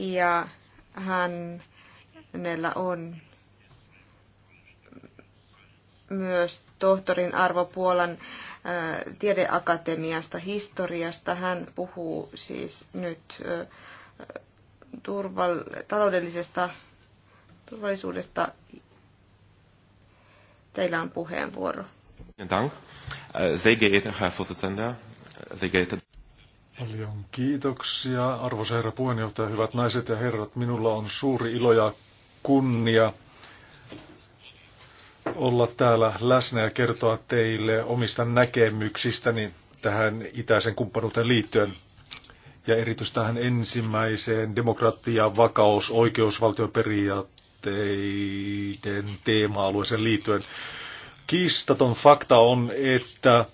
ja hän, hänellä on myös tohtorin Arvo Puolan äh, tiedeakatemiasta historiasta. Hän puhuu siis nyt äh, turval- taloudellisesta turvallisuudesta. Teillä on puheenvuoro. Dank. Äh, sehr geehrter Herr Vorsitzender, sehr geehrte Paljon kiitoksia, arvoisa herra puheenjohtaja, hyvät naiset ja herrat. Minulla on suuri ilo ja kunnia olla täällä läsnä ja kertoa teille omista näkemyksistäni tähän itäisen kumppanuuteen liittyen ja erityisesti tähän ensimmäiseen demokratia, vakaus, oikeusvaltioperiaatteiden teema-alueeseen liittyen. Kiistaton fakta on, että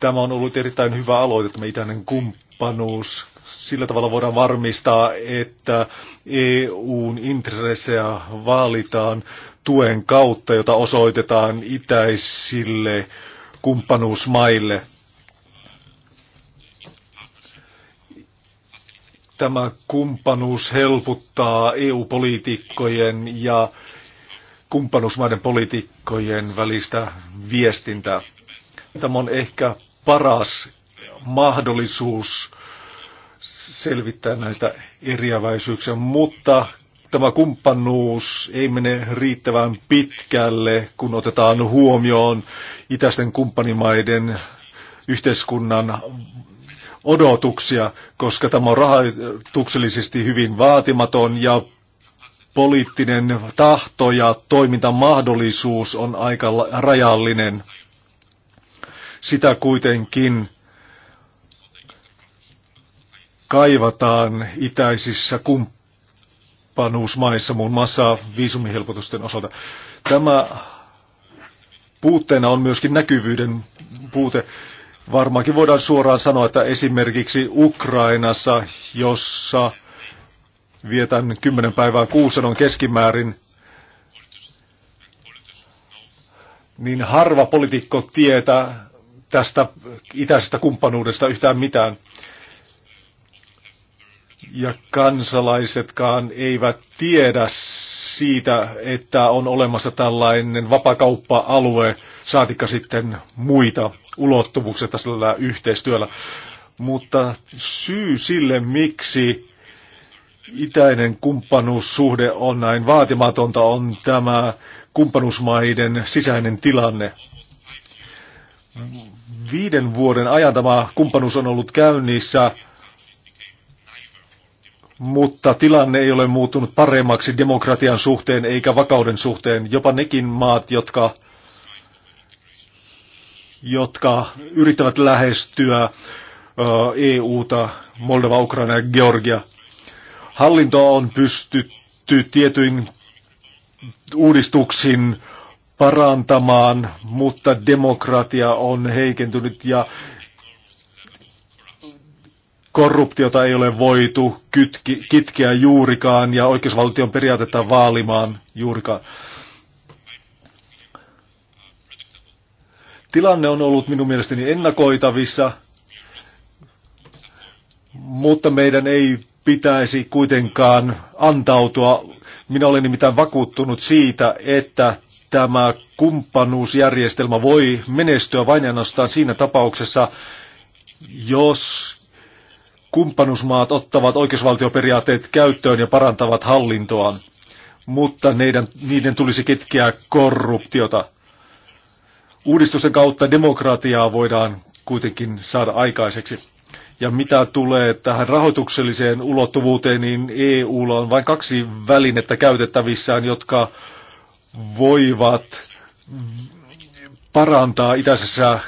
tämä on ollut erittäin hyvä aloite, tämä itäinen kumppanuus kumppanuus. Sillä tavalla voidaan varmistaa, että EUn intressejä vaalitaan tuen kautta, jota osoitetaan itäisille kumppanuusmaille. Tämä kumppanuus helpottaa EU-poliitikkojen ja kumppanuusmaiden poliitikkojen välistä viestintää. Tämä on ehkä paras mahdollisuus selvittää näitä eriäväisyyksiä, mutta tämä kumppanuus ei mene riittävän pitkälle, kun otetaan huomioon itäisten kumppanimaiden yhteiskunnan odotuksia, koska tämä on rahoituksellisesti hyvin vaatimaton ja poliittinen tahto ja toimintamahdollisuus on aika rajallinen. Sitä kuitenkin kaivataan itäisissä kumppanuusmaissa muun muassa viisumihelpotusten osalta. Tämä puutteena on myöskin näkyvyyden puute. Varmaankin voidaan suoraan sanoa, että esimerkiksi Ukrainassa, jossa vietän 10 päivää kuusen on keskimäärin, niin harva poliitikko tietää tästä itäisestä kumppanuudesta yhtään mitään ja kansalaisetkaan eivät tiedä siitä, että on olemassa tällainen vapakauppa-alue, saatikka sitten muita ulottuvuuksia tällä yhteistyöllä. Mutta syy sille, miksi itäinen kumppanuussuhde on näin vaatimatonta, on tämä kumppanuusmaiden sisäinen tilanne. Viiden vuoden ajan tämä kumppanuus on ollut käynnissä mutta tilanne ei ole muuttunut paremmaksi demokratian suhteen eikä vakauden suhteen. Jopa nekin maat, jotka, jotka yrittävät lähestyä EUta, Moldova, Ukraina ja Georgia. Hallinto on pystytty tietyin uudistuksiin parantamaan, mutta demokratia on heikentynyt ja korruptiota ei ole voitu kytki, kitkeä juurikaan ja oikeusvaltion periaatetta vaalimaan juurikaan. Tilanne on ollut minun mielestäni ennakoitavissa, mutta meidän ei pitäisi kuitenkaan antautua. Minä olen nimittäin vakuuttunut siitä, että tämä kumppanuusjärjestelmä voi menestyä vain ainoastaan siinä tapauksessa, jos kumppanusmaat ottavat oikeusvaltioperiaatteet käyttöön ja parantavat hallintoaan, mutta neiden, niiden tulisi kitkeä korruptiota. Uudistusten kautta demokratiaa voidaan kuitenkin saada aikaiseksi. Ja mitä tulee tähän rahoitukselliseen ulottuvuuteen, niin EUlla on vain kaksi välinettä käytettävissään, jotka voivat parantaa itäisissä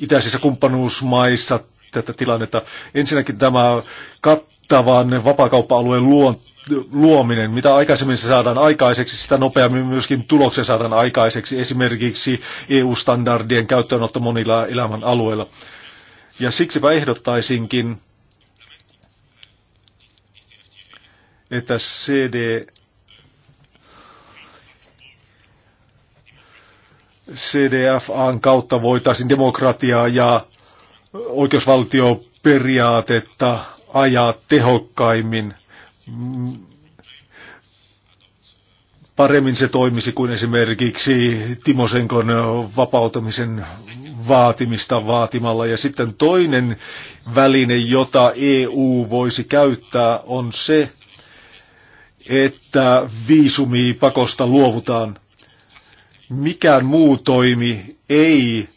itäisissä kumppanuusmaissa tätä tilannetta. Ensinnäkin tämä kattavan vapaakauppa-alueen luon, luominen. Mitä aikaisemmin se saadaan aikaiseksi, sitä nopeammin myöskin tuloksen saadaan aikaiseksi. Esimerkiksi EU-standardien käyttöönotto monilla elämän alueilla. Ja siksipä ehdottaisinkin, että CD CDFAn kautta voitaisiin demokratiaa ja oikeusvaltioperiaatetta ajaa tehokkaimmin. Paremmin se toimisi kuin esimerkiksi Timosenkon vapautumisen vaatimista vaatimalla. Ja sitten toinen väline, jota EU voisi käyttää, on se, että viisumi pakosta luovutaan. Mikään muu toimi ei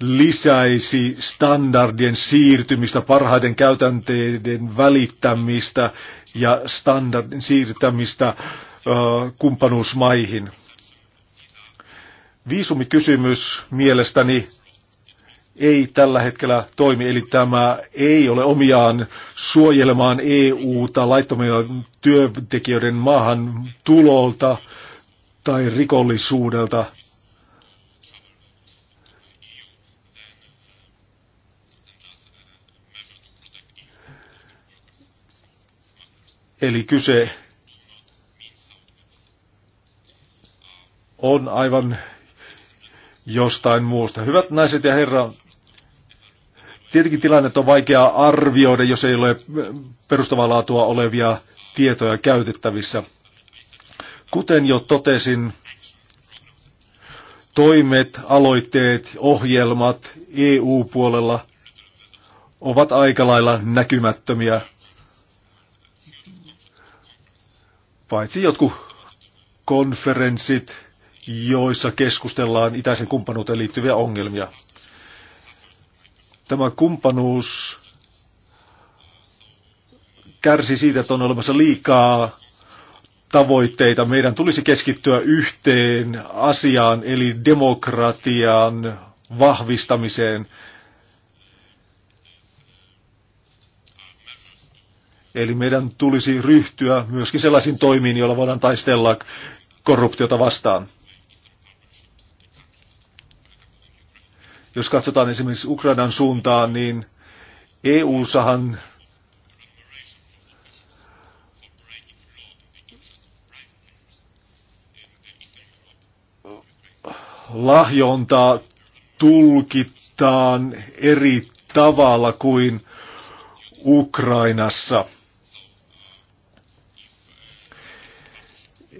lisäisi standardien siirtymistä, parhaiden käytänteiden välittämistä ja standardin siirtämistä kumppanuusmaihin. Viisumikysymys mielestäni ei tällä hetkellä toimi, eli tämä ei ole omiaan suojelemaan EU-ta laittomien työntekijöiden maahan tulolta tai rikollisuudelta. Eli kyse on aivan jostain muusta. Hyvät naiset ja herra, tietenkin tilanne on vaikea arvioida, jos ei ole perustavaa laatua olevia tietoja käytettävissä. Kuten jo totesin, toimet, aloitteet, ohjelmat EU-puolella ovat aika lailla näkymättömiä paitsi jotkut konferenssit, joissa keskustellaan itäisen kumppanuuteen liittyviä ongelmia. Tämä kumppanuus kärsi siitä, että on olemassa liikaa tavoitteita. Meidän tulisi keskittyä yhteen asiaan, eli demokratian vahvistamiseen Eli meidän tulisi ryhtyä myöskin sellaisiin toimiin, joilla voidaan taistella korruptiota vastaan. Jos katsotaan esimerkiksi Ukrainan suuntaan, niin EU-sahan lahjontaa tulkitaan eri tavalla kuin Ukrainassa –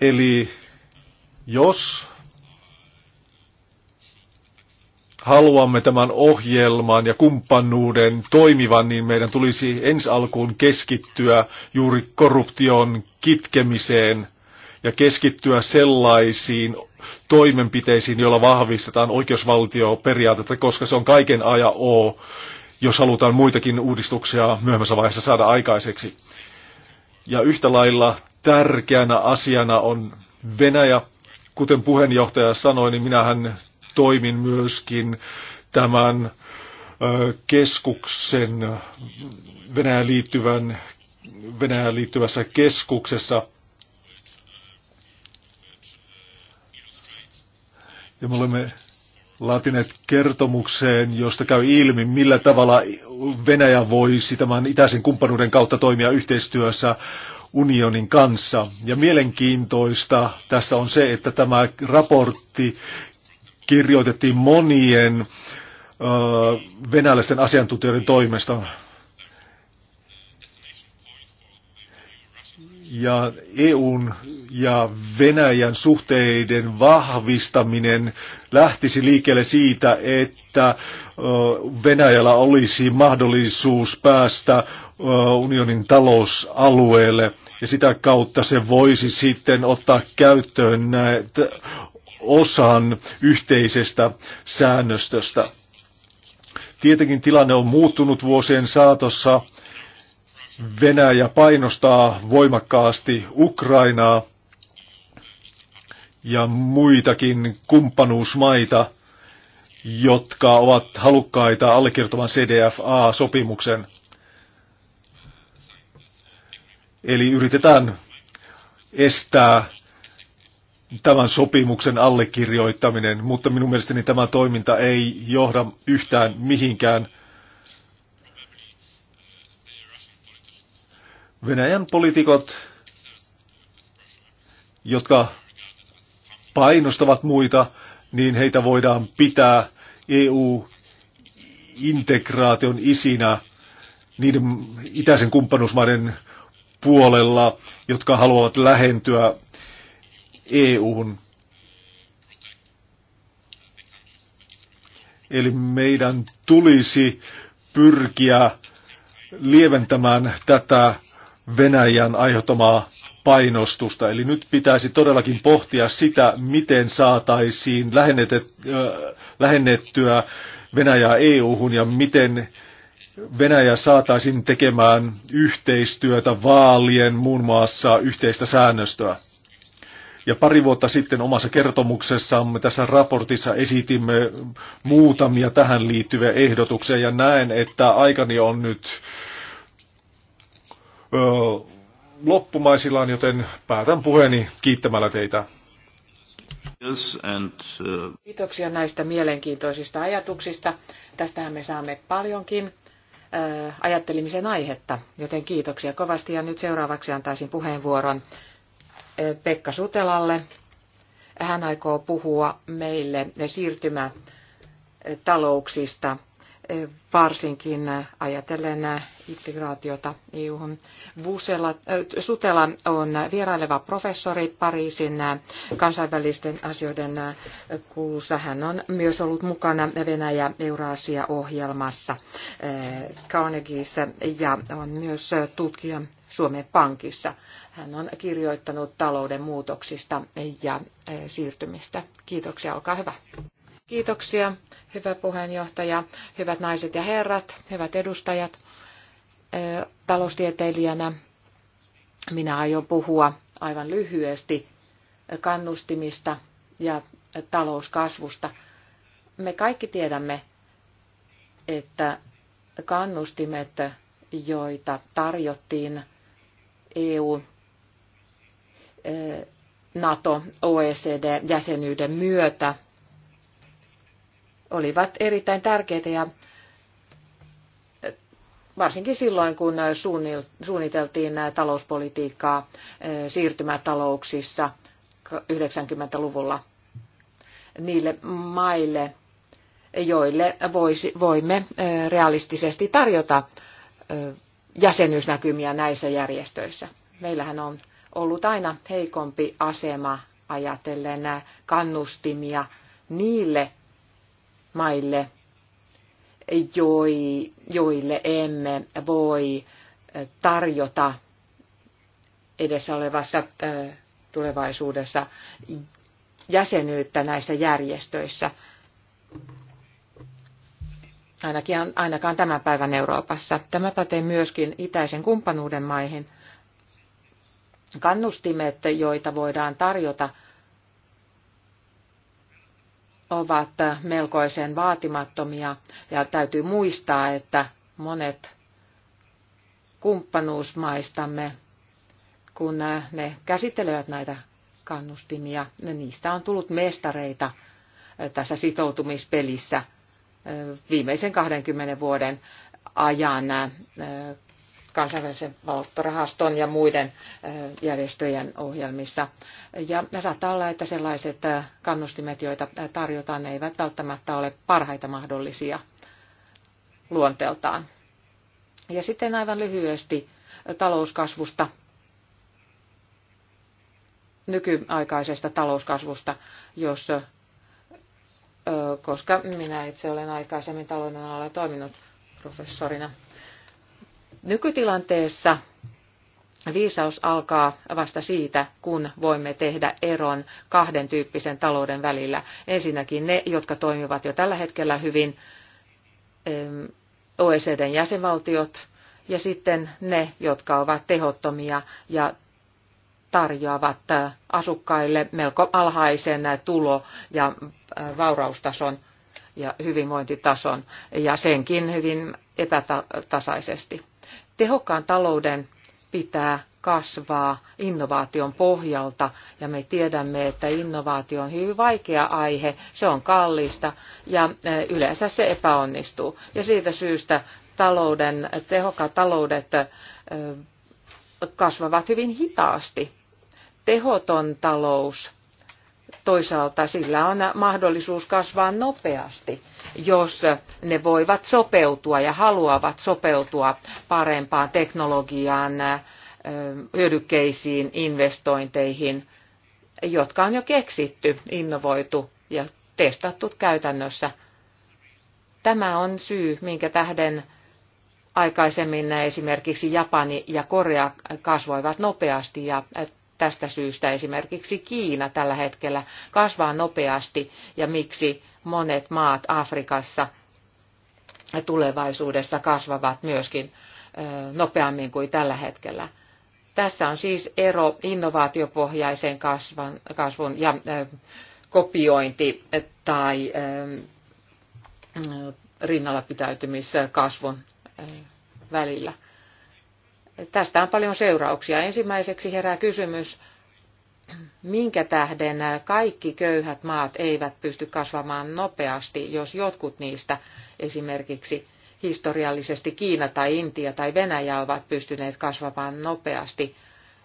Eli jos haluamme tämän ohjelman ja kumppanuuden toimivan, niin meidän tulisi ensi alkuun keskittyä juuri korruption kitkemiseen ja keskittyä sellaisiin toimenpiteisiin, joilla vahvistetaan oikeusvaltioperiaatetta, koska se on kaiken aja O, jos halutaan muitakin uudistuksia myöhemmässä vaiheessa saada aikaiseksi. Ja yhtä lailla tärkeänä asiana on Venäjä. Kuten puheenjohtaja sanoi, niin minähän toimin myöskin tämän keskuksen Venäjään, liittyvän, Venäjään liittyvässä keskuksessa. Ja me olemme laatineet kertomukseen, josta käy ilmi, millä tavalla Venäjä voisi tämän itäisen kumppanuuden kautta toimia yhteistyössä unionin kanssa. Ja mielenkiintoista tässä on se, että tämä raportti kirjoitettiin monien venäläisten asiantuntijoiden toimesta. ja EUn ja Venäjän suhteiden vahvistaminen lähtisi liikkeelle siitä, että Venäjällä olisi mahdollisuus päästä unionin talousalueelle ja sitä kautta se voisi sitten ottaa käyttöön näitä osan yhteisestä säännöstöstä. Tietenkin tilanne on muuttunut vuosien saatossa Venäjä painostaa voimakkaasti Ukrainaa ja muitakin kumppanuusmaita, jotka ovat halukkaita allekirjoittamaan CDFA-sopimuksen. Eli yritetään estää tämän sopimuksen allekirjoittaminen, mutta minun mielestäni tämä toiminta ei johda yhtään mihinkään – Venäjän poliitikot, jotka painostavat muita, niin heitä voidaan pitää EU-integraation isinä niiden itäisen kumppanuusmaiden puolella, jotka haluavat lähentyä EUn. Eli meidän tulisi pyrkiä lieventämään tätä Venäjän aiheuttamaa painostusta. Eli nyt pitäisi todellakin pohtia sitä, miten saataisiin lähennettyä Venäjää EU-hun ja miten Venäjä saataisiin tekemään yhteistyötä vaalien muun muassa yhteistä säännöstöä. Ja pari vuotta sitten omassa kertomuksessamme tässä raportissa esitimme muutamia tähän liittyviä ehdotuksia ja näen, että aikani on nyt äh, loppumaisillaan, joten päätän puheeni kiittämällä teitä. Kiitoksia näistä mielenkiintoisista ajatuksista. Tästähän me saamme paljonkin ajattelimisen aihetta, joten kiitoksia kovasti. Ja nyt seuraavaksi antaisin puheenvuoron Pekka Sutelalle. Hän aikoo puhua meille ne siirtymätalouksista varsinkin ajatellen integraatiota EU-hun. Äh, Sutela on vieraileva professori Pariisin kansainvälisten asioiden äh, kuulussa. Hän on myös ollut mukana Venäjä Euraasia-ohjelmassa äh, Carnegieissa ja on myös tutkija Suomen Pankissa. Hän on kirjoittanut talouden muutoksista ja siirtymistä. Kiitoksia, olkaa hyvä. Kiitoksia, hyvä puheenjohtaja, hyvät naiset ja herrat, hyvät edustajat. Taloustieteilijänä minä aion puhua aivan lyhyesti kannustimista ja talouskasvusta. Me kaikki tiedämme, että kannustimet, joita tarjottiin EU, NATO, OECD-jäsenyyden myötä – olivat erittäin tärkeitä ja varsinkin silloin, kun suunniteltiin talouspolitiikkaa eh, siirtymätalouksissa 90-luvulla niille maille, joille voisi, voimme eh, realistisesti tarjota eh, jäsenyysnäkymiä näissä järjestöissä. Meillähän on ollut aina heikompi asema ajatellen kannustimia niille maille, joille emme voi tarjota edessä olevassa tulevaisuudessa jäsenyyttä näissä järjestöissä, ainakin, ainakaan tämän päivän Euroopassa. Tämä pätee myöskin itäisen kumppanuuden maihin. Kannustimet, joita voidaan tarjota ovat melkoisen vaatimattomia ja täytyy muistaa, että monet kumppanuusmaistamme, kun ne käsittelevät näitä kannustimia, niistä on tullut mestareita eh, tässä sitoutumispelissä eh, viimeisen 20 vuoden ajan eh, kansainvälisen valuuttarahaston ja muiden järjestöjen ohjelmissa. Ja saattaa olla, että sellaiset kannustimet, joita tarjotaan, eivät välttämättä ole parhaita mahdollisia luonteeltaan. Ja sitten aivan lyhyesti talouskasvusta, nykyaikaisesta talouskasvusta, jos, koska minä itse olen aikaisemmin talouden alalla toiminut professorina. Nykytilanteessa viisaus alkaa vasta siitä, kun voimme tehdä eron kahden tyyppisen talouden välillä. Ensinnäkin ne, jotka toimivat jo tällä hetkellä hyvin, OECDn jäsenvaltiot, ja sitten ne, jotka ovat tehottomia ja tarjoavat asukkaille melko alhaisen tulo- ja vauraustason ja hyvinvointitason, ja senkin hyvin epätasaisesti. Tehokkaan talouden pitää kasvaa innovaation pohjalta ja me tiedämme, että innovaatio on hyvin vaikea aihe, se on kallista ja eh, yleensä se epäonnistuu. Ja siitä syystä talouden, tehokkaat taloudet eh, kasvavat hyvin hitaasti. Tehoton talous, toisaalta sillä on mahdollisuus kasvaa nopeasti jos ne voivat sopeutua ja haluavat sopeutua parempaan teknologiaan, hyödykkeisiin, investointeihin, jotka on jo keksitty, innovoitu ja testattu käytännössä. Tämä on syy, minkä tähden aikaisemmin esimerkiksi Japani ja Korea kasvoivat nopeasti ja tästä syystä esimerkiksi Kiina tällä hetkellä kasvaa nopeasti ja miksi monet maat Afrikassa tulevaisuudessa kasvavat myöskin nopeammin kuin tällä hetkellä. Tässä on siis ero innovaatiopohjaisen kasvan, kasvun ja kopiointi tai rinnalla pitäytymiskasvun välillä. Tästä on paljon seurauksia. Ensimmäiseksi herää kysymys, minkä tähden kaikki köyhät maat eivät pysty kasvamaan nopeasti, jos jotkut niistä, esimerkiksi historiallisesti Kiina tai Intia tai Venäjä, ovat pystyneet kasvamaan nopeasti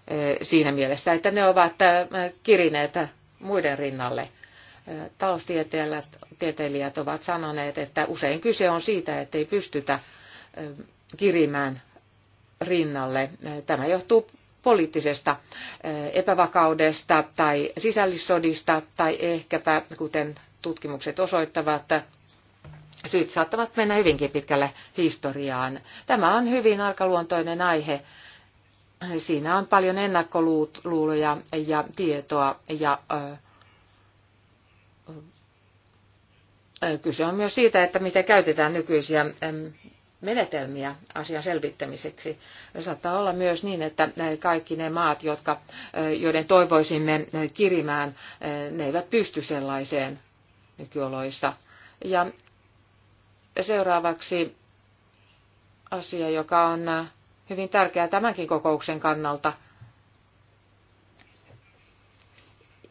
e, siinä mielessä, että ne ovat e, kirineet muiden rinnalle. E, Taloustieteilijät ovat sanoneet, että usein kyse on siitä, että ei pystytä kirimään rinnalle. Tämä johtuu poliittisesta epävakaudesta tai sisällissodista tai ehkäpä, kuten tutkimukset osoittavat, syyt saattavat mennä hyvinkin pitkälle historiaan. Tämä on hyvin arkaluontoinen aihe. Siinä on paljon ennakkoluuloja ja tietoa ja kyse on myös siitä, että miten käytetään nykyisiä menetelmiä asian selvittämiseksi. Saattaa olla myös niin, että kaikki ne maat, jotka, joiden toivoisimme kirimään, ne eivät pysty sellaiseen nykyoloissa. Ja seuraavaksi asia, joka on hyvin tärkeä tämänkin kokouksen kannalta.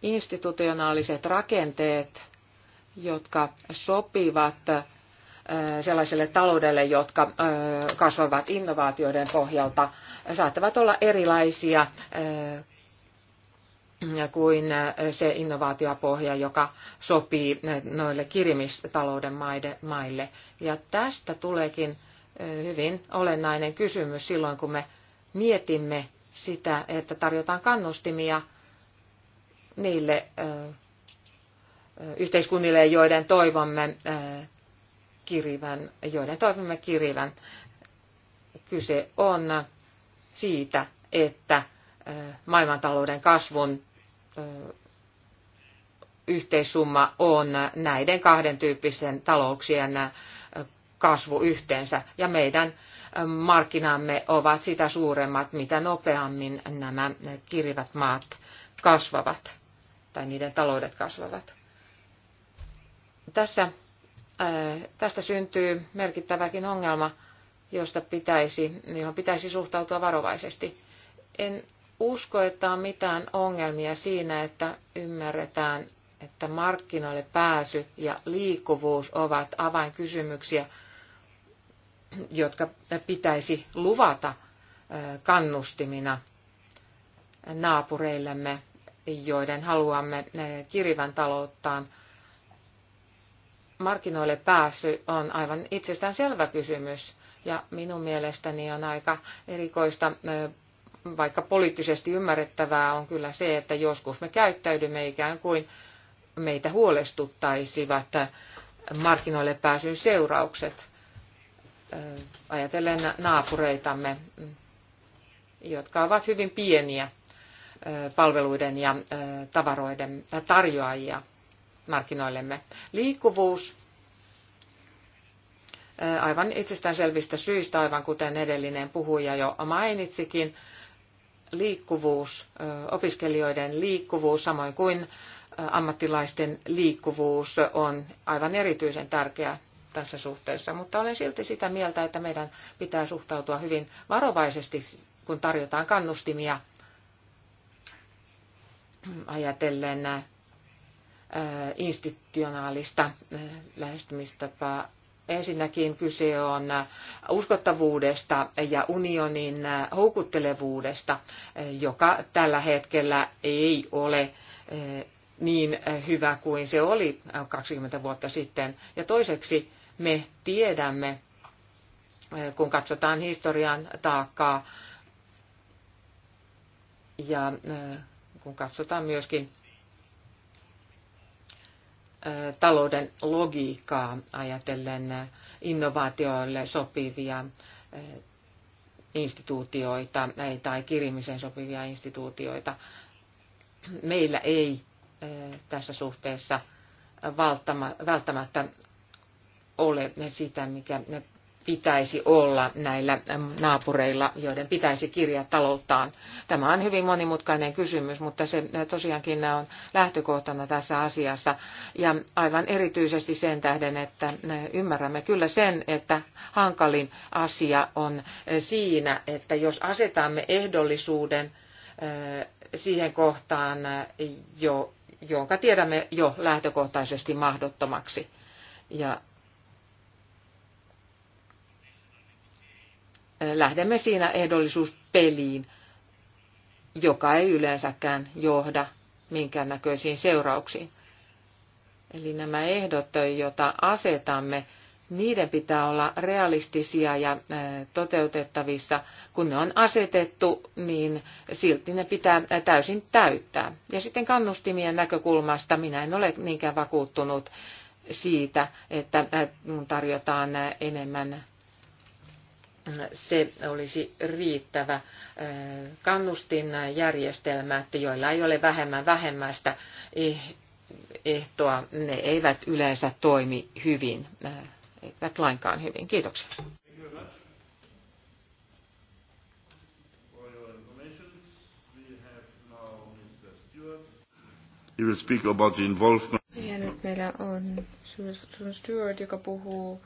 Institutionaaliset rakenteet, jotka sopivat sellaiselle taloudelle, jotka kasvavat innovaatioiden pohjalta, saattavat olla erilaisia kuin se innovaatiopohja, joka sopii noille kirimistalouden maille. Ja tästä tuleekin hyvin olennainen kysymys silloin, kun me mietimme sitä, että tarjotaan kannustimia niille yhteiskunnille, joiden toivomme kirivän, joiden toivomme kirivän. Kyse on siitä, että maailmantalouden kasvun yhteissumma on näiden kahden tyyppisten talouksien kasvu yhteensä. Ja meidän markkinamme ovat sitä suuremmat, mitä nopeammin nämä kirivät maat kasvavat tai niiden taloudet kasvavat. Tässä tästä syntyy merkittäväkin ongelma, josta pitäisi, johon pitäisi suhtautua varovaisesti. En usko, että on mitään ongelmia siinä, että ymmärretään, että markkinoille pääsy ja liikkuvuus ovat avainkysymyksiä, jotka pitäisi luvata kannustimina naapureillemme, joiden haluamme kirivän talouttaan – markkinoille pääsy on aivan itsestään selvä kysymys. Ja minun mielestäni on aika erikoista, vaikka poliittisesti ymmärrettävää on kyllä se, että joskus me käyttäydymme ikään kuin meitä huolestuttaisivat markkinoille pääsyn seuraukset ajatellen naapureitamme, jotka ovat hyvin pieniä palveluiden ja tavaroiden tarjoajia markkinoillemme. Liikkuvuus äh, aivan itsestäänselvistä syistä, aivan kuten edellinen puhuja jo mainitsikin, liikkuvuus, äh, opiskelijoiden liikkuvuus, samoin kuin äh, ammattilaisten liikkuvuus on aivan erityisen tärkeä tässä suhteessa, mutta olen silti sitä mieltä, että meidän pitää suhtautua hyvin varovaisesti, kun tarjotaan kannustimia ajatellen institutionaalista lähestymistapaa. Ensinnäkin kyse on uskottavuudesta ja unionin houkuttelevuudesta, joka tällä hetkellä ei ole niin hyvä kuin se oli 20 vuotta sitten. Ja toiseksi me tiedämme, kun katsotaan historian taakkaa ja kun katsotaan myöskin talouden logiikkaa ajatellen innovaatioille sopivia instituutioita tai kirimiseen sopivia instituutioita. Meillä ei tässä suhteessa välttämättä ole sitä, mikä pitäisi olla näillä naapureilla, joiden pitäisi kirjaa talouttaan. Tämä on hyvin monimutkainen kysymys, mutta se tosiaankin on lähtökohtana tässä asiassa. Ja aivan erityisesti sen tähden, että ymmärrämme kyllä sen, että hankalin asia on siinä, että jos asetamme ehdollisuuden eh, siihen kohtaan, eh, jo, jonka tiedämme jo lähtökohtaisesti mahdottomaksi. Ja lähdemme siinä ehdollisuuspeliin, joka ei yleensäkään johda minkään näköisiin seurauksiin. Eli nämä ehdot, joita asetamme, niiden pitää olla realistisia ja toteutettavissa. Kun ne on asetettu, niin silti ne pitää täysin täyttää. Ja sitten kannustimien näkökulmasta minä en ole niinkään vakuuttunut siitä, että tarjotaan enemmän se olisi riittävä kannustinjärjestelmä, että joilla ei ole vähemmän vähemmästä eh, ehtoa, ne eivät yleensä toimi hyvin, eivät lainkaan hyvin. Kiitoksia. Ja nyt meillä on Susan Stewart, joka puhuu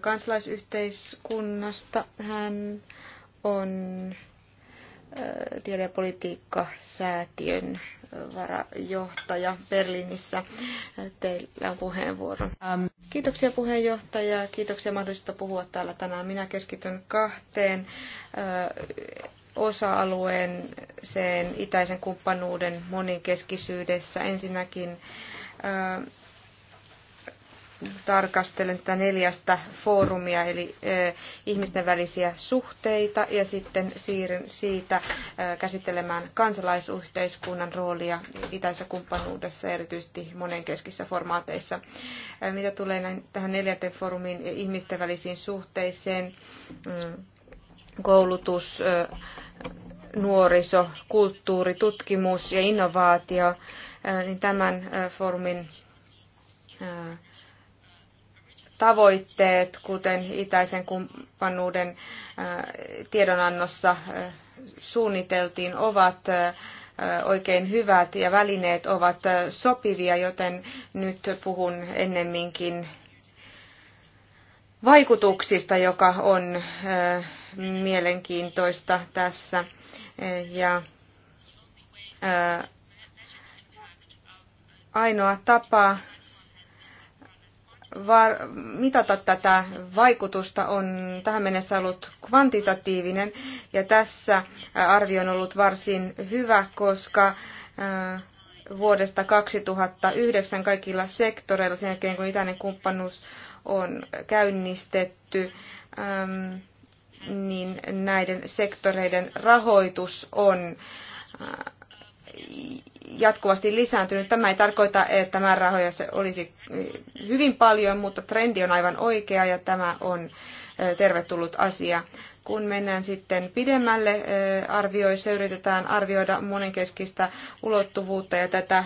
kansalaisyhteiskunnasta. Hän on tiede- ja politiikkasäätiön säätiön varajohtaja Berliinissä. Teillä on puheenvuoro. Ähm. Kiitoksia puheenjohtaja, kiitoksia mahdollisuutta puhua täällä tänään. Minä keskityn kahteen osa-alueen sen itäisen kumppanuuden moninkeskisyydessä. Ensinnäkin tarkastelen tätä neljästä foorumia, eli ihmisten välisiä suhteita, ja sitten siirryn siitä käsittelemään kansalaisyhteiskunnan roolia itäisessä kumppanuudessa, erityisesti monenkeskisissä formaateissa. Mitä tulee tähän neljänteen foorumiin ihmisten välisiin suhteisiin, mm, koulutus, nuoriso, kulttuuri, tutkimus ja innovaatio, niin tämän foorumin tavoitteet, kuten itäisen kumppanuuden äh, tiedonannossa äh, suunniteltiin, ovat äh, oikein hyvät ja välineet ovat sopivia, joten nyt puhun ennemminkin vaikutuksista, joka on mielenkiintoista tässä. Ja ainoa tapa var- mitata tätä vaikutusta on tähän mennessä ollut kvantitatiivinen ja tässä arvio on ollut varsin hyvä, koska vuodesta 2009 kaikilla sektoreilla sen jälkeen kun itäinen kumppanuus on käynnistetty, niin näiden sektoreiden rahoitus on jatkuvasti lisääntynyt. Tämä ei tarkoita, että määrärahoja olisi eh, hyvin paljon, mutta trendi on aivan oikea ja tämä on eh, tervetullut asia. Kun mennään sitten pidemmälle eh, arvioissa, yritetään arvioida monenkeskistä ulottuvuutta ja tätä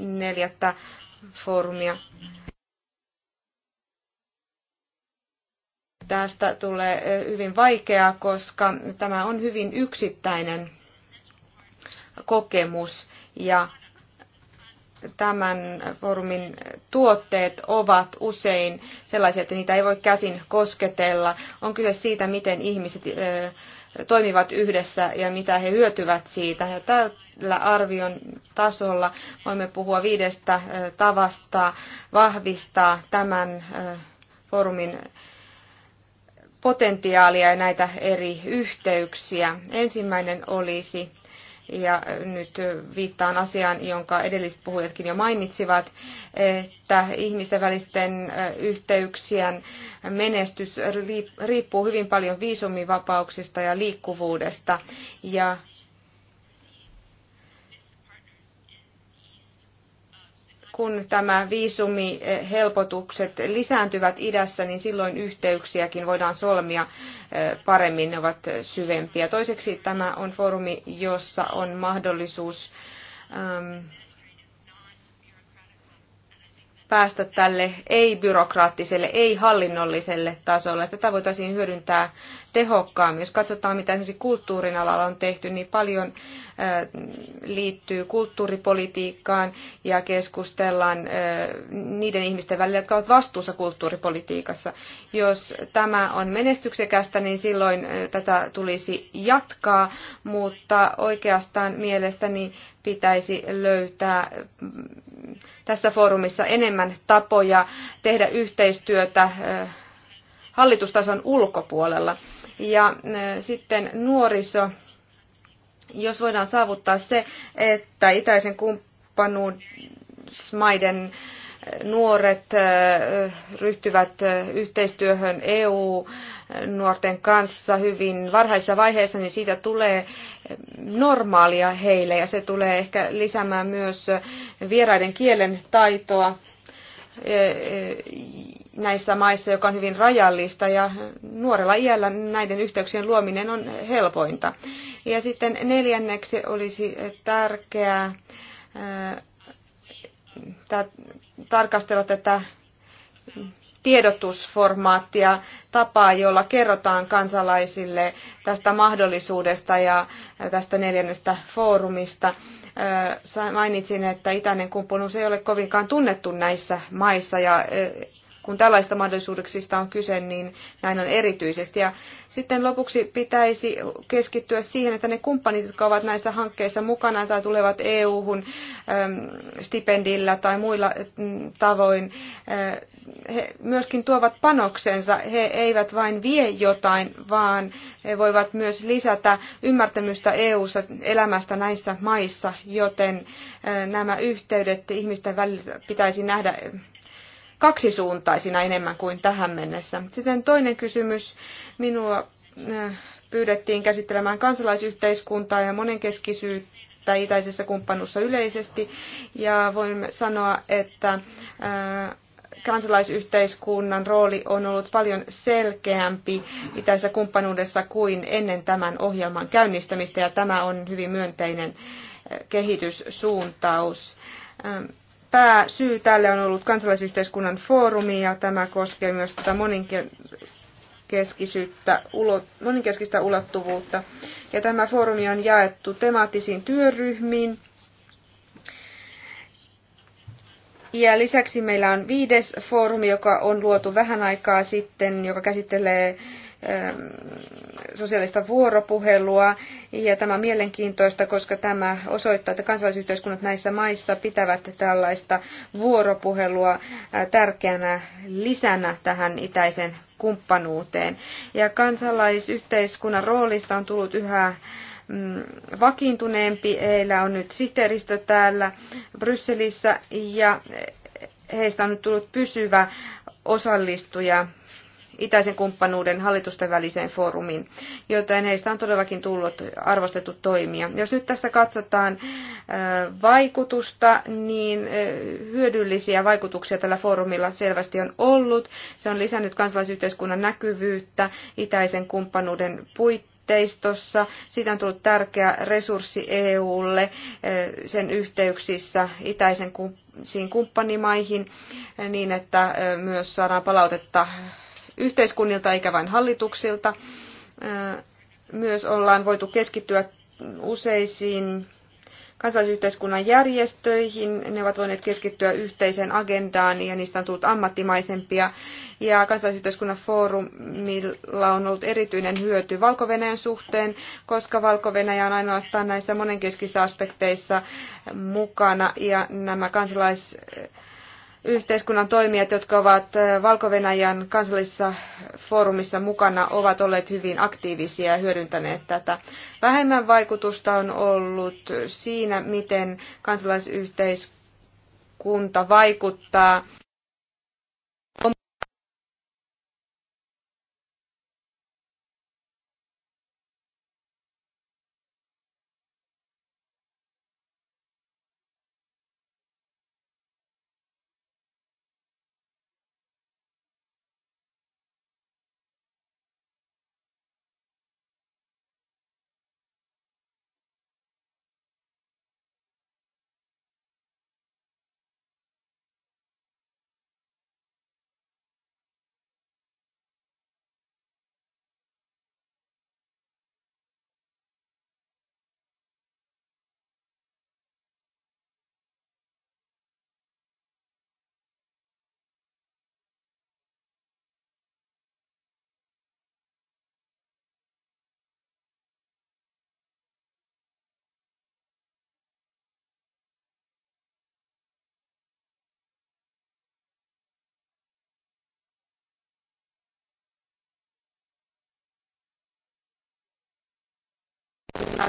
neljättä foorumia. Tästä tulee hyvin vaikeaa, koska tämä on hyvin yksittäinen kokemus ja tämän foorumin tuotteet ovat usein sellaisia, että niitä ei voi käsin kosketella. On kyse siitä, miten ihmiset toimivat yhdessä ja mitä he hyötyvät siitä. Ja tällä arvion tasolla voimme puhua viidestä tavasta vahvistaa tämän foorumin potentiaalia ja näitä eri yhteyksiä. Ensimmäinen olisi ja nyt viittaan asiaan, jonka edelliset puhujatkin jo mainitsivat, että ihmisten välisten yhteyksien menestys riippuu hyvin paljon viisumivapauksista ja liikkuvuudesta. Ja kun tämä viisumihelpotukset lisääntyvät idässä, niin silloin yhteyksiäkin voidaan solmia eh, paremmin, ne ovat syvempiä. Toiseksi tämä on foorumi, jossa on mahdollisuus päästä tälle ei-byrokraattiselle, ei-hallinnolliselle tasolle. Tätä voitaisiin hyödyntää tehokkaammin. Jos katsotaan, mitä esimerkiksi kulttuurin alalla on tehty, niin paljon liittyy kulttuuripolitiikkaan ja keskustellaan niiden ihmisten välillä, jotka ovat vastuussa kulttuuripolitiikassa. Jos tämä on menestyksekästä, niin silloin tätä tulisi jatkaa, mutta oikeastaan mielestäni pitäisi löytää mm, tässä foorumissa enemmän tapoja tehdä yhteistyötä hallitustason ulkopuolella. Ja sitten nuoriso, jos voidaan saavuttaa se, että itäisen kumppanuusmaiden nuoret ryhtyvät yhteistyöhön EU-nuorten kanssa hyvin varhaisessa vaiheessa, niin siitä tulee normaalia heille ja se tulee ehkä lisäämään myös vieraiden kielen taitoa näissä maissa, joka on hyvin rajallista ja nuorella iällä näiden yhteyksien luominen on helpointa. Ja sitten neljänneksi olisi tärkeää tarkastella tätä tiedotusformaattia, tapaa, jolla kerrotaan kansalaisille tästä mahdollisuudesta ja tästä neljännestä foorumista. Mainitsin, että itäinen kumppanuus ei ole kovinkaan tunnettu näissä maissa ja kun tällaista mahdollisuuksista on kyse, niin näin on erityisesti. Ja sitten lopuksi pitäisi keskittyä siihen, että ne kumppanit, jotka ovat näissä hankkeissa mukana tai tulevat EU-hun ähm, stipendillä tai muilla mm, tavoin, äh, he myöskin tuovat panoksensa. He eivät vain vie jotain, vaan he voivat myös lisätä ymmärtämystä EU-ssa elämästä näissä maissa, joten äh, nämä yhteydet ihmisten välillä pitäisi nähdä kaksisuuntaisina enemmän kuin tähän mennessä. Sitten toinen kysymys. Minua äh, pyydettiin käsittelemään kansalaisyhteiskuntaa ja monenkeskisyyttä itäisessä kumppanuussa yleisesti. Ja voin sanoa, että äh, kansalaisyhteiskunnan rooli on ollut paljon selkeämpi itäisessä kumppanuudessa kuin ennen tämän ohjelman käynnistämistä, ja tämä on hyvin myönteinen äh, kehityssuuntaus. Ähm, pääsyy tälle on ollut kansalaisyhteiskunnan foorumi ja tämä koskee myös tätä moninkeskisyyttä, moninkeskistä ulottuvuutta. Ja tämä foorumi on jaettu temaattisiin työryhmiin. Ja lisäksi meillä on viides foorumi, joka on luotu vähän aikaa sitten, joka käsittelee Ähm, sosiaalista vuoropuhelua. Ja tämä on mielenkiintoista, koska tämä osoittaa, että kansalaisyhteiskunnat näissä maissa pitävät tällaista vuoropuhelua äh, tärkeänä lisänä tähän itäisen kumppanuuteen. Ja kansalaisyhteiskunnan roolista on tullut yhä mm, vakiintuneempi. Heillä on nyt sihteeristö täällä Brysselissä ja heistä on nyt tullut pysyvä osallistuja itäisen kumppanuuden hallitustenväliseen foorumiin, joten heistä on todellakin tullut arvostettu toimija. Jos nyt tässä katsotaan vaikutusta, niin hyödyllisiä vaikutuksia tällä foorumilla selvästi on ollut. Se on lisännyt kansalaisyhteiskunnan näkyvyyttä itäisen kumppanuuden puitteissa puitteistossa. Siitä on tullut tärkeä resurssi EUlle sen yhteyksissä itäisen kumppanimaihin niin, että myös saadaan palautetta yhteiskunnilta eikä vain hallituksilta. Myös ollaan voitu keskittyä useisiin kansalaisyhteiskunnan järjestöihin. Ne ovat voineet keskittyä yhteiseen agendaan ja niistä on tullut ammattimaisempia. Ja kansalaisyhteiskunnan foorumilla on ollut erityinen hyöty valko suhteen, koska valko on ainoastaan näissä monenkeskisissä aspekteissa mukana ja nämä kansalais yhteiskunnan toimijat, jotka ovat Valko-Venäjän kansallisessa foorumissa mukana, ovat olleet hyvin aktiivisia ja hyödyntäneet tätä. Vähemmän vaikutusta on ollut siinä, miten kansalaisyhteiskunta vaikuttaa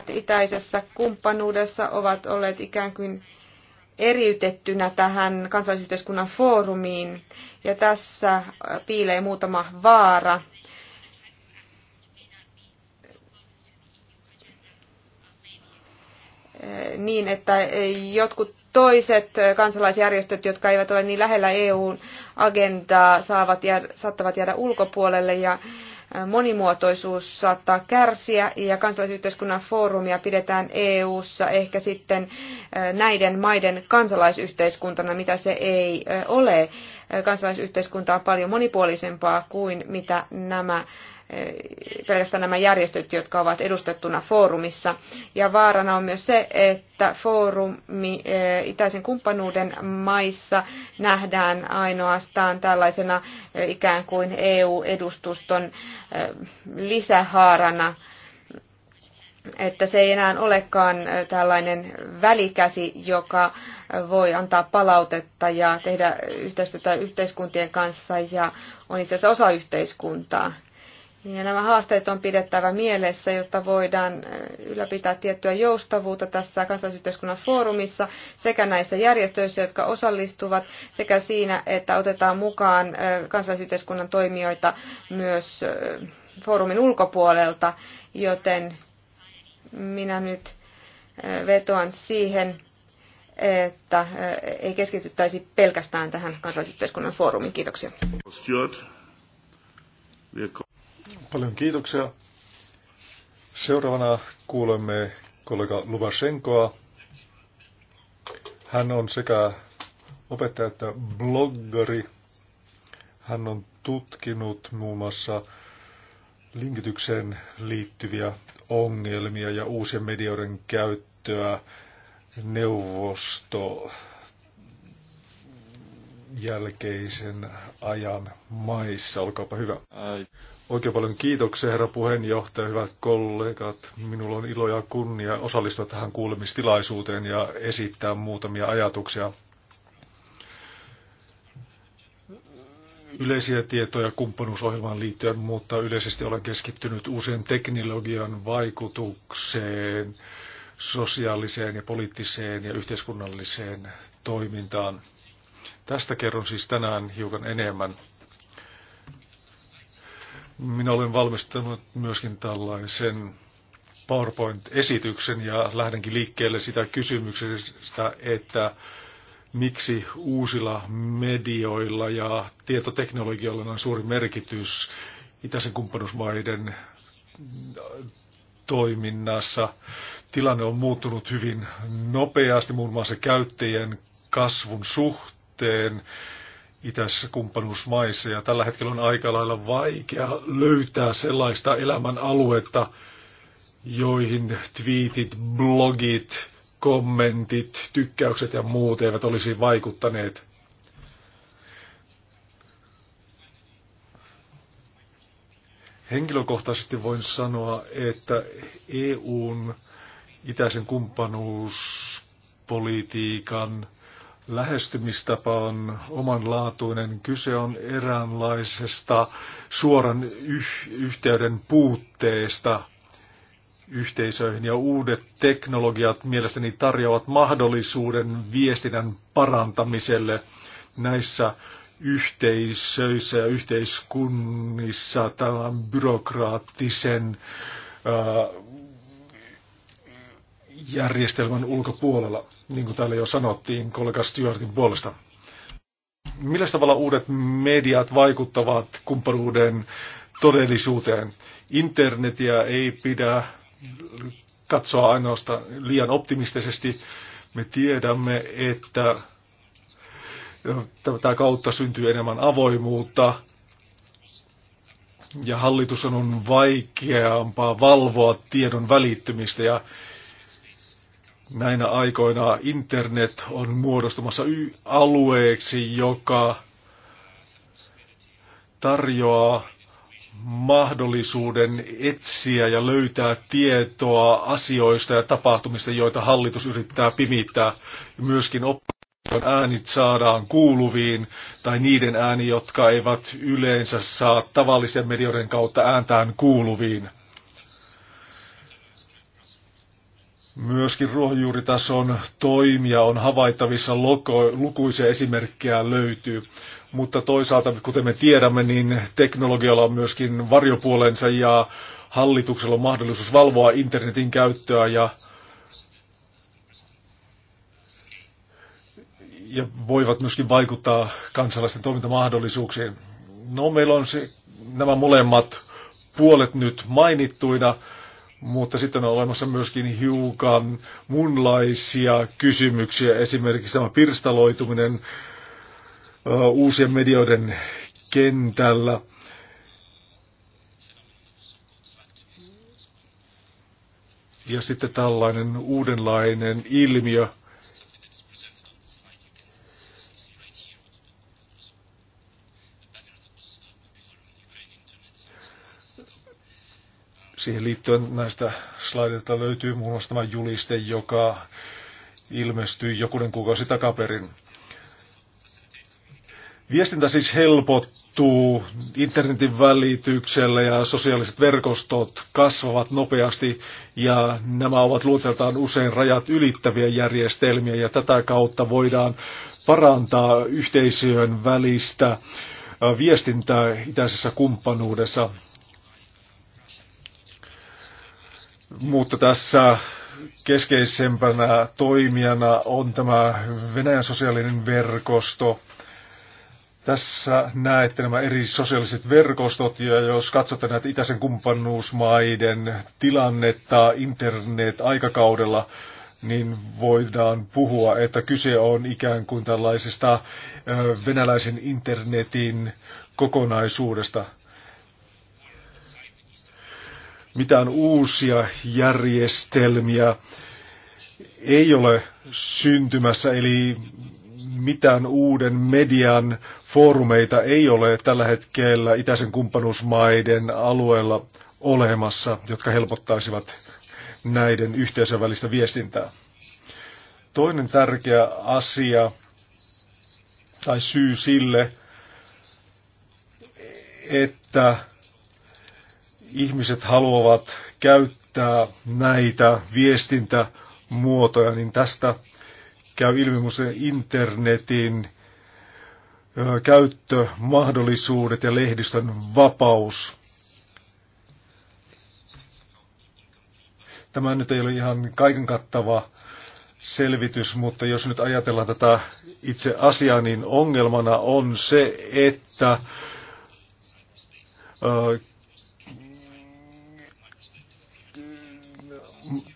kunnat itäisessä kumppanuudessa ovat olleet ikään kuin eriytettynä tähän kansallisyhteiskunnan foorumiin. Ja tässä äh, piilee muutama vaara. Äh, niin, että jotkut toiset kansalaisjärjestöt, jotka eivät ole niin lähellä EUn agendaa, saavat saattavat jäädä ulkopuolelle ja monimuotoisuus saattaa kärsiä ja kansalaisyhteiskunnan foorumia pidetään EU:ssa ehkä sitten näiden maiden kansalaisyhteiskuntana, mitä se ei ole. Kansalaisyhteiskunta on paljon monipuolisempaa kuin mitä nämä pelkästään nämä järjestöt, jotka ovat edustettuna foorumissa. Ja vaarana on myös se, että foorumi eh, itäisen kumppanuuden maissa nähdään ainoastaan tällaisena eh, ikään kuin EU-edustuston eh, lisähaarana että se ei enää olekaan tällainen välikäsi, joka voi antaa palautetta ja tehdä yhteistyötä yhteiskuntien kanssa ja on itse asiassa osa yhteiskuntaa. Ja nämä haasteet on pidettävä mielessä, jotta voidaan ylläpitää tiettyä joustavuutta tässä kansalaisyhteiskunnan foorumissa sekä näissä järjestöissä, jotka osallistuvat, sekä siinä, että otetaan mukaan kansalaisyhteiskunnan toimijoita myös foorumin ulkopuolelta, joten minä nyt vetoan siihen, että ei keskityttäisi pelkästään tähän kansalaisyhteiskunnan foorumiin. Kiitoksia. Paljon kiitoksia. Seuraavana kuulemme kollega Lubashenkoa. Hän on sekä opettaja että bloggari. Hän on tutkinut muun muassa linkitykseen liittyviä ongelmia ja uusien medioiden käyttöä neuvosto jälkeisen ajan maissa. Olkaapa hyvä. Oikein paljon kiitoksia, herra puheenjohtaja, hyvät kollegat. Minulla on ilo ja kunnia osallistua tähän kuulemistilaisuuteen ja esittää muutamia ajatuksia. Yleisiä tietoja kumppanuusohjelmaan liittyen, mutta yleisesti olen keskittynyt uusien teknologian vaikutukseen sosiaaliseen ja poliittiseen ja yhteiskunnalliseen toimintaan – Tästä kerron siis tänään hiukan enemmän. Minä olen valmistanut myöskin tällaisen PowerPoint-esityksen ja lähdenkin liikkeelle sitä kysymyksestä, että miksi uusilla medioilla ja tietoteknologioilla on suuri merkitys itäisen kumppanuusmaiden toiminnassa. Tilanne on muuttunut hyvin nopeasti, muun muassa käyttäjien kasvun suhteen suhteen itässä kumppanuusmaissa ja tällä hetkellä on aika lailla vaikea löytää sellaista elämän aluetta, joihin twiitit, blogit, kommentit, tykkäykset ja muut eivät olisi vaikuttaneet. Henkilökohtaisesti voin sanoa, että EUn itäisen kumppanuuspolitiikan lähestymistapa on omanlaatuinen. Kyse on eräänlaisesta suoran yh- yhteyden puutteesta yhteisöihin ja uudet teknologiat mielestäni tarjoavat mahdollisuuden viestinnän parantamiselle näissä yhteisöissä ja yhteiskunnissa tämän byrokraattisen äh, järjestelmän ulkopuolella, niin kuin täällä jo sanottiin kollega Stuartin puolesta. Millä tavalla uudet mediat vaikuttavat kumppanuuden todellisuuteen? Internetiä ei pidä katsoa ainoastaan liian optimistisesti. Me tiedämme, että tätä kautta syntyy enemmän avoimuutta ja hallitus on vaikeampaa valvoa tiedon välittymistä ja Näinä aikoina internet on muodostumassa alueeksi, joka tarjoaa mahdollisuuden etsiä ja löytää tietoa asioista ja tapahtumista, joita hallitus yrittää pimittää. Myöskin opposition äänit saadaan kuuluviin tai niiden ääni, jotka eivät yleensä saa tavallisen medioiden kautta ääntään kuuluviin. Myöskin ruohonjuuritason toimia on havaittavissa, loko, lukuisia esimerkkejä löytyy, mutta toisaalta, kuten me tiedämme, niin teknologialla on myöskin varjopuolensa ja hallituksella on mahdollisuus valvoa internetin käyttöä ja, ja voivat myöskin vaikuttaa kansalaisten toimintamahdollisuuksiin. No meillä on se, nämä molemmat puolet nyt mainittuina. Mutta sitten on olemassa myöskin hiukan munlaisia kysymyksiä, esimerkiksi tämä pirstaloituminen uusien medioiden kentällä. Ja sitten tällainen uudenlainen ilmiö, Siihen liittyen näistä slaideilta löytyy muun muassa tämä juliste, joka ilmestyi jokunen kuukausi takaperin. Viestintä siis helpottuu internetin välityksellä ja sosiaaliset verkostot kasvavat nopeasti ja nämä ovat luoteltaan usein rajat ylittäviä järjestelmiä ja tätä kautta voidaan parantaa yhteisöjen välistä viestintää itäisessä kumppanuudessa. Mutta tässä keskeisempänä toimijana on tämä Venäjän sosiaalinen verkosto. Tässä näette nämä eri sosiaaliset verkostot, ja jos katsotte näitä itäisen kumppanuusmaiden tilannetta internet-aikakaudella, niin voidaan puhua, että kyse on ikään kuin tällaisesta venäläisen internetin kokonaisuudesta mitään uusia järjestelmiä ei ole syntymässä, eli mitään uuden median foorumeita ei ole tällä hetkellä itäisen kumppanuusmaiden alueella olemassa, jotka helpottaisivat näiden yhteisön välistä viestintää. Toinen tärkeä asia tai syy sille, että ihmiset haluavat käyttää näitä viestintämuotoja, niin tästä käy ilmi internetin käyttömahdollisuudet ja lehdistön vapaus. Tämä nyt ei ole ihan kaiken kattava selvitys, mutta jos nyt ajatellaan tätä itse asiaa, niin ongelmana on se, että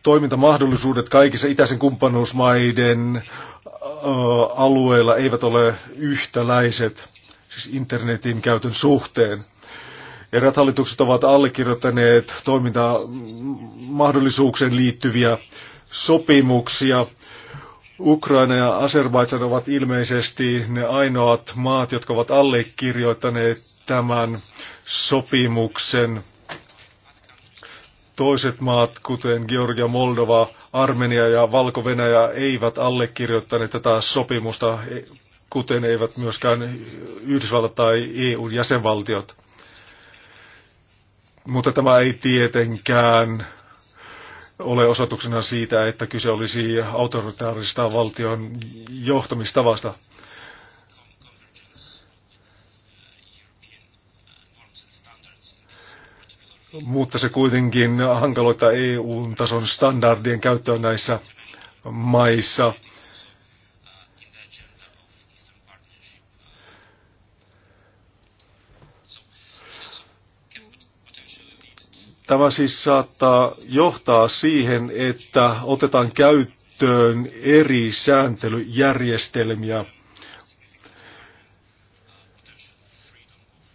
toimintamahdollisuudet kaikissa itäisen kumppanuusmaiden alueilla eivät ole yhtäläiset, siis internetin käytön suhteen. Erät hallitukset ovat allekirjoittaneet toimintamahdollisuuksien liittyviä sopimuksia. Ukraina ja Azerbaidžan ovat ilmeisesti ne ainoat maat, jotka ovat allekirjoittaneet tämän sopimuksen toiset maat, kuten Georgia, Moldova, Armenia ja valko venäjä eivät allekirjoittaneet tätä sopimusta, e, kuten eivät myöskään Yhdysvallat tai EUn jäsenvaltiot. Mutta tämä ei tietenkään ole osoituksena siitä, että kyse olisi autoritaarista valtion johtamistavasta. mutta se kuitenkin hankaloittaa EU-tason standardien käyttöä näissä maissa. Tämä siis saattaa johtaa siihen, että otetaan käyttöön eri sääntelyjärjestelmiä –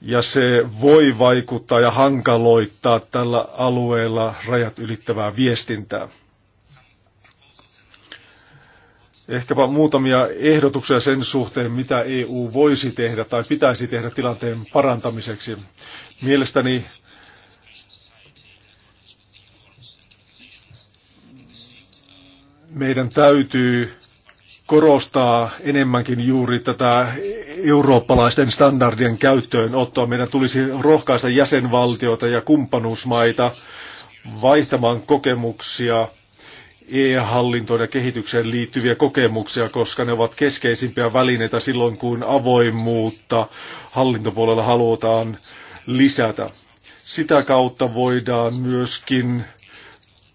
ja se voi vaikuttaa ja hankaloittaa tällä alueella rajat ylittävää viestintää. Ehkäpä muutamia ehdotuksia sen suhteen, mitä EU voisi tehdä tai pitäisi tehdä tilanteen parantamiseksi. Mielestäni meidän täytyy korostaa enemmänkin juuri tätä eurooppalaisten standardien käyttöönottoa. Meidän tulisi rohkaista jäsenvaltioita ja kumppanuusmaita vaihtamaan kokemuksia e-hallintoon ja kehitykseen liittyviä kokemuksia, koska ne ovat keskeisimpiä välineitä silloin, kun avoimuutta hallintopuolella halutaan lisätä. Sitä kautta voidaan myöskin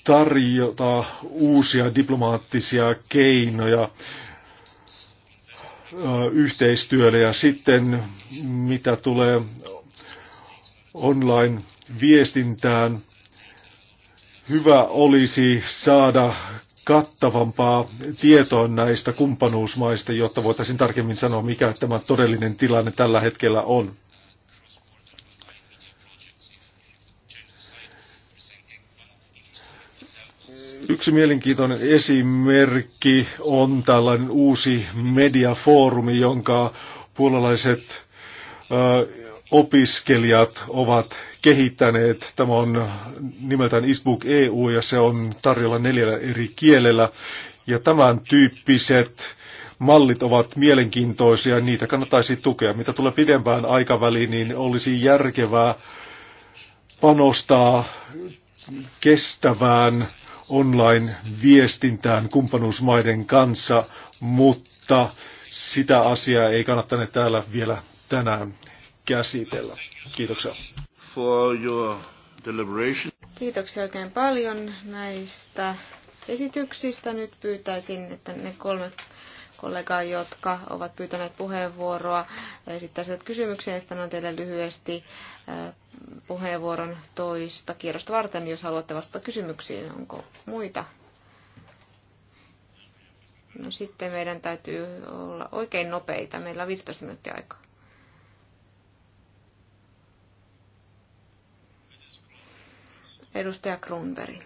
tarjota uusia diplomaattisia keinoja yhteistyölle ja sitten mitä tulee online-viestintään, hyvä olisi saada kattavampaa tietoa näistä kumppanuusmaista, jotta voitaisiin tarkemmin sanoa, mikä tämä todellinen tilanne tällä hetkellä on. Yksi mielenkiintoinen esimerkki on tällainen uusi mediafoorumi, jonka puolalaiset opiskelijat ovat kehittäneet. Tämä on nimeltään Eastbook EU ja se on tarjolla neljällä eri kielellä. Ja tämän tyyppiset mallit ovat mielenkiintoisia, niitä kannattaisi tukea. Mitä tulee pidempään aikaväliin, niin olisi järkevää panostaa kestävään online-viestintään kumppanuusmaiden kanssa, mutta sitä asiaa ei kannattanut täällä vielä tänään käsitellä. Kiitoksia. For your deliberation. Kiitoksia oikein paljon näistä esityksistä. Nyt pyytäisin, että ne kolme kollegaa, jotka ovat pyytäneet puheenvuoroa, esittäisivät kysymyksiä sitten on teille lyhyesti äh, puheenvuoron toista kierrosta varten, jos haluatte vastata kysymyksiin. Onko muita? No sitten meidän täytyy olla oikein nopeita. Meillä on 15 minuuttia aikaa. Edustaja Kronberg.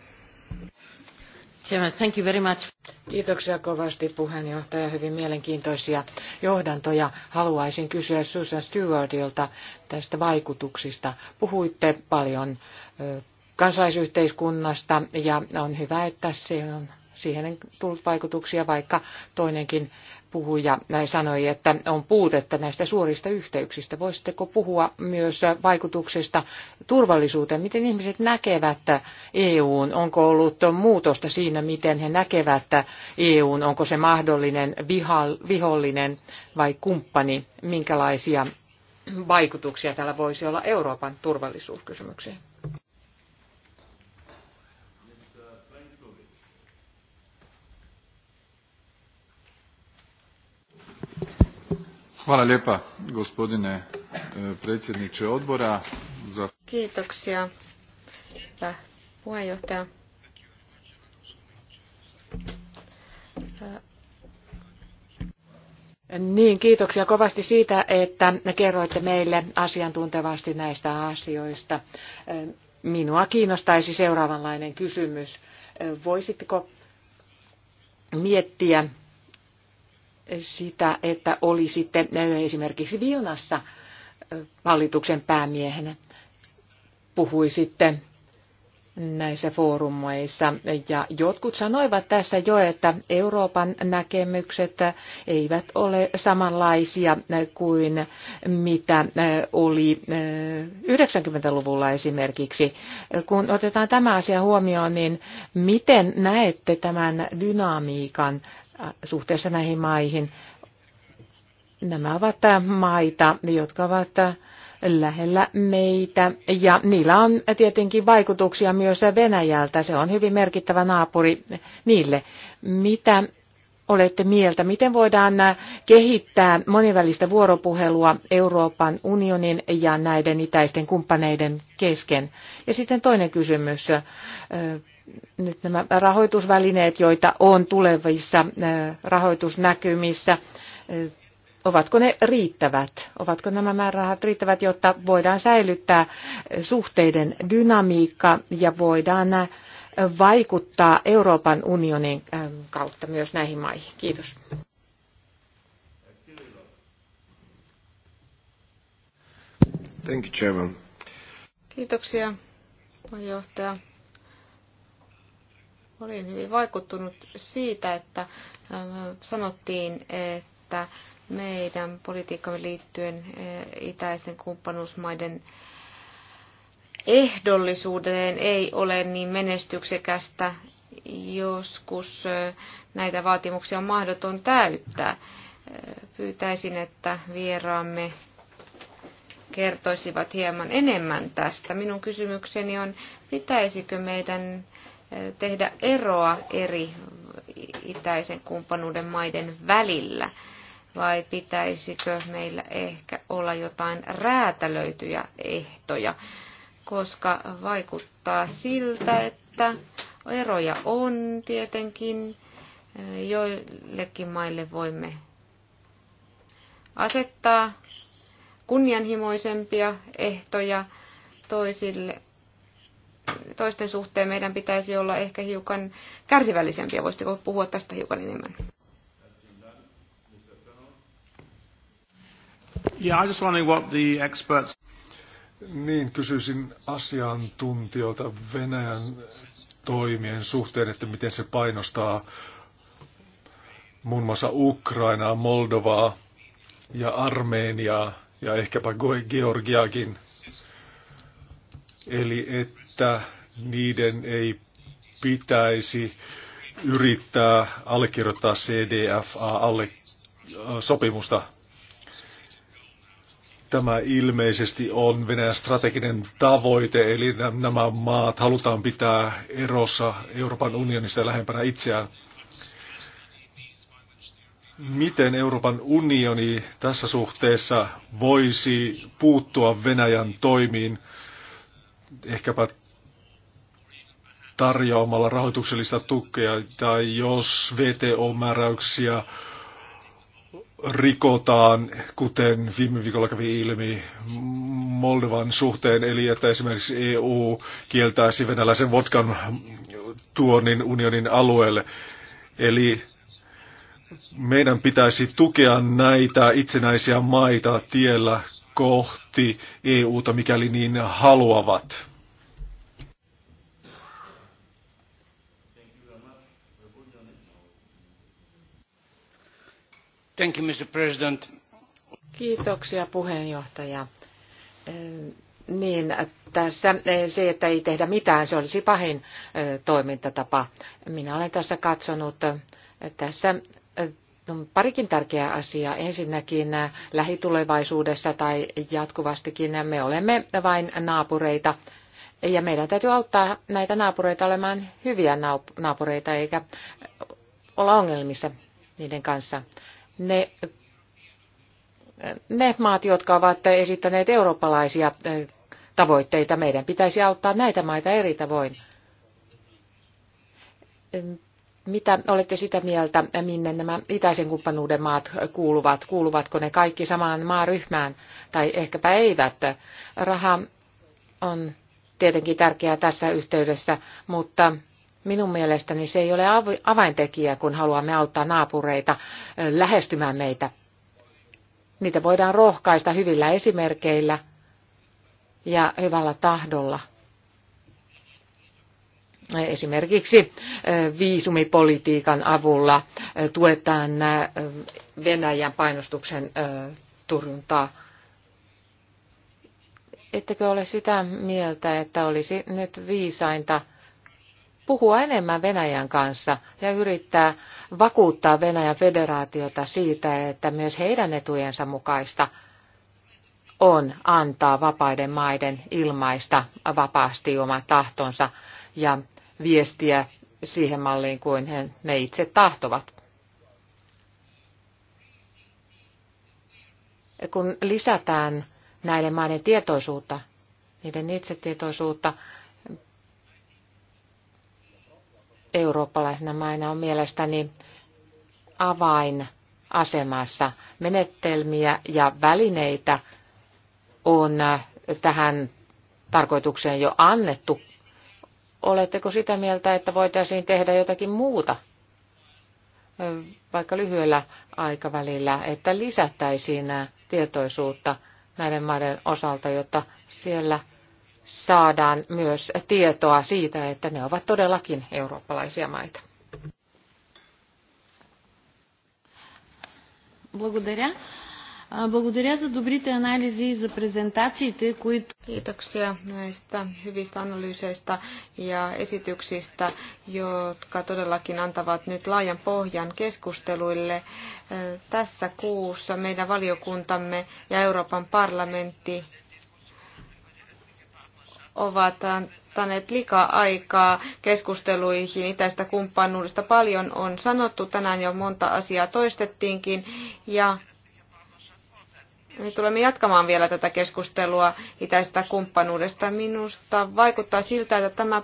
Kiitoksia kovasti puheenjohtaja. Hyvin mielenkiintoisia johdantoja. Haluaisin kysyä Susan Stewartilta tästä vaikutuksista. Puhuitte paljon kansalaisyhteiskunnasta ja on hyvä, että se on siihen ei tullut vaikutuksia, vaikka toinenkin puhuja sanoi, että on puutetta näistä suorista yhteyksistä. Voisitteko puhua myös vaikutuksesta turvallisuuteen? Miten ihmiset näkevät EUn? Onko ollut muutosta siinä, miten he näkevät EUn? Onko se mahdollinen vihollinen vai kumppani? Minkälaisia vaikutuksia tällä voisi olla Euroopan turvallisuuskysymykseen? Hvala lijepa gospodine e, predsjedniče odbora. Za... Kiitoksia puheenjohtaja. Niin, kiitoksia kovasti siitä, että kerroitte meille asiantuntevasti näistä asioista. Minua kiinnostaisi seuraavanlainen kysymys. Voisitteko miettiä sitä, että oli sitten äh, esimerkiksi Vilnassa äh, hallituksen päämiehenä. sitten näissä foorumeissa. Ja jotkut sanoivat tässä jo, että Euroopan näkemykset eivät ole samanlaisia kuin mitä äh, oli 90-luvulla esimerkiksi. Kun otetaan tämä asia huomioon, niin miten näette tämän dynamiikan suhteessa näihin maihin. Nämä ovat maita, jotka ovat lähellä meitä ja niillä on tietenkin vaikutuksia myös Venäjältä. Se on hyvin merkittävä naapuri niille. Mitä olette mieltä? Miten voidaan kehittää monivälistä vuoropuhelua Euroopan unionin ja näiden itäisten kumppaneiden kesken? Ja sitten toinen kysymys nyt nämä rahoitusvälineet, joita on tulevissa äh, rahoitusnäkymissä, äh, ovatko ne riittävät? Ovatko nämä määrärahat riittävät, jotta voidaan säilyttää suhteiden dynamiikka ja voidaan äh, vaikuttaa Euroopan unionin kautta myös näihin maihin? Kiitos. Thank you, Chairman. Kiitoksia, puheenjohtaja. Olin hyvin vaikuttunut siitä, että sanottiin, että meidän politiikkamme liittyen itäisten kumppanuusmaiden ehdollisuuteen ei ole niin menestyksekästä. Joskus näitä vaatimuksia on mahdoton täyttää. Pyytäisin, että vieraamme kertoisivat hieman enemmän tästä. Minun kysymykseni on, pitäisikö meidän tehdä eroa eri itäisen kumppanuuden maiden välillä? Vai pitäisikö meillä ehkä olla jotain räätälöityjä ehtoja? Koska vaikuttaa siltä, että eroja on tietenkin. Joillekin maille voimme asettaa kunnianhimoisempia ehtoja, toisille toisten suhteen meidän pitäisi olla ehkä hiukan kärsivällisempiä. Voisitteko puhua tästä hiukan enemmän? Yeah, I just wondering what the experts... Niin, kysyisin asiantuntijoilta Venäjän toimien suhteen, että miten se painostaa muun muassa Ukrainaa, Moldovaa ja Armeniaa ja ehkäpä Georgiakin. Eli että niiden ei pitäisi yrittää allekirjoittaa CDFA-sopimusta. Tämä ilmeisesti on Venäjän strateginen tavoite, eli nämä maat halutaan pitää erossa Euroopan unionista lähempänä itseään. Miten Euroopan unioni tässä suhteessa voisi puuttua Venäjän toimiin? ehkäpä tarjoamalla rahoituksellista tukea tai jos VTO-määräyksiä rikotaan, kuten viime viikolla kävi ilmi Moldovan suhteen, eli että esimerkiksi EU kieltäisi venäläisen vodkan tuonnin unionin alueelle. Eli meidän pitäisi tukea näitä itsenäisiä maita tiellä kohti EUta, mikäli niin haluavat. Thank you, Mr. President. Kiitoksia puheenjohtaja. Niin, tässä se, että ei tehdä mitään, se olisi pahin toimintatapa. Minä olen tässä katsonut tässä on no, parikin tärkeää asiaa. Ensinnäkin äh, lähitulevaisuudessa tai jatkuvastikin me olemme vain naapureita ja meidän täytyy auttaa näitä naapureita olemaan hyviä naapureita eikä olla ongelmissa niiden kanssa. Ne, ne maat, jotka ovat esittäneet eurooppalaisia äh, tavoitteita, meidän pitäisi auttaa näitä maita eri tavoin mitä olette sitä mieltä, minne nämä itäisen kumppanuuden maat kuuluvat? Kuuluvatko ne kaikki samaan maaryhmään tai ehkäpä eivät? Raha on tietenkin tärkeää tässä yhteydessä, mutta minun mielestäni se ei ole avaintekijä, kun haluamme auttaa naapureita lähestymään meitä. Niitä voidaan rohkaista hyvillä esimerkeillä ja hyvällä tahdolla – Esimerkiksi viisumipolitiikan avulla tuetaan Venäjän painostuksen torjuntaa. Ettekö ole sitä mieltä, että olisi nyt viisainta puhua enemmän Venäjän kanssa ja yrittää vakuuttaa Venäjän federaatiota siitä, että myös heidän etujensa mukaista on antaa vapaiden maiden ilmaista vapaasti oma tahtonsa ja viestiä siihen malliin kuin he, ne itse tahtovat. Kun lisätään näiden maiden tietoisuutta, niiden itsetietoisuutta, eurooppalaisena maina on mielestäni avainasemassa. Menettelmiä ja välineitä on tähän tarkoitukseen jo annettu Oletteko sitä mieltä, että voitaisiin tehdä jotakin muuta, vaikka lyhyellä aikavälillä, että lisättäisiin tietoisuutta näiden maiden osalta, jotta siellä saadaan myös tietoa siitä, että ne ovat todellakin eurooppalaisia maita. Благодаря. Благодаря за добрите анализи и за презентациите, които... Kiitoksia näistä hyvistä analyyseistä ja esityksistä, jotka todellakin antavat nyt laajan pohjan keskusteluille. Tässä kuussa meidän valiokuntamme ja Euroopan parlamentti ovat antaneet liikaa aikaa keskusteluihin itäistä kumppanuudesta. Paljon on sanottu, tänään jo monta asiaa toistettiinkin ja tulemme jatkamaan vielä tätä keskustelua itäisestä kumppanuudesta. Minusta vaikuttaa siltä, että tämä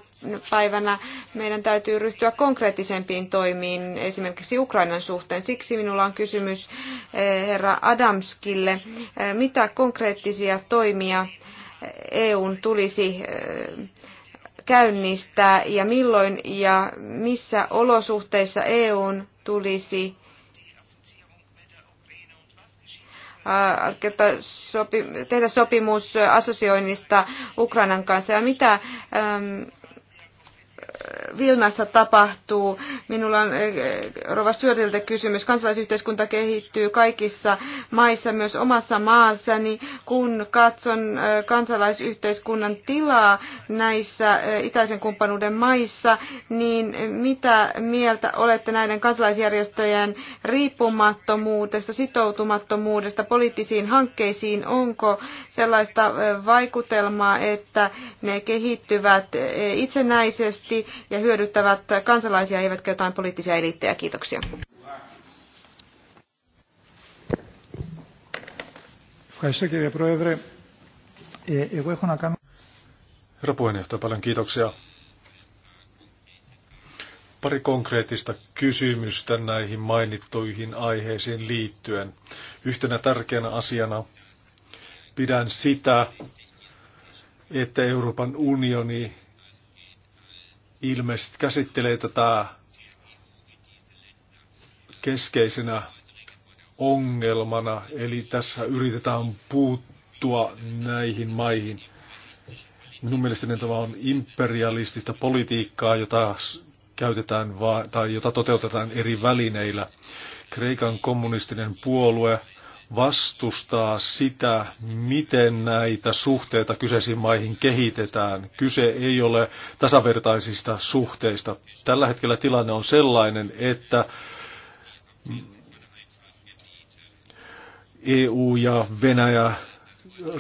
päivänä meidän täytyy ryhtyä konkreettisempiin toimiin esimerkiksi Ukrainan suhteen. Siksi minulla on kysymys eh, herra Adamskille. Eh, mitä konkreettisia toimia eh, EUn tulisi käynnistää ja milloin ja missä olosuhteissa EUn tulisi Äh, tehdä sopimus assosioinnista Ukrainan kanssa ja mitä äm, Vilnassa tapahtuu. Minulla on eh, Rova Syötiltä kysymys. Kansalaisyhteiskunta kehittyy kaikissa maissa, myös omassa maassani. Kun katson eh, kansalaisyhteiskunnan tilaa näissä eh, itäisen kumppanuuden maissa, niin mitä mieltä olette näiden kansalaisjärjestöjen riippumattomuudesta, sitoutumattomuudesta poliittisiin hankkeisiin? Onko sellaista vaikutelmaa, että ne kehittyvät itsenäisesti ja hyödyttävät kansalaisia eivätkä jotain poliittisia eliittejä. Kiitoksia. Herra puheenjohtaja, paljon kiitoksia. Pari konkreettista kysymystä näihin mainittuihin aiheisiin liittyen. Yhtenä tärkeänä asiana pidän sitä, että Euroopan unioni ilmeisesti käsittelee tätä keskeisenä ongelmana, eli tässä yritetään puuttua näihin maihin. Minun mielestäni tämä on imperialistista politiikkaa, jota käytetään va- tai jota toteutetaan eri välineillä. Kreikan kommunistinen puolue vastustaa sitä, miten näitä suhteita kyseisiin maihin kehitetään. Kyse ei ole tasavertaisista suhteista. Tällä hetkellä tilanne on sellainen, että EU ja Venäjä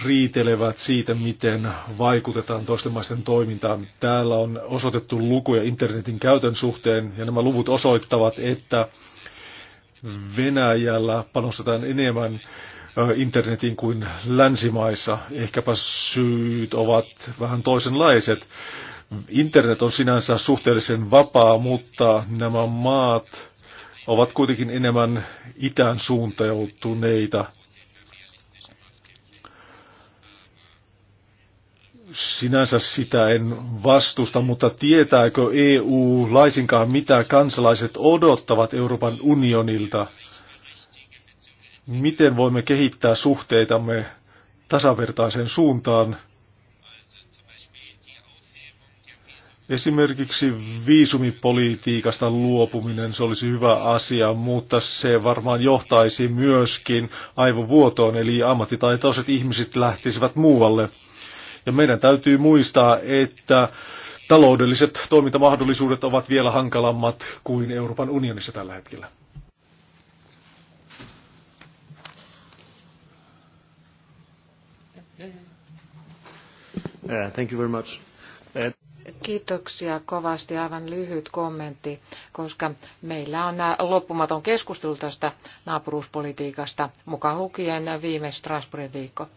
riitelevät siitä, miten vaikutetaan toisten maisten toimintaan. Täällä on osoitettu lukuja internetin käytön suhteen, ja nämä luvut osoittavat, että Venäjällä panostetaan enemmän internetin kuin länsimaissa. Ehkäpä syyt ovat vähän toisenlaiset. Internet on sinänsä suhteellisen vapaa, mutta nämä maat ovat kuitenkin enemmän itään suuntautuneita. Sinänsä sitä en vastusta, mutta tietääkö EU laisinkaan, mitä kansalaiset odottavat Euroopan unionilta? Miten voimme kehittää suhteitamme tasavertaiseen suuntaan? Esimerkiksi viisumipolitiikasta luopuminen, se olisi hyvä asia, mutta se varmaan johtaisi myöskin aivovuotoon, eli ammattitaitoiset ihmiset lähtisivät muualle. Ja meidän täytyy muistaa, että taloudelliset toimintamahdollisuudet ovat vielä hankalammat kuin Euroopan unionissa tällä hetkellä. Uh, thank you very much. Uh, Kiitoksia kovasti. Aivan lyhyt kommentti, koska meillä on uh, loppumaton keskustelu tästä naapuruuspolitiikasta, mukaan lukien viime Strasbourgin viikko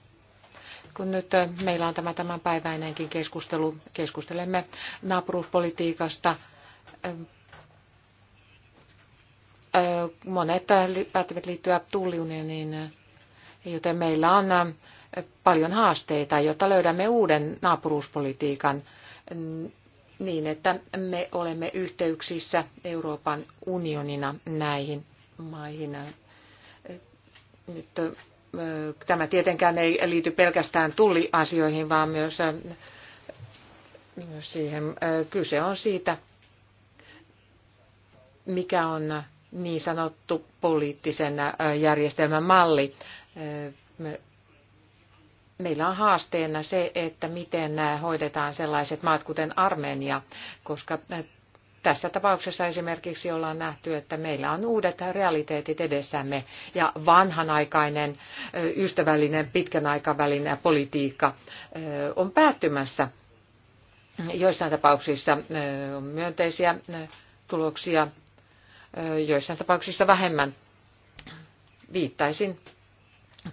kun nyt äh, meillä on tämä tämänpäiväinenkin keskustelu, keskustelemme naapuruuspolitiikasta. Äh, äh, monet päättävät liittyä tulliunioniin, joten meillä on paljon haasteita, jotta löydämme uuden naapuruuspolitiikan niin, että me olemme yhteyksissä Euroopan unionina näihin maihin. Nyt tämä tietenkään ei liity pelkästään tulliasioihin, vaan myös siihen kyse on siitä, mikä on niin sanottu poliittisen järjestelmän malli. Meillä on haasteena se, että miten hoidetaan sellaiset maat kuten Armenia, koska tässä tapauksessa esimerkiksi ollaan nähty, että meillä on uudet realiteetit edessämme ja vanhanaikainen, ystävällinen, pitkän aikavälin politiikka on päättymässä. Joissain tapauksissa on myönteisiä tuloksia, joissain tapauksissa vähemmän. Viittaisin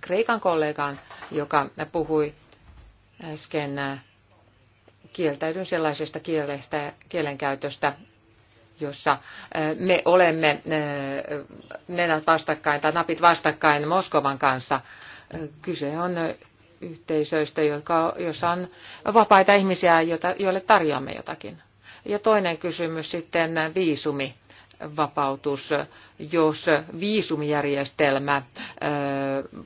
Kreikan kollegaan, joka puhui äsken kieltäydyn sellaisesta kielestä, kielenkäytöstä, jossa me olemme nenät vastakkain tai napit vastakkain Moskovan kanssa. Kyse on yhteisöistä, jotka, jossa on vapaita ihmisiä, joille tarjoamme jotakin. Ja toinen kysymys sitten viisumi vapautus, jos viisumijärjestelmä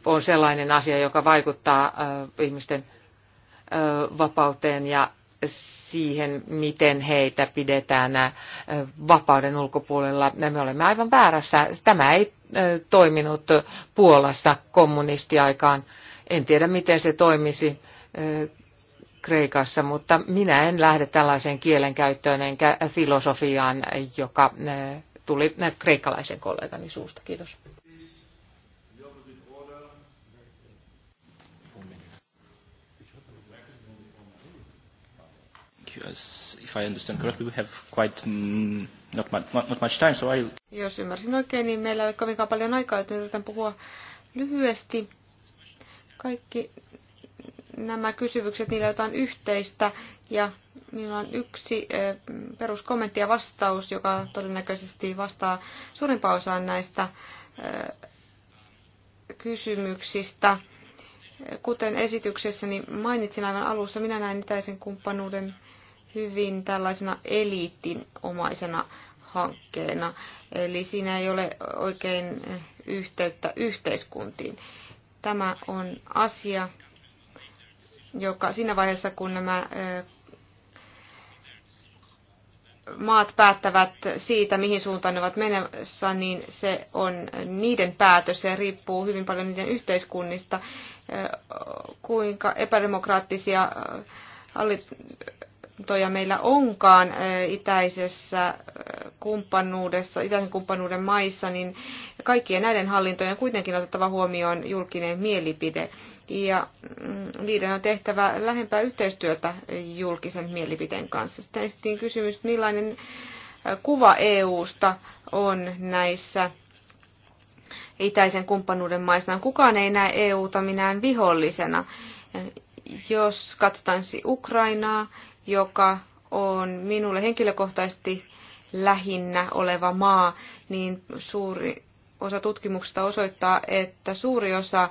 on sellainen asia, joka vaikuttaa ihmisten vapauteen ja siihen, miten heitä pidetään äh, vapauden ulkopuolella. Me olemme aivan väärässä. Tämä ei äh, toiminut Puolassa kommunistiaikaan. En tiedä, miten se toimisi äh, Kreikassa, mutta minä en lähde tällaiseen kielenkäyttöön enkä filosofiaan, joka tuli kreikkalaisen kollegani suusta. Kiitos. as if I understand correctly, we have quite mm, not, much, not, much time, so I'll... Jos ymmärsin oikein, niin meillä ei ole kovinkaan paljon aikaa, joten yritän puhua lyhyesti. Kaikki nämä kysymykset, niillä on jotain yhteistä, ja minulla on yksi peruskommentti ja vastaus, joka todennäköisesti vastaa suurimpaan osaan näistä kysymyksistä. Kuten esityksessäni mainitsin aivan alussa, minä näen itäisen kumppanuuden hyvin tällaisena eliittinomaisena hankkeena. Eli siinä ei ole oikein yhteyttä yhteiskuntiin. Tämä on asia, joka siinä vaiheessa, kun nämä maat päättävät siitä, mihin suuntaan ne ovat menossa, niin se on niiden päätös ja riippuu hyvin paljon niiden yhteiskunnista, kuinka epädemokraattisia kantoja meillä onkaan itäisessä kumppanuudessa, itäisen kumppanuuden maissa, niin kaikkien näiden hallintojen on kuitenkin otettava huomioon julkinen mielipide. Ja mm, niiden on tehtävä lähempää yhteistyötä julkisen mielipiteen kanssa. Sitten esitin kysymys, millainen kuva EUsta on näissä itäisen kumppanuuden maissa. No, kukaan ei näe EUta minään vihollisena. Jos katsotaan Ukrainaa, joka on minulle henkilökohtaisesti lähinnä oleva maa, niin suuri osa tutkimuksista osoittaa, että suuri osa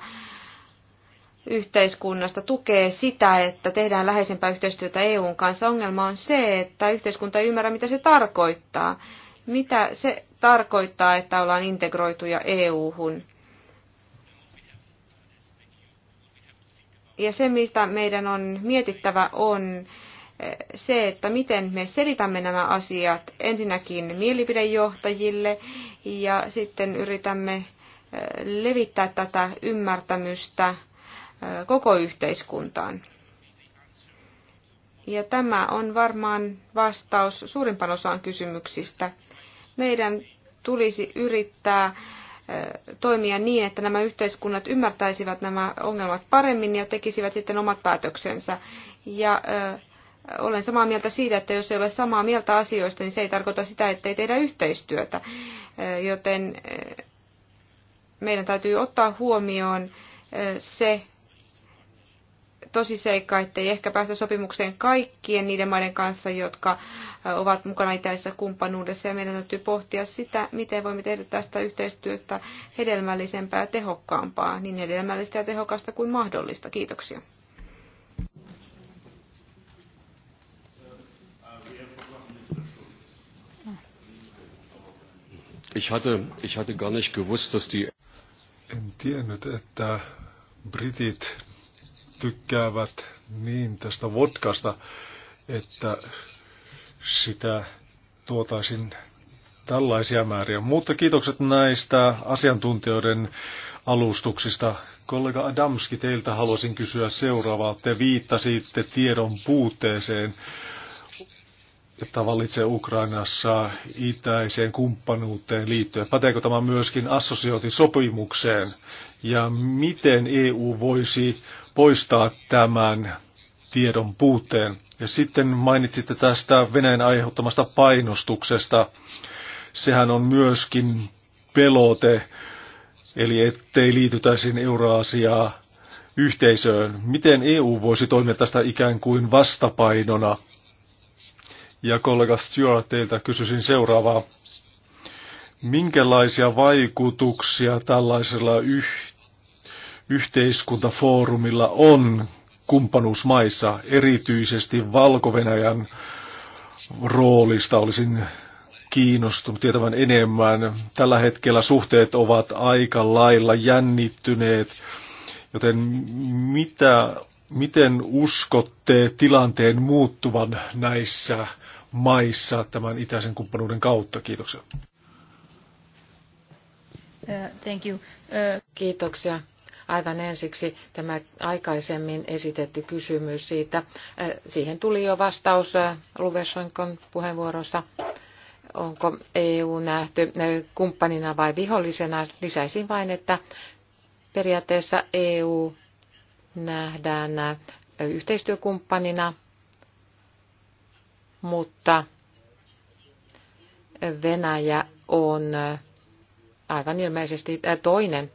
yhteiskunnasta tukee sitä, että tehdään läheisempää yhteistyötä EUn kanssa. Ongelma on se, että yhteiskunta ei ymmärrä, mitä se tarkoittaa. Mitä se tarkoittaa, että ollaan integroituja EU-hun? Ja se, mistä meidän on mietittävä, on, se, että miten me selitämme nämä asiat ensinnäkin mielipidejohtajille ja sitten yritämme levittää tätä ymmärtämystä koko yhteiskuntaan. Ja tämä on varmaan vastaus suurimpaan osaan kysymyksistä. Meidän tulisi yrittää toimia niin, että nämä yhteiskunnat ymmärtäisivät nämä ongelmat paremmin ja tekisivät sitten omat päätöksensä. Ja äh, olen samaa mieltä siitä, että jos ei ole samaa mieltä asioista, niin se ei tarkoita sitä, että ei tehdä yhteistyötä. Eh, joten eh, meidän täytyy ottaa huomioon eh, se tosiseikka, ettei ehkä päästä sopimukseen kaikkien niiden maiden kanssa, jotka ovat mukana itäisessä kumppanuudessa. Ja meidän täytyy pohtia sitä, miten voimme tehdä tästä yhteistyöstä hedelmällisempää ja tehokkaampaa, niin hedelmällistä ja tehokasta kuin mahdollista. Kiitoksia. Ich hatte, ich hatte gar nicht gewusst, dass die... En tiennyt, että britit tykkäävät niin tästä vodkasta, että sitä tuotaisin tällaisia määriä. Mutta kiitokset näistä asiantuntijoiden alustuksista. Kollega Adamski, teiltä haluaisin kysyä seuraavaa. Te viittasitte tiedon puutteeseen että valitsee Ukrainassa itäiseen kumppanuuteen liittyen. Päteekö tämä myöskin assosiointisopimukseen? Ja miten EU voisi poistaa tämän tiedon puutteen? Ja sitten mainitsitte tästä Venäjän aiheuttamasta painostuksesta. Sehän on myöskin pelote, eli ettei liitytäisi Euroasiaa yhteisöön. Miten EU voisi toimia tästä ikään kuin vastapainona? Ja kollega Stuart, teiltä kysyisin seuraavaa. Minkälaisia vaikutuksia tällaisella yh- yhteiskuntafoorumilla on kumppanuusmaissa, erityisesti valko roolista olisin kiinnostunut tietävän enemmän. Tällä hetkellä suhteet ovat aika lailla jännittyneet, joten mitä, miten uskotte tilanteen muuttuvan näissä maissa tämän itäisen kumppanuuden kautta. Kiitoksia. Uh, thank you. Uh, Kiitoksia. Aivan ensiksi tämä aikaisemmin esitetty kysymys siitä. Uh, siihen tuli jo vastaus Luvesoinkon puheenvuorossa. Onko EU nähty kumppanina vai vihollisena? Lisäisin vain, että periaatteessa EU nähdään yhteistyökumppanina mutta Venäjä on aivan ilmeisesti toinen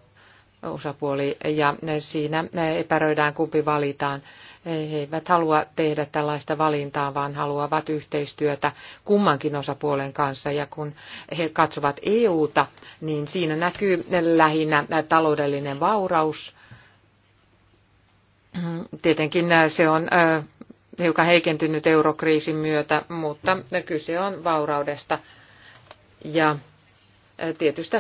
osapuoli ja siinä epäröidään kumpi valitaan. He eivät halua tehdä tällaista valintaa, vaan haluavat yhteistyötä kummankin osapuolen kanssa. Ja kun he katsovat EUta, niin siinä näkyy lähinnä taloudellinen vauraus. Tietenkin se on hiukan heikentynyt eurokriisin myötä, mutta kyse on vauraudesta ja tietystä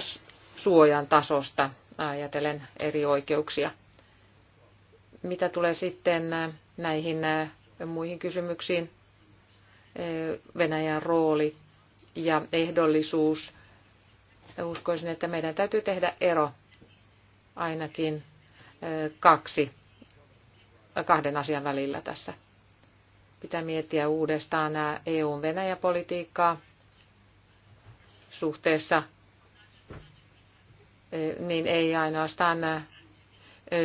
suojan tasosta ajatellen eri oikeuksia. Mitä tulee sitten näihin muihin kysymyksiin, Venäjän rooli ja ehdollisuus, uskoisin, että meidän täytyy tehdä ero ainakin kaksi, kahden asian välillä tässä Pitää miettiä uudestaan EUn Venäjäpolitiikkaa suhteessa, e, niin ei ainoastaan e,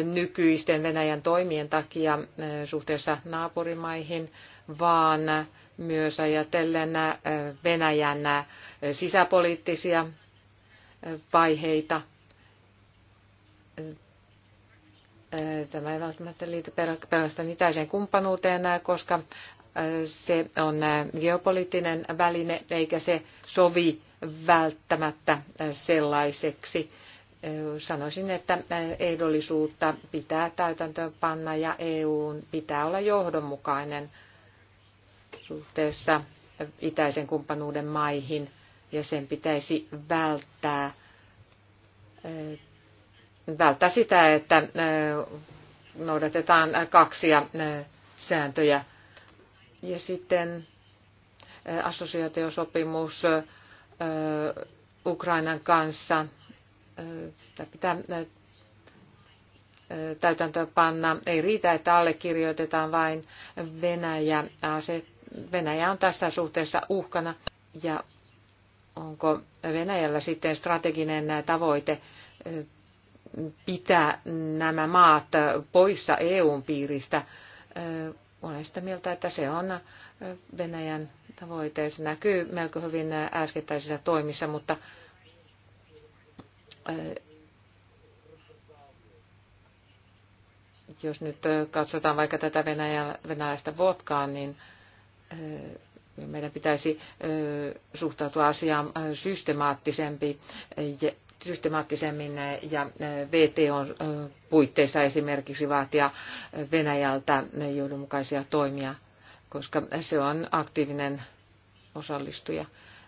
nykyisten Venäjän toimien takia e, suhteessa naapurimaihin, vaan myös ajatellen Venäjän sisäpoliittisia vaiheita Tämä ei välttämättä liity pelkästään itäiseen kumppanuuteen, koska se on geopoliittinen väline, eikä se sovi välttämättä sellaiseksi. Sanoisin, että ehdollisuutta pitää täytäntöön panna ja EUn pitää olla johdonmukainen suhteessa itäisen kumppanuuden maihin ja sen pitäisi välttää välttää sitä, että noudatetaan kaksia sääntöjä. Ja sitten assosiaatiosopimus Ukrainan kanssa. Sitä pitää täytäntöönpanna. Ei riitä, että allekirjoitetaan vain Venäjä. Venäjä on tässä suhteessa uhkana. Ja onko Venäjällä sitten strateginen tavoite pitää nämä maat poissa EUn piiristä. Olen sitä mieltä, että se on Venäjän tavoite. Se näkyy melko hyvin äskettäisissä toimissa, mutta jos nyt katsotaan vaikka tätä venäläistä vodkaa, niin, niin meidän pitäisi suhtautua asiaan systemaattisempi systemaattisemmin ja VTOn puitteissa esimerkiksi vaatia Venäjältä johdonmukaisia toimia, koska se on aktiivinen osallistuja.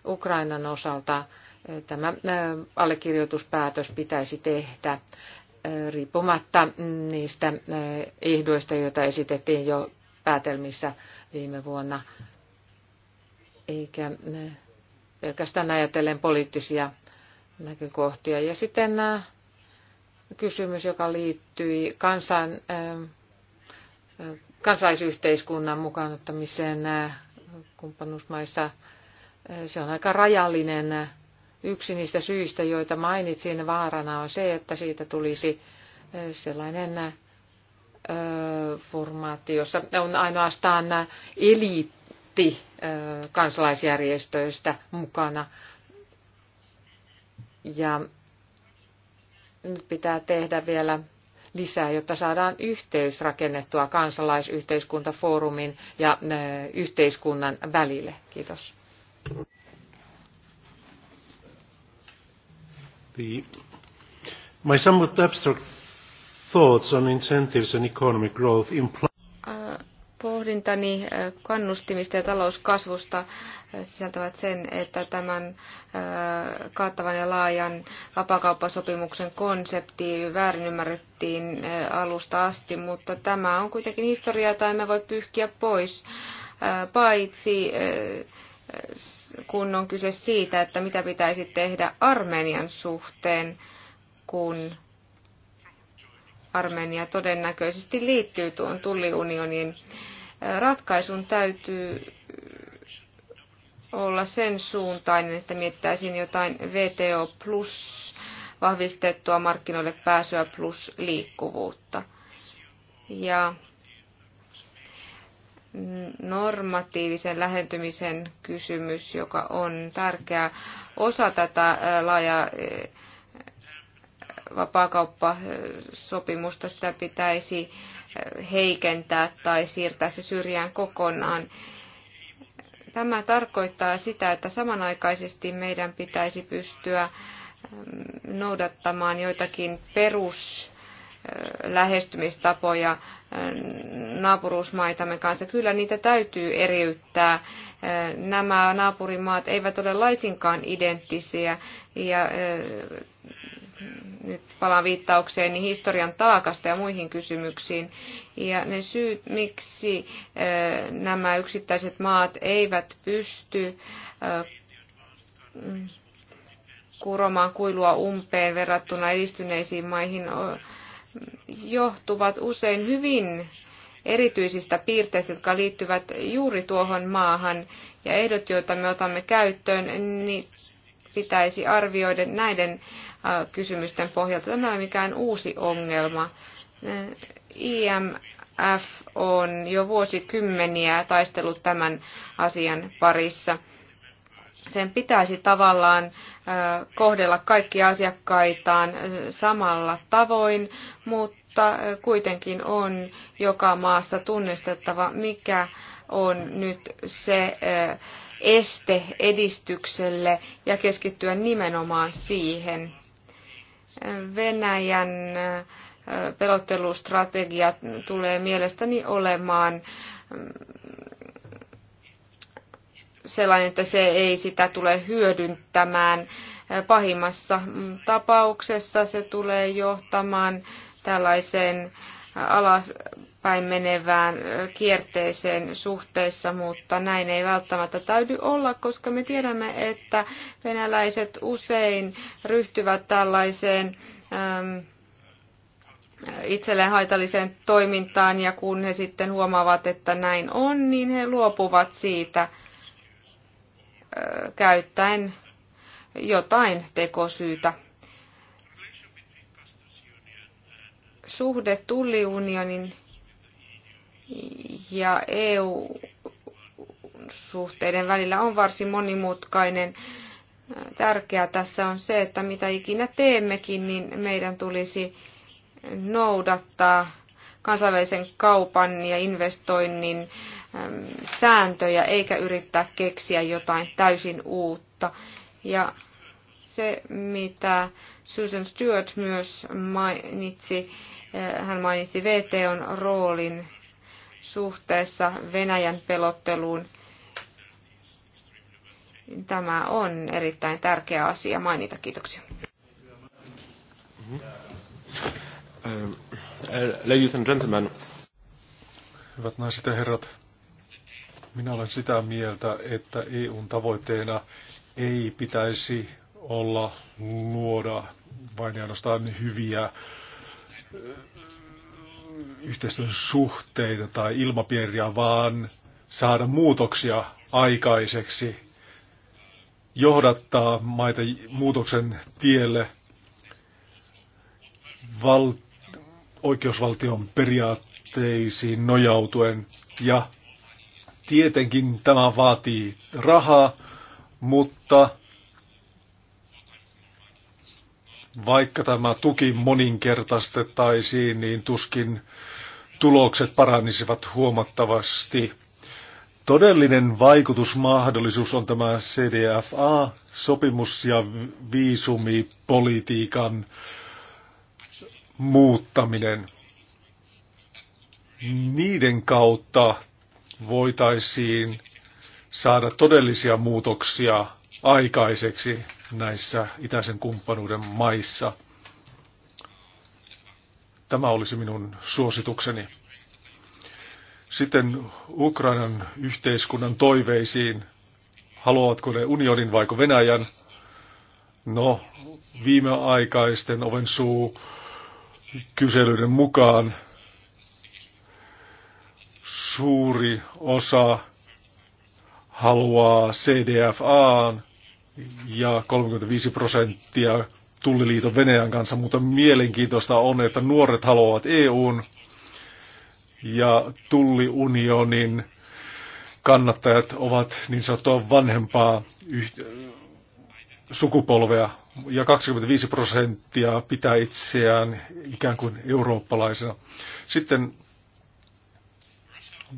Ukrainan osalta tämä allekirjoituspäätös pitäisi tehdä riippumatta niistä ehdoista, joita esitettiin jo päätelmissä viime vuonna, eikä pelkästään ajatellen poliittisia näkökohtia. Ja sitten äh, kysymys, joka liittyi kansan, äh, kansaisyhteiskunnan mukaanottamiseen äh, kumppanuusmaissa. Se on aika rajallinen. Yksi niistä syistä, joita mainitsin, vaarana on se, että siitä tulisi sellainen formaatti, jossa on ainoastaan eliitti kansalaisjärjestöistä mukana. Ja nyt pitää tehdä vielä lisää, jotta saadaan yhteys rakennettua kansalaisyhteiskuntafoorumin ja yhteiskunnan välille. Kiitos. The, my somewhat abstract thoughts on incentives and economic growth imply Pohdintani kannustimista ja talouskasvusta sisältävät sen, että tämän kaattavan ja laajan vapakauppasopimuksen konsepti väärin ymmärrettiin alusta asti, mutta tämä on kuitenkin historia, jota emme voi pyyhkiä pois, paitsi kun on kyse siitä, että mitä pitäisi tehdä Armenian suhteen, kun Armenia todennäköisesti liittyy tuon tulliunionin ratkaisun täytyy olla sen suuntainen, että miettäisin jotain VTO plus vahvistettua markkinoille pääsyä plus liikkuvuutta. Ja normatiivisen lähentymisen kysymys, joka on tärkeä osa tätä laaja vapaakauppasopimusta, sitä pitäisi heikentää tai siirtää se syrjään kokonaan. Tämä tarkoittaa sitä, että samanaikaisesti meidän pitäisi pystyä mm, noudattamaan joitakin peruslähestymistapoja mm, naapuruusmaitamme kanssa. Kyllä niitä täytyy eriyttää. Mm, nämä naapurimaat eivät ole laisinkaan identtisiä ja nyt palaan viittaukseen niin historian taakasta ja muihin kysymyksiin. Ja ne syyt, miksi nämä yksittäiset maat eivät pysty kuromaan kuilua umpeen verrattuna edistyneisiin maihin, johtuvat usein hyvin erityisistä piirteistä, jotka liittyvät juuri tuohon maahan. Ja ehdot, joita me otamme käyttöön, niin pitäisi arvioida näiden kysymysten pohjalta. Tämä ei ole mikään uusi ongelma. IMF on jo vuosikymmeniä taistellut tämän asian parissa. Sen pitäisi tavallaan kohdella kaikki asiakkaitaan samalla tavoin, mutta kuitenkin on joka maassa tunnistettava, mikä on nyt se este edistykselle ja keskittyä nimenomaan siihen. Venäjän äh, pelottelustrategia tulee mielestäni olemaan mm, sellainen, että se ei sitä tule hyödyntämään. Pahimmassa tapauksessa se tulee johtamaan tällaiseen alaspäin menevään kierteeseen suhteessa, mutta näin ei välttämättä täydy olla, koska me tiedämme, että venäläiset usein ryhtyvät tällaiseen äm, itselleen haitalliseen toimintaan ja kun he sitten huomaavat, että näin on, niin he luopuvat siitä äh, käyttäen jotain tekosyytä suhde tulliunionin ja EU-suhteiden välillä on varsin monimutkainen. Tärkeää tässä on se, että mitä ikinä teemmekin, niin meidän tulisi noudattaa kansainvälisen kaupan ja investoinnin sääntöjä, eikä yrittää keksiä jotain täysin uutta. Ja se, mitä Susan Stewart myös mainitsi, hän mainitsi VTOn roolin suhteessa Venäjän pelotteluun. Tämä on erittäin tärkeä asia mainita. Kiitoksia. Mm-hmm. Uh, uh, ladies and gentlemen. Hyvät naiset ja herrat, minä olen sitä mieltä, että EUn tavoitteena ei pitäisi olla luoda vain ainoastaan hyviä yhteistyön suhteita tai ilmapiiriä, vaan saada muutoksia aikaiseksi, johdattaa maita muutoksen tielle val- oikeusvaltion periaatteisiin nojautuen. Ja tietenkin tämä vaatii rahaa, mutta Vaikka tämä tuki moninkertaistettaisiin, niin tuskin tulokset paranisivat huomattavasti. Todellinen vaikutusmahdollisuus on tämä CDFA-sopimus ja viisumipolitiikan muuttaminen. Niiden kautta voitaisiin saada todellisia muutoksia aikaiseksi näissä itäisen kumppanuuden maissa. Tämä olisi minun suositukseni. Sitten Ukrainan yhteiskunnan toiveisiin. Haluavatko ne unionin vaiko Venäjän? No, viimeaikaisten oven suu kyselyiden mukaan suuri osa haluaa CDFAan ja 35 prosenttia Tulliliiton Venäjän kanssa, mutta mielenkiintoista on, että nuoret haluavat EUn ja tulliunionin kannattajat ovat niin sanottua vanhempaa sukupolvea ja 25 prosenttia pitää itseään ikään kuin eurooppalaisena. Sitten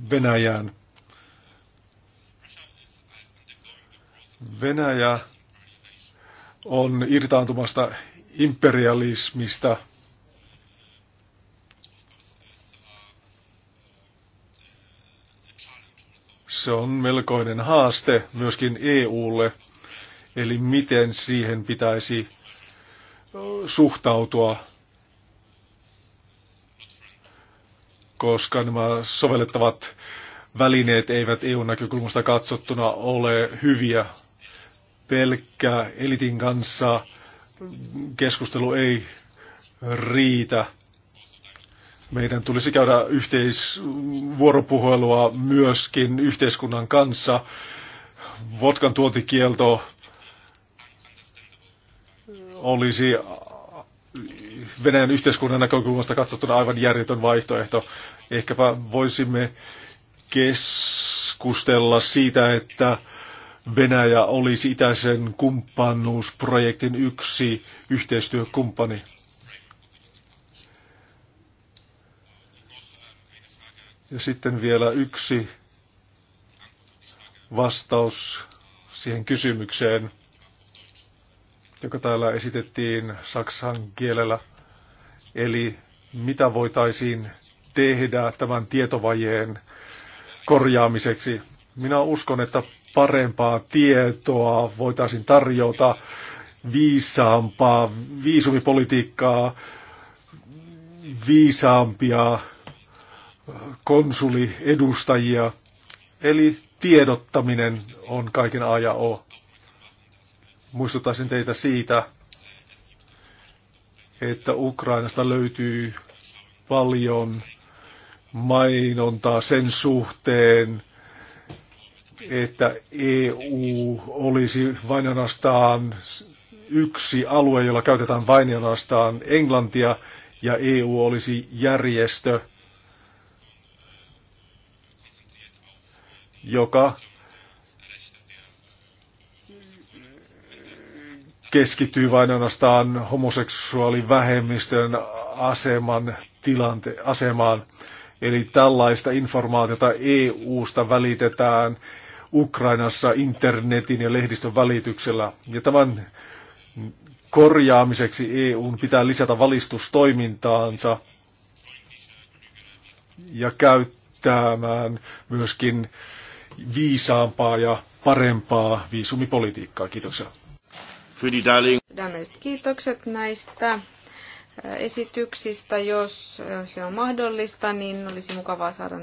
Venäjään. Venäjä on irtaantumasta imperialismista. Se on melkoinen haaste myöskin EUlle, eli miten siihen pitäisi suhtautua, koska nämä sovellettavat välineet eivät EU-näkökulmasta katsottuna ole hyviä pelkkä elitin kanssa keskustelu ei riitä. Meidän tulisi käydä yhteisvuoropuhelua myöskin yhteiskunnan kanssa. Votkan tuotikielto olisi Venäjän yhteiskunnan näkökulmasta katsottuna aivan järjetön vaihtoehto. Ehkäpä voisimme keskustella siitä, että Venäjä olisi itäisen kumppanuusprojektin yksi yhteistyökumppani. Ja sitten vielä yksi vastaus siihen kysymykseen, joka täällä esitettiin saksan kielellä. Eli mitä voitaisiin tehdä tämän tietovajeen korjaamiseksi? Minä uskon, että parempaa tietoa voitaisiin tarjota, viisaampaa viisumipolitiikkaa, viisaampia äh, konsuliedustajia. Eli tiedottaminen on kaiken A ja O. Muistuttaisin teitä siitä, että Ukrainasta löytyy paljon mainontaa sen suhteen, että EU olisi vain ainoastaan yksi alue, jolla käytetään vain ainoastaan englantia, ja EU olisi järjestö, joka keskittyy vain ainoastaan homoseksuaalivähemmistön aseman tilante, asemaan. Eli tällaista informaatiota EUsta välitetään Ukrainassa internetin ja lehdistön välityksellä. Ja tämän korjaamiseksi EUn pitää lisätä valistustoimintaansa ja käyttämään myöskin viisaampaa ja parempaa viisumipolitiikkaa. Kiitoksia. kiitokset näistä äh, esityksistä. Jos äh, se on mahdollista, niin olisi mukavaa saada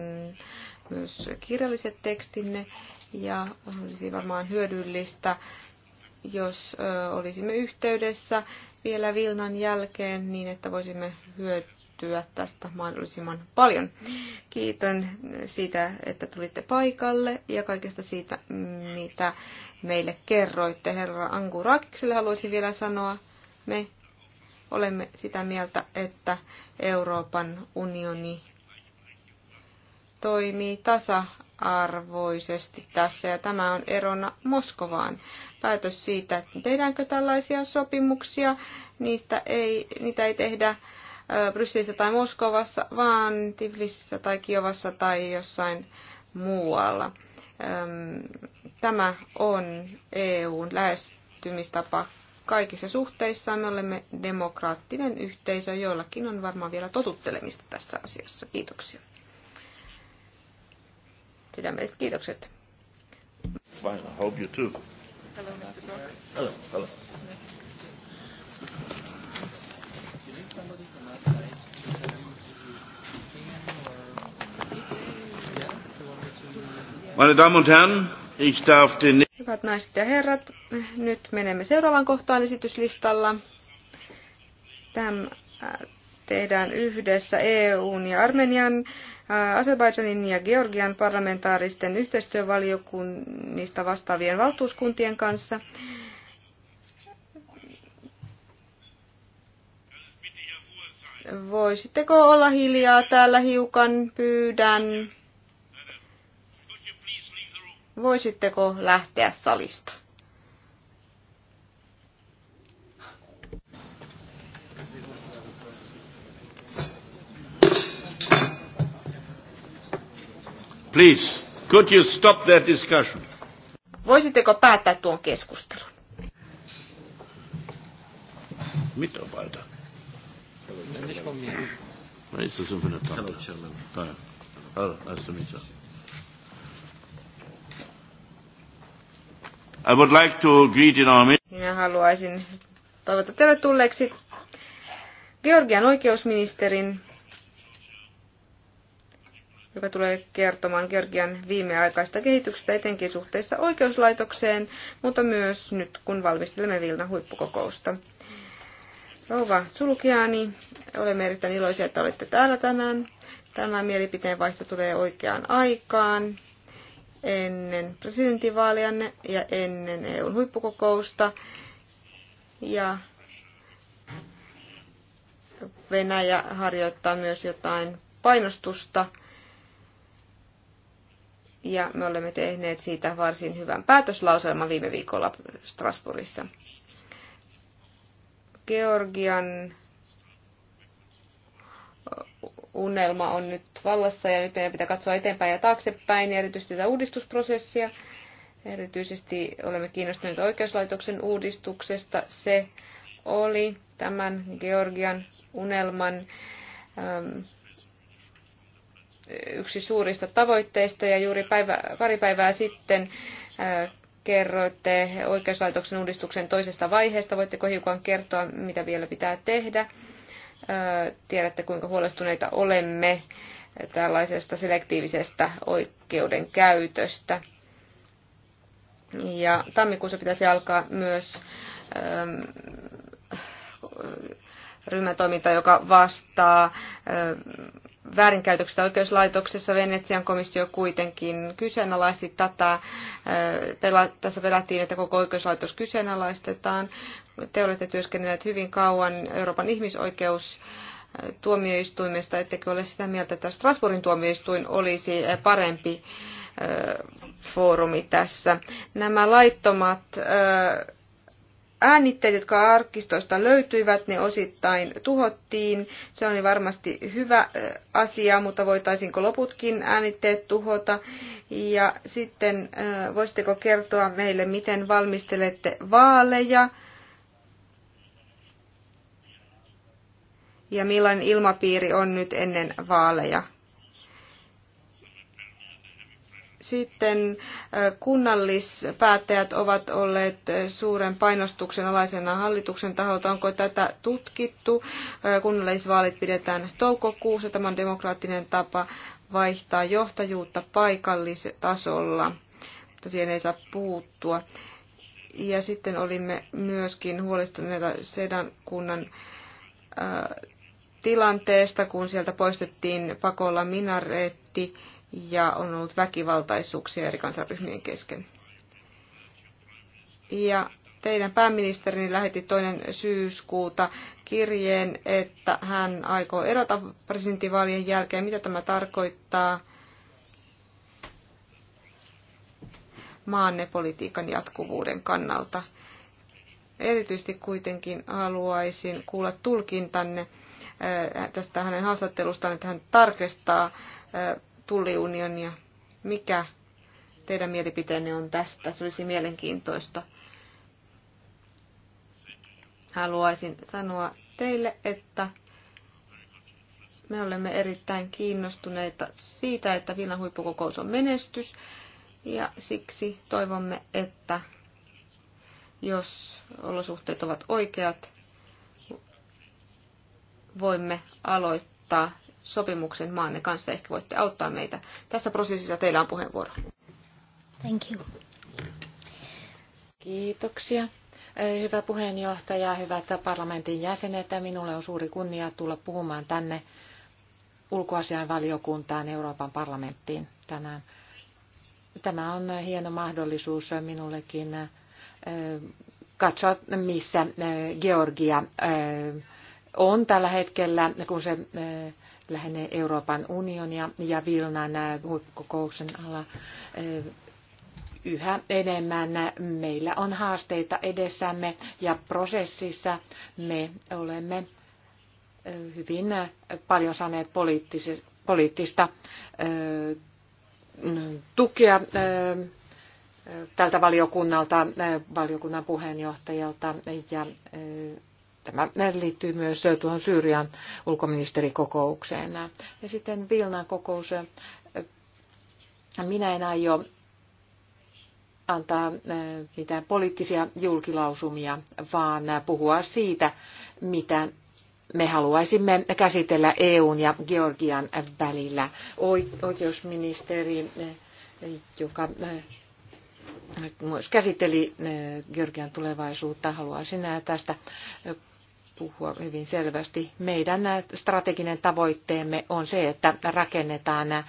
myös kirjalliset tekstinne ja olisi varmaan hyödyllistä, jos olisimme yhteydessä vielä Vilnan jälkeen niin, että voisimme hyötyä tästä mahdollisimman paljon. Kiitän siitä, että tulitte paikalle ja kaikesta siitä, mitä meille kerroitte. Herra Angu Raakikselle haluaisin vielä sanoa, me olemme sitä mieltä, että Euroopan unioni toimii tasa arvoisesti tässä, ja tämä on erona Moskovaan. Päätös siitä, että tehdäänkö tällaisia sopimuksia, niistä ei, niitä ei tehdä Brysselissä tai Moskovassa, vaan Tiflisissä tai Kiovassa tai jossain muualla. Tämä on EUn lähestymistapa kaikissa suhteissa. Me olemme demokraattinen yhteisö, joillakin on varmaan vielä totuttelemista tässä asiassa. Kiitoksia. Sydämelliset kiitokset. Fine, I hope you too. Hello, Mr. Brock. Hello, hello. Meine Damen und Herren, ich darf den... Hyvät naiset ja herrat, nyt menemme seuraavaan kohtaan esityslistalla. Tämä äh, tehdään yhdessä EUn ja Armenian, Azerbaidžanin ja Georgian parlamentaaristen yhteistyövaliokunnista vastaavien valtuuskuntien kanssa. Voisitteko olla hiljaa täällä hiukan, pyydän. Voisitteko lähteä salista? Please, could you stop that discussion? Voisitteko päättää tuon keskustelun? Mitarbeiter. Nicht von mir. Was I would like to greet in our Minä haluaisin toivottaa tervetulleeksi Georgian oikeusministerin joka tulee kertomaan Georgian viimeaikaista kehityksestä etenkin suhteessa oikeuslaitokseen, mutta myös nyt, kun valmistelemme Vilna huippukokousta. Rouva Sulkiani, olemme erittäin iloisia, että olette täällä tänään. Tämä mielipiteen vaihto tulee oikeaan aikaan ennen presidentinvaalianne ja ennen EUn huippukokousta. Ja Venäjä harjoittaa myös jotain painostusta ja me olemme tehneet siitä varsin hyvän päätöslauselman viime viikolla Strasbourgissa. Georgian unelma on nyt vallassa ja nyt meidän pitää katsoa eteenpäin ja taaksepäin ja erityisesti tätä uudistusprosessia. Erityisesti olemme kiinnostuneet oikeuslaitoksen uudistuksesta. Se oli tämän Georgian unelman ähm, yksi suurista tavoitteista ja juuri päivä, pari päivää sitten kerroitte oikeuslaitoksen uudistuksen toisesta vaiheesta. Voitteko hiukan kertoa, mitä vielä pitää tehdä? Tiedätte, kuinka huolestuneita olemme tällaisesta selektiivisestä oikeudenkäytöstä. Ja tammikuussa pitäisi alkaa myös ryhmätoiminta, joka vastaa väärinkäytöksistä oikeuslaitoksessa. Venetsian komissio kuitenkin kyseenalaisti tätä. Tässä pelättiin, että koko oikeuslaitos kyseenalaistetaan. Te olette työskennelleet hyvin kauan Euroopan ihmisoikeus tuomioistuimesta, ettekö ole sitä mieltä, että Strasbourgin tuomioistuin olisi parempi foorumi tässä. Nämä laittomat äänitteet, jotka arkistoista löytyivät, ne osittain tuhottiin. Se oli varmasti hyvä asia, mutta voitaisiinko loputkin äänitteet tuhota? Ja sitten voisitteko kertoa meille, miten valmistelette vaaleja? Ja millainen ilmapiiri on nyt ennen vaaleja? Sitten kunnallispäättäjät ovat olleet suuren painostuksen alaisena hallituksen taholta. Onko tätä tutkittu? Kunnallisvaalit pidetään toukokuussa. Tämä on demokraattinen tapa vaihtaa johtajuutta paikallistasolla, mutta siihen ei saa puuttua. Ja sitten olimme myöskin huolestuneita Sedan kunnan tilanteesta, kun sieltä poistettiin pakolla minaretti ja on ollut väkivaltaisuuksia eri kansanryhmien kesken. Ja teidän pääministerini lähetti toinen syyskuuta kirjeen, että hän aikoo erota presidentinvaalien jälkeen. Mitä tämä tarkoittaa maanne politiikan jatkuvuuden kannalta? Erityisesti kuitenkin haluaisin kuulla tulkintanne äh, tästä hänen haastattelustaan, että hän tarkistaa äh, tulliunionia. Mikä teidän mielipiteenne on tästä? Se olisi mielenkiintoista. Haluaisin sanoa teille, että me olemme erittäin kiinnostuneita siitä, että Villan huippukokous on menestys ja siksi toivomme, että jos olosuhteet ovat oikeat, voimme aloittaa sopimuksen maanne kanssa. Ehkä voitte auttaa meitä. Tässä prosessissa teillä on puheenvuoro. Thank you. Kiitoksia. Hyvä puheenjohtaja, hyvät parlamentin jäsenet. Minulle on suuri kunnia tulla puhumaan tänne ulkoasiainvaliokuntaan Euroopan parlamenttiin tänään. Tämä on hieno mahdollisuus minullekin eh, katsoa, missä eh, Georgia eh, on tällä hetkellä, kun se lähenee Euroopan unionia ja Vilnan äh, huippukokouksen alla äh, yhä enemmän meillä on haasteita edessämme ja prosessissa me olemme äh, hyvin paljon saaneet poliittista tukea tältä valiokunnalta, valiokunnan puheenjohtajalta ja Tämä liittyy myös tuohon Syyrian ulkoministerikokoukseen. Ja sitten Vilnan kokous. Minä en aio antaa mitään poliittisia julkilausumia, vaan puhua siitä, mitä me haluaisimme käsitellä EUn ja Georgian välillä. Oikeusministeri, joka myös käsitteli Georgian tulevaisuutta, haluaisin tästä puhua hyvin selvästi. Meidän strateginen tavoitteemme on se, että rakennetaan eh,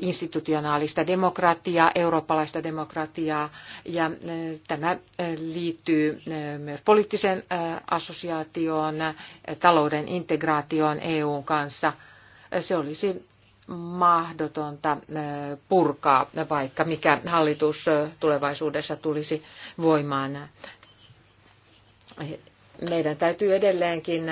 institutionaalista demokratiaa, eurooppalaista demokratiaa, ja eh, tämä eh, liittyy myös poliittiseen assosiaatioon, talouden integraatioon EUn kanssa. Se olisi mahdotonta purkaa, vaikka mikä hallitus tulevaisuudessa tulisi voimaan meidän täytyy edelleenkin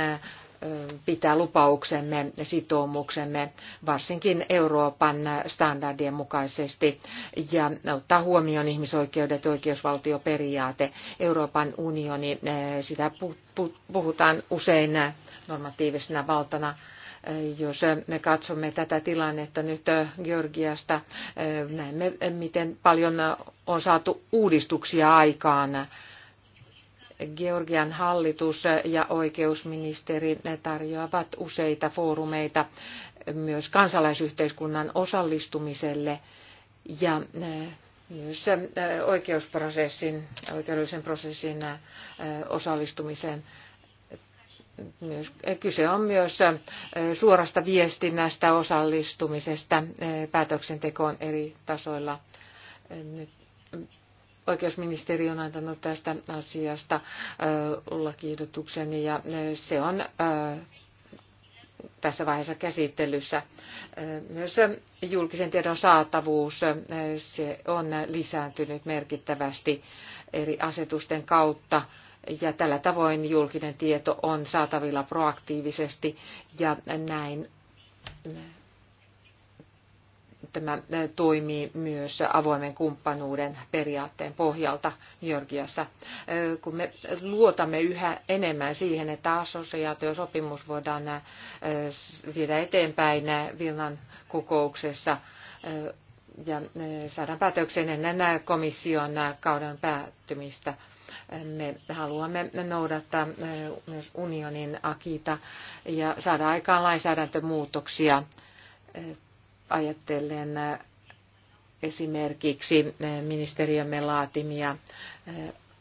pitää lupauksemme, sitoumuksemme, varsinkin Euroopan standardien mukaisesti, ja ottaa huomioon ihmisoikeudet, oikeusvaltioperiaate. Euroopan unioni, sitä puhutaan usein normatiivisena valtana, jos me katsomme tätä tilannetta nyt Georgiasta, näemme, miten paljon on saatu uudistuksia aikaan Georgian hallitus ja oikeusministeri tarjoavat useita foorumeita myös kansalaisyhteiskunnan osallistumiselle ja myös oikeusprosessin, oikeudellisen prosessin osallistumiseen. Myös, kyse on myös suorasta viestinnästä, osallistumisesta päätöksentekoon eri tasoilla. Nyt Oikeusministeri on antanut tästä asiasta lakiehdotuksen ja se on tässä vaiheessa käsittelyssä. Myös julkisen tiedon saatavuus se on lisääntynyt merkittävästi eri asetusten kautta ja tällä tavoin julkinen tieto on saatavilla proaktiivisesti ja näin tämä toimii myös avoimen kumppanuuden periaatteen pohjalta Georgiassa. Kun me luotamme yhä enemmän siihen, että assosiaatiosopimus voidaan viedä eteenpäin Vilnan kokouksessa ja saadaan päätökseen ennen komission kauden päättymistä. Me haluamme noudattaa myös unionin akita ja saada aikaan lainsäädäntömuutoksia ajattelen äh, esimerkiksi äh, ministeriömme laatimia äh,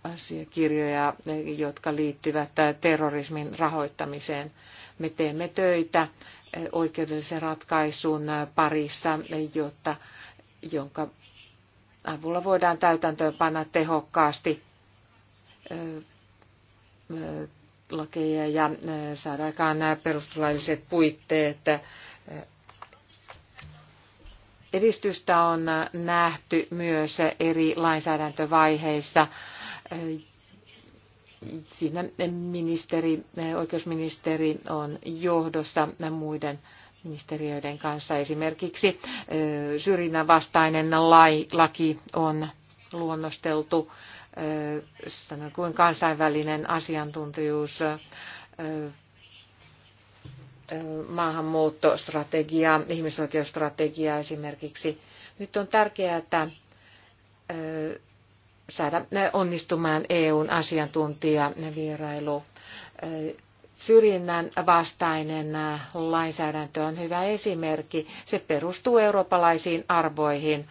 asiakirjoja, jotka liittyvät terrorismin rahoittamiseen. Me teemme töitä oikeudellisen ratkaisun parissa, jotta, jonka avulla voidaan täytäntöönpanna tehokkaasti lakeja ja saada aikaan nämä perustuslailliset puitteet Edistystä on nähty myös eri lainsäädäntövaiheissa. Siinä ministeri, oikeusministeri on johdossa muiden ministeriöiden kanssa. Esimerkiksi syrjinnän vastainen laki on luonnosteltu, sanoin kuin kansainvälinen asiantuntijuus maahanmuuttostrategiaa, ihmisoikeusstrategiaa esimerkiksi. Nyt on tärkeää, että saada onnistumaan EUn asiantuntija, vierailu. Syrjinnän vastainen lainsäädäntö on hyvä esimerkki. Se perustuu eurooppalaisiin arvoihin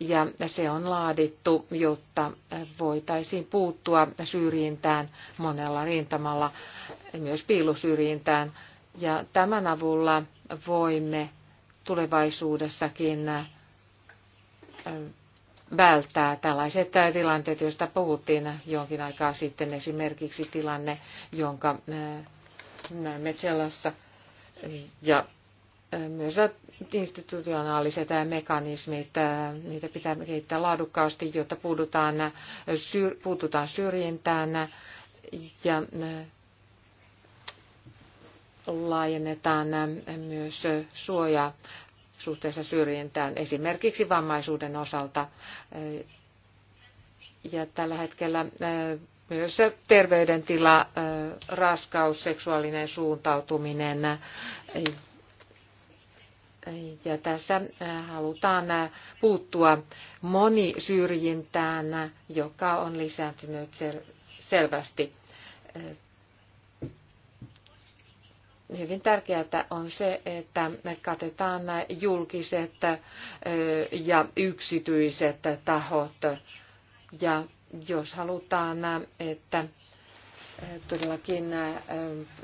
ja se on laadittu, jotta voitaisiin puuttua syrjintään monella rintamalla, myös piilosyrjintään ja tämän avulla voimme tulevaisuudessakin välttää tällaiset tilanteet, joista puhuttiin jonkin aikaa sitten, esimerkiksi tilanne, jonka näemme Tselassa, ja myös institutionaaliset mekanismit, niitä pitää kehittää laadukkaasti, jotta puututaan, puututaan syrjintään ja laajennetaan myös suojaa suhteessa syrjintään, esimerkiksi vammaisuuden osalta. Ja tällä hetkellä myös terveydentila, raskaus, seksuaalinen suuntautuminen. Ja tässä halutaan puuttua monisyrjintään, joka on lisääntynyt selvästi hyvin tärkeää on se, että katetaan julkiset ja yksityiset tahot. Ja jos halutaan, että todellakin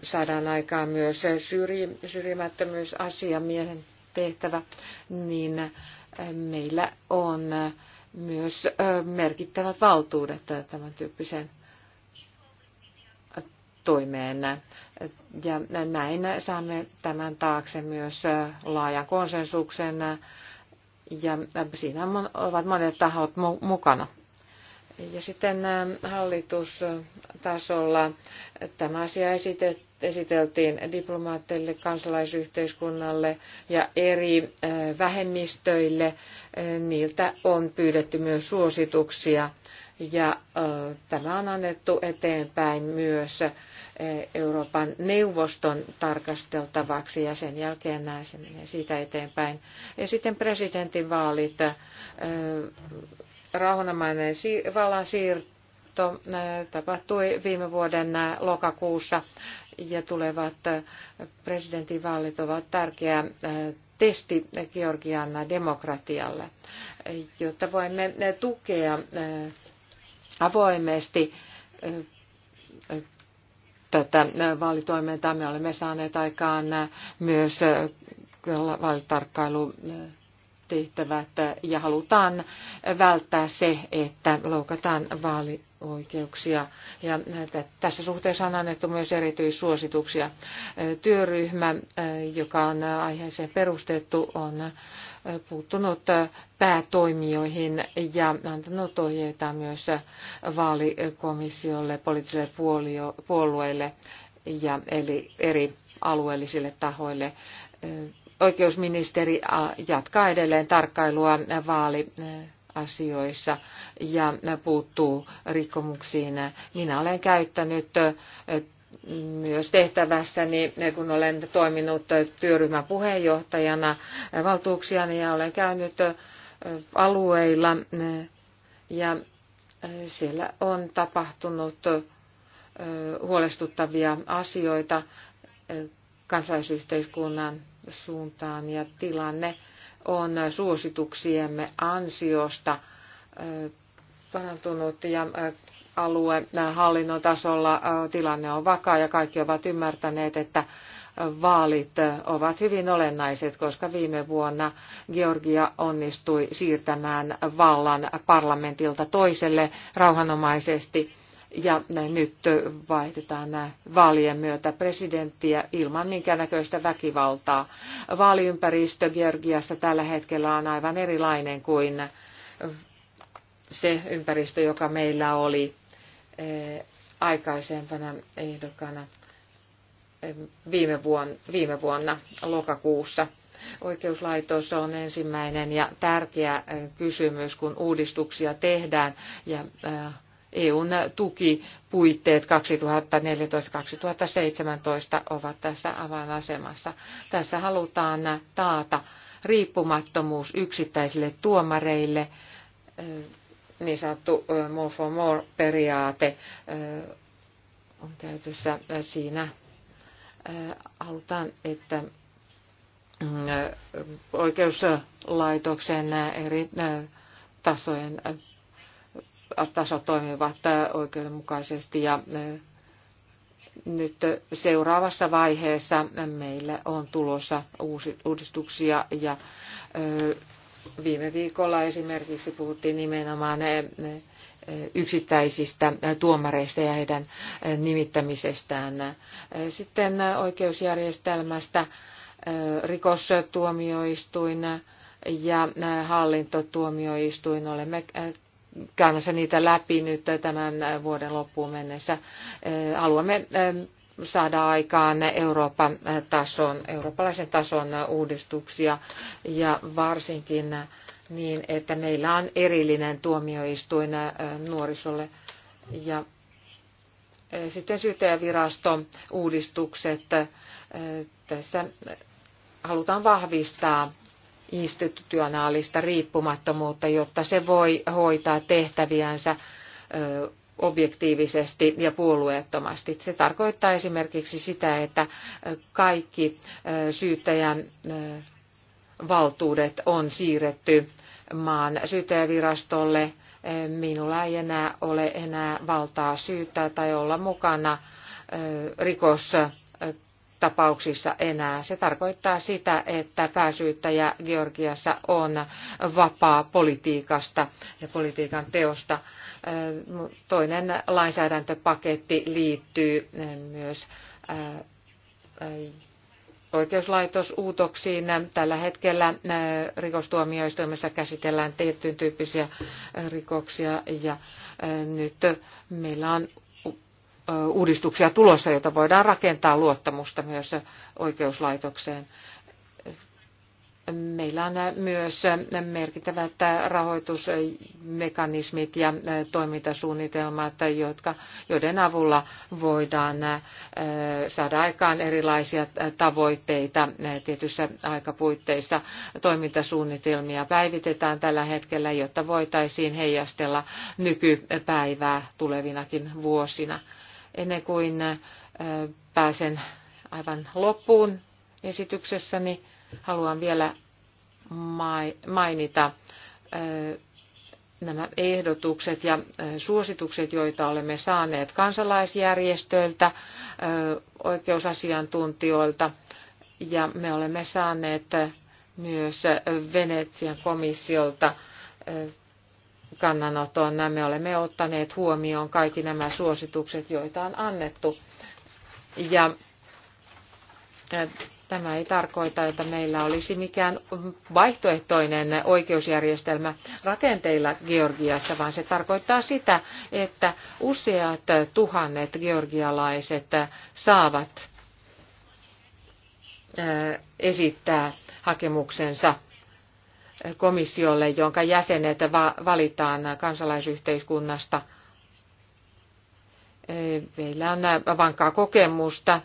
saadaan aikaan myös syrjimättömyysasiamiehen tehtävä, niin meillä on myös merkittävät valtuudet tämän tyyppiseen toimeen. Ja näin saamme tämän taakse myös äh, laajan konsensuksen äh, ja äh, siinä ovat monet tahot mukana. Ja sitten hallitustasolla tämä asia esiteltiin diplomaatteille, kansalaisyhteiskunnalle ja eri vähemmistöille. Niiltä on pyydetty myös suosituksia ja tämä on annettu eteenpäin myös Euroopan neuvoston tarkasteltavaksi ja sen jälkeen näin se menee siitä eteenpäin. Ja sitten presidentinvaalit, rauhanomainen vallan siirto tapahtui viime vuoden lokakuussa ja tulevat presidentinvaalit ovat tärkeä testi Georgian demokratialle, jotta voimme tukea avoimesti tätä vaalitoimintaa. Me olemme saaneet aikaan myös vaalitarkkailutehtävät ja halutaan välttää se, että loukataan vaalioikeuksia. Ja tässä suhteessa on annettu myös erityissuosituksia. Työryhmä, joka on aiheeseen perustettu, on puuttunut päätoimijoihin ja antanut ohjeita myös vaalikomissiolle, poliittisille puolueille ja eli eri alueellisille tahoille. Oikeusministeri jatkaa edelleen tarkkailua vaaliasioissa ja puuttuu rikkomuksiin. Minä olen käyttänyt myös tehtävässäni, kun olen toiminut työryhmän puheenjohtajana valtuuksiani ja olen käynyt alueilla ja siellä on tapahtunut huolestuttavia asioita kansalaisyhteiskunnan suuntaan ja tilanne on suosituksiemme ansiosta parantunut ja alue äh, hallinnon tasolla äh, tilanne on vakaa ja kaikki ovat ymmärtäneet, että äh, vaalit ovat hyvin olennaiset, koska viime vuonna Georgia onnistui siirtämään vallan parlamentilta toiselle rauhanomaisesti. Ja nyt vaihdetaan vaalien myötä presidenttiä ilman minkäännäköistä väkivaltaa. Vaaliympäristö Georgiassa tällä hetkellä on aivan erilainen kuin se ympäristö, joka meillä oli Eh, aikaisempana ehdokkaana eh, viime, vuonna, viime vuonna lokakuussa. Oikeuslaitos on ensimmäinen ja tärkeä eh, kysymys, kun uudistuksia tehdään ja EUn tukipuitteet 2014-2017 ovat tässä avainasemassa. Tässä halutaan taata riippumattomuus yksittäisille tuomareille niin sanottu more for more periaate on käytössä siinä. Halutaan, että mm, oikeuslaitoksen eri tasojen tasot toimivat oikeudenmukaisesti ja nyt seuraavassa vaiheessa meille on tulossa uusi, uudistuksia ja Viime viikolla esimerkiksi puhuttiin nimenomaan eh, eh, yksittäisistä tuomareista ja heidän eh, nimittämisestään. Sitten oikeusjärjestelmästä rikostuomioistuin ja hallintotuomioistuin olemme käymässä niitä läpi nyt tämän vuoden loppuun mennessä. Haluamme saada aikaan Euroopan tason, eurooppalaisen tason uudistuksia ja varsinkin niin, että meillä on erillinen tuomioistuin nuorisolle ja e, sitten syyttäjäviraston uudistukset. E, tässä halutaan vahvistaa institutionaalista riippumattomuutta, jotta se voi hoitaa tehtäviänsä e, objektiivisesti ja puolueettomasti. Se tarkoittaa esimerkiksi sitä, että kaikki syyttäjän valtuudet on siirretty maan syyttäjävirastolle. Minulla ei enää ole enää valtaa syyttää tai olla mukana rikos tapauksissa enää. Se tarkoittaa sitä, että pääsyyttäjä Georgiassa on vapaa politiikasta ja politiikan teosta. Toinen lainsäädäntöpaketti liittyy myös oikeuslaitosuutoksiin. Tällä hetkellä rikostuomioistuimessa käsitellään tietyn tyyppisiä rikoksia ja nyt meillä on uudistuksia tulossa, joita voidaan rakentaa luottamusta myös oikeuslaitokseen. Meillä on myös merkittävät rahoitusmekanismit ja toimintasuunnitelmat, jotka, joiden avulla voidaan saada aikaan erilaisia tavoitteita tietyissä aikapuitteissa. Toimintasuunnitelmia päivitetään tällä hetkellä, jotta voitaisiin heijastella nykypäivää tulevinakin vuosina ennen kuin pääsen aivan loppuun esityksessäni, haluan vielä mainita nämä ehdotukset ja suositukset, joita olemme saaneet kansalaisjärjestöiltä, oikeusasiantuntijoilta ja me olemme saaneet myös Venetsian komissiolta kannanoton. Me olemme ottaneet huomioon kaikki nämä suositukset, joita on annettu. Ja Tämä ei tarkoita, että meillä olisi mikään vaihtoehtoinen oikeusjärjestelmä rakenteilla Georgiassa, vaan se tarkoittaa sitä, että useat tuhannet georgialaiset saavat esittää hakemuksensa komissiolle, jonka jäsenet valitaan kansalaisyhteiskunnasta. Meillä on vankkaa kokemusta.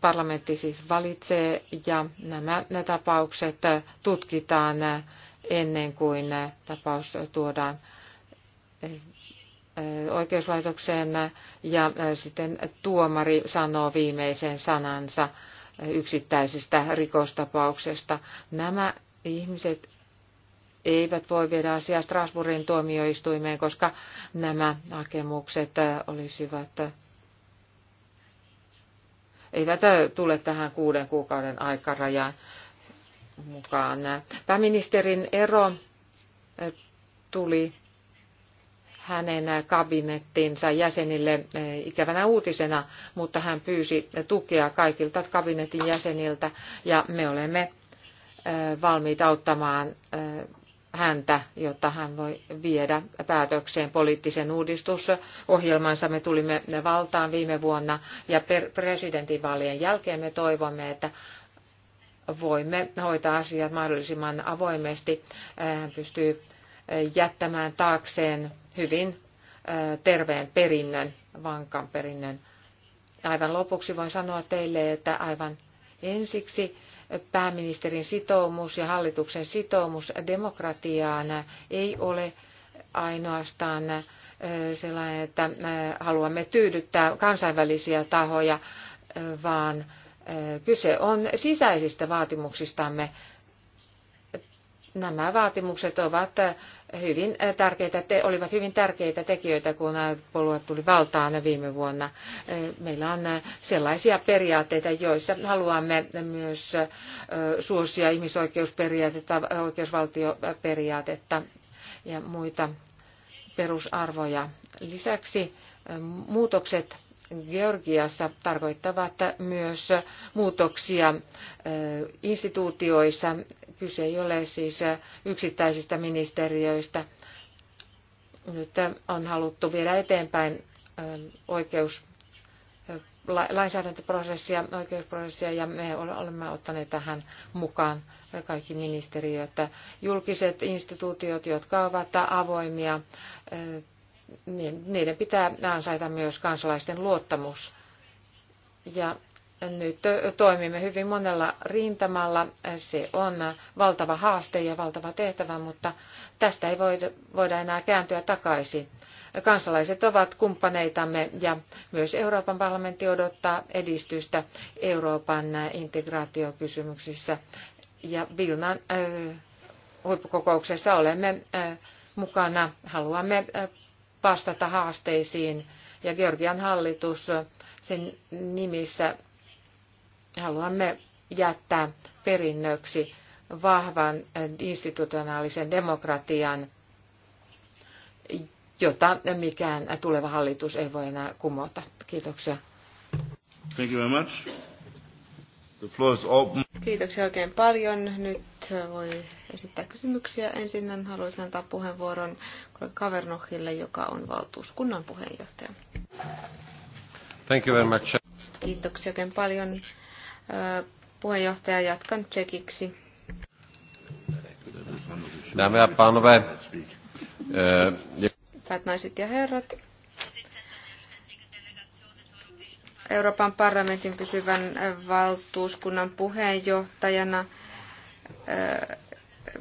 Parlamentti siis valitsee ja nämä tapaukset tutkitaan ennen kuin tapaus tuodaan oikeuslaitokseen ja sitten tuomari sanoo viimeisen sanansa yksittäisestä rikostapauksesta. Nämä ihmiset eivät voi viedä asiaa Strasbourgin tuomioistuimeen, koska nämä hakemukset äh, olisivat äh, eivät äh, tule tähän kuuden kuukauden aikarajaan mukaan. Pääministerin ero tuli hänen kabinettinsa jäsenille ikävänä uutisena, mutta hän pyysi tukea kaikilta kabinetin jäseniltä ja me olemme valmiit auttamaan häntä, jotta hän voi viedä päätökseen poliittisen uudistusohjelmansa. Me tulimme valtaan viime vuonna ja presidentinvaalien jälkeen me toivomme, että voimme hoitaa asiat mahdollisimman avoimesti. Hän pystyy jättämään taakseen hyvin terveen perinnön, vankan perinnön. Aivan lopuksi voin sanoa teille, että aivan ensiksi pääministerin sitoumus ja hallituksen sitoumus demokratiaan ei ole ainoastaan sellainen, että haluamme tyydyttää kansainvälisiä tahoja, vaan kyse on sisäisistä vaatimuksistamme Nämä vaatimukset ovat hyvin tärkeitä, te, olivat hyvin tärkeitä tekijöitä, kun puolue tuli valtaan viime vuonna. Meillä on sellaisia periaatteita, joissa haluamme myös suosia ihmisoikeusperiaatetta, oikeusvaltioperiaatetta ja muita perusarvoja. Lisäksi muutokset Georgiassa tarkoittavat myös muutoksia instituutioissa. Kyse ei ole siis yksittäisistä ministeriöistä. Nyt on haluttu viedä eteenpäin oikeus lainsäädäntöprosessia, oikeusprosessia ja me olemme ottaneet tähän mukaan kaikki ministeriöt, julkiset instituutiot, jotka ovat avoimia niin niiden pitää ansaita myös kansalaisten luottamus. Ja nyt toimimme hyvin monella rintamalla. Se on valtava haaste ja valtava tehtävä, mutta tästä ei voida enää kääntyä takaisin. Kansalaiset ovat kumppaneitamme ja myös Euroopan parlamentti odottaa edistystä Euroopan integraatiokysymyksissä. Ja Vilnan huippukokouksessa olemme mukana. Haluamme vastata haasteisiin. Ja Georgian hallitus sen nimissä haluamme jättää perinnöksi vahvan institutionaalisen demokratian, jota mikään tuleva hallitus ei voi enää kumota. Kiitoksia. Thank you very much. The floor is open. Kiitoksia oikein paljon. Nyt voi esittää kysymyksiä. Ensin haluaisin antaa puheenvuoron Kavernohille, joka on valtuuskunnan puheenjohtaja. Thank you very much. Kiitoksia oikein paljon. Puheenjohtaja, jatkan tsekiksi. Dámy a Hyvät naiset ja herrat, Euroopan parlamentin pysyvän valtuuskunnan puheenjohtajana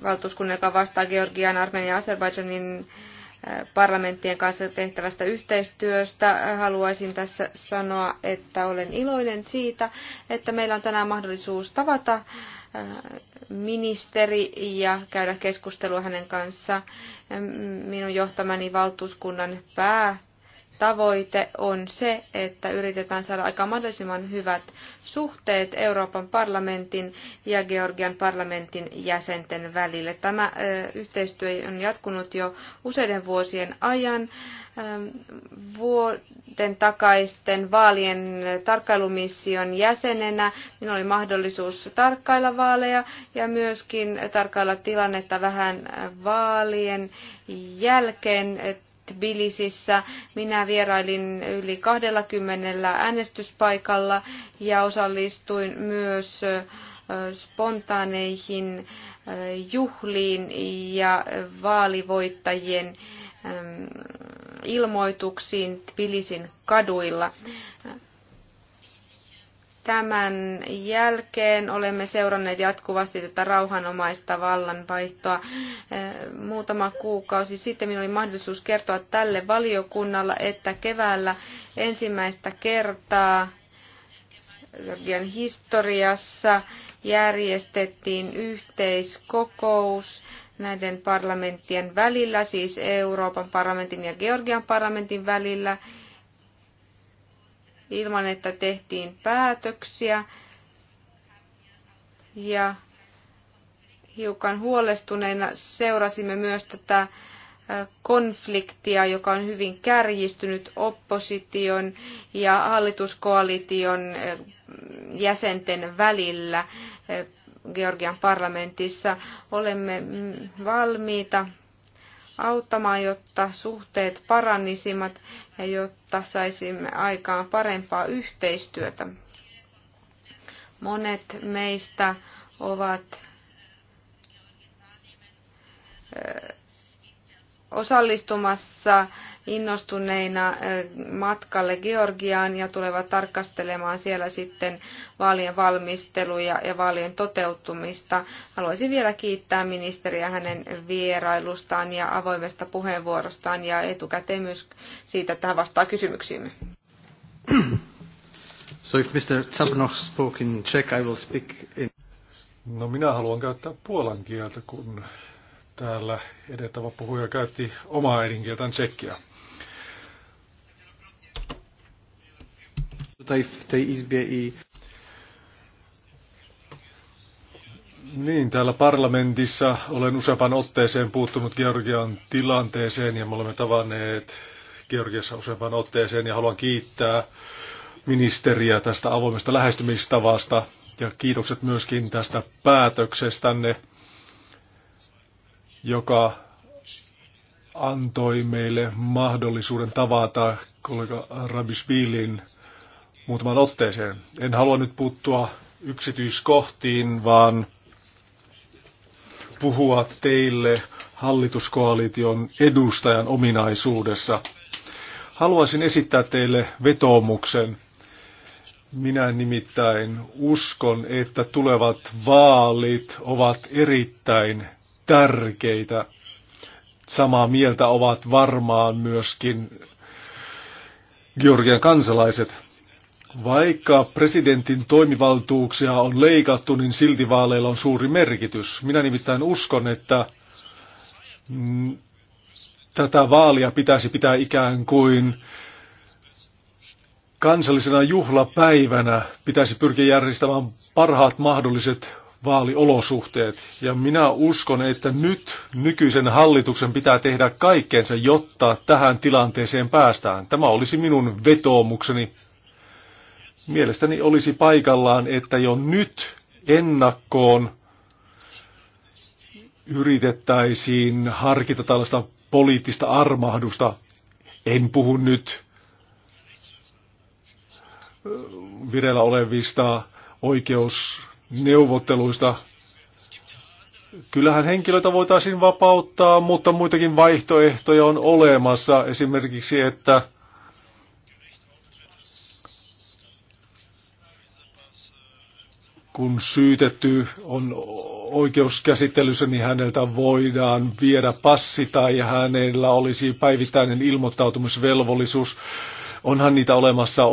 valtuuskunnan, joka vastaa Georgian, Armenian ja Azerbaidžanin parlamenttien kanssa tehtävästä yhteistyöstä. Haluaisin tässä sanoa, että olen iloinen siitä, että meillä on tänään mahdollisuus tavata ministeri ja käydä keskustelua hänen kanssaan. Minun johtamani valtuuskunnan pää tavoite on se, että yritetään saada aika mahdollisimman hyvät suhteet Euroopan parlamentin ja Georgian parlamentin jäsenten välille. Tämä yhteistyö on jatkunut jo useiden vuosien ajan. Vuoden takaisten vaalien tarkkailumission jäsenenä minulla oli mahdollisuus tarkkailla vaaleja ja myöskin tarkkailla tilannetta vähän vaalien jälkeen Tbilisissä. Minä vierailin yli 20 äänestyspaikalla ja osallistuin myös spontaaneihin juhliin ja vaalivoittajien ilmoituksiin Tbilisin kaduilla. Tämän jälkeen olemme seuranneet jatkuvasti tätä rauhanomaista vallanvaihtoa. Eh, muutama kuukausi sitten minulla oli mahdollisuus kertoa tälle valiokunnalla, että keväällä ensimmäistä kertaa Georgian historiassa järjestettiin yhteiskokous näiden parlamenttien välillä, siis Euroopan parlamentin ja Georgian parlamentin välillä – ilman, että tehtiin päätöksiä. Ja hiukan huolestuneena seurasimme myös tätä äh, konfliktia, joka on hyvin kärjistynyt opposition ja hallituskoalition äh, jäsenten välillä äh, Georgian parlamentissa. Olemme mm, valmiita auttamaan, jotta suhteet parannisimmat ja jotta saisimme aikaan parempaa yhteistyötä. Monet meistä ovat osallistumassa innostuneina eh, matkalle Georgiaan ja tulevat tarkastelemaan siellä sitten vaalien valmisteluja ja vaalien toteutumista. Haluaisin vielä kiittää ministeriä hänen vierailustaan ja avoimesta puheenvuorostaan ja etukäteen myös siitä, että hän vastaa kysymyksiimme. So if Mr. spoke in Czech, I will speak in... No minä haluan käyttää puolan kieltä, kun Täällä edettävä puhuja käytti omaa äidinkieltään tsekkiä. Niin, täällä parlamentissa olen useampaan otteeseen puuttunut Georgian tilanteeseen ja me olemme tavanneet Georgiassa useampaan otteeseen ja haluan kiittää ministeriä tästä avoimesta lähestymistavasta ja kiitokset myöskin tästä päätöksestänne joka antoi meille mahdollisuuden tavata kollega Rabishvilin muutaman otteeseen. En halua nyt puuttua yksityiskohtiin, vaan puhua teille hallituskoalition edustajan ominaisuudessa. Haluaisin esittää teille vetoomuksen. Minä nimittäin uskon, että tulevat vaalit ovat erittäin tärkeitä. Samaa mieltä ovat varmaan myöskin Georgian kansalaiset. Vaikka presidentin toimivaltuuksia on leikattu, niin silti vaaleilla on suuri merkitys. Minä nimittäin uskon, että mm, tätä vaalia pitäisi pitää ikään kuin kansallisena juhlapäivänä. Pitäisi pyrkiä järjestämään parhaat mahdolliset vaaliolosuhteet. Ja minä uskon, että nyt nykyisen hallituksen pitää tehdä kaikkeensa, jotta tähän tilanteeseen päästään. Tämä olisi minun vetoomukseni. Mielestäni olisi paikallaan, että jo nyt ennakkoon yritettäisiin harkita tällaista poliittista armahdusta. En puhu nyt vireillä olevista oikeus neuvotteluista. Kyllähän henkilöitä voitaisiin vapauttaa, mutta muitakin vaihtoehtoja on olemassa. Esimerkiksi, että kun syytetty on oikeuskäsittelyssä, niin häneltä voidaan viedä passi tai hänellä olisi päivittäinen ilmoittautumisvelvollisuus. Onhan niitä olemassa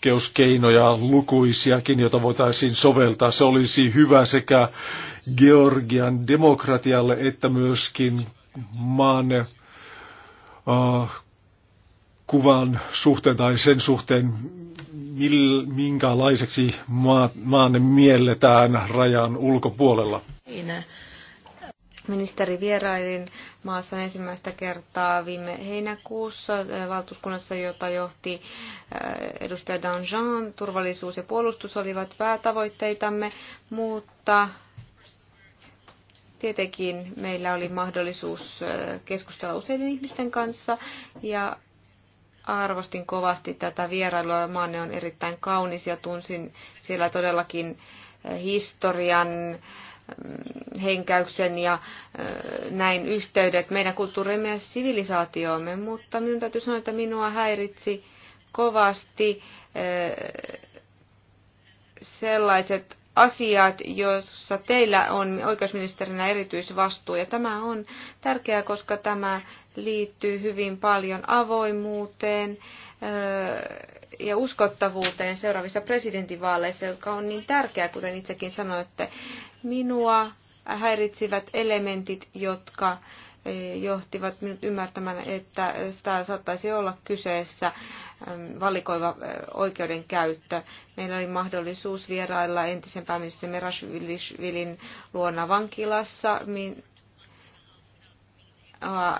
poikkeuskeinoja lukuisiakin, joita voitaisiin soveltaa. Se olisi hyvä sekä Georgian demokratialle että myöskin maan uh, kuvan suhteen tai sen suhteen, mil, minkälaiseksi maa, maanne mielletään rajan ulkopuolella. Siinä. Ministeri vierailin maassa ensimmäistä kertaa viime heinäkuussa äh, valtuuskunnassa, jota johti äh, edustaja Danjean. Turvallisuus ja puolustus olivat päätavoitteitamme, mutta tietenkin meillä oli mahdollisuus äh, keskustella useiden ihmisten kanssa ja arvostin kovasti tätä vierailua. Maanne on erittäin kaunis ja tunsin siellä todellakin historian Mm, henkäyksen ja näin yhteydet meidän kulttuurimme ja sivilisaatioomme, mutta minun täytyy sanoa, että minua häiritsi kovasti sellaiset asiat, joissa teillä on oikeusministerinä erityisvastuu. Ja tämä on tärkeää, koska tämä liittyy hyvin paljon avoimuuteen, ja uskottavuuteen seuraavissa presidentinvaaleissa, jotka on niin tärkeää, kuten itsekin sanoitte. Minua häiritsivät elementit, jotka e, johtivat minut ymmärtämään, että tämä saattaisi olla kyseessä valikoiva e, oikeudenkäyttö. Meillä oli mahdollisuus vierailla entisen pääministeri Merashvilin luona vankilassa,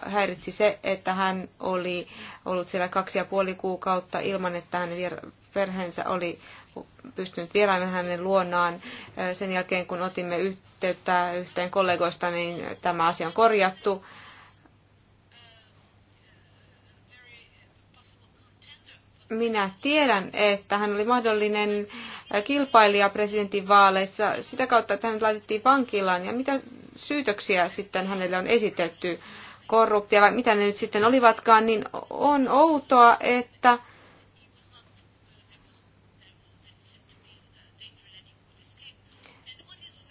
häiritsi se, että hän oli ollut siellä kaksi ja puoli kuukautta ilman, että hänen perheensä oli pystynyt vierailemaan hänen luonaan. Sen jälkeen, kun otimme yhteyttä yhteen kollegoista, niin tämä asia on korjattu. minä tiedän, että hän oli mahdollinen kilpailija presidentti-vaaleissa sitä kautta, että hän laitettiin vankilaan. Ja mitä syytöksiä sitten hänelle on esitetty? korruptia vai mitä ne nyt sitten olivatkaan, niin on outoa, että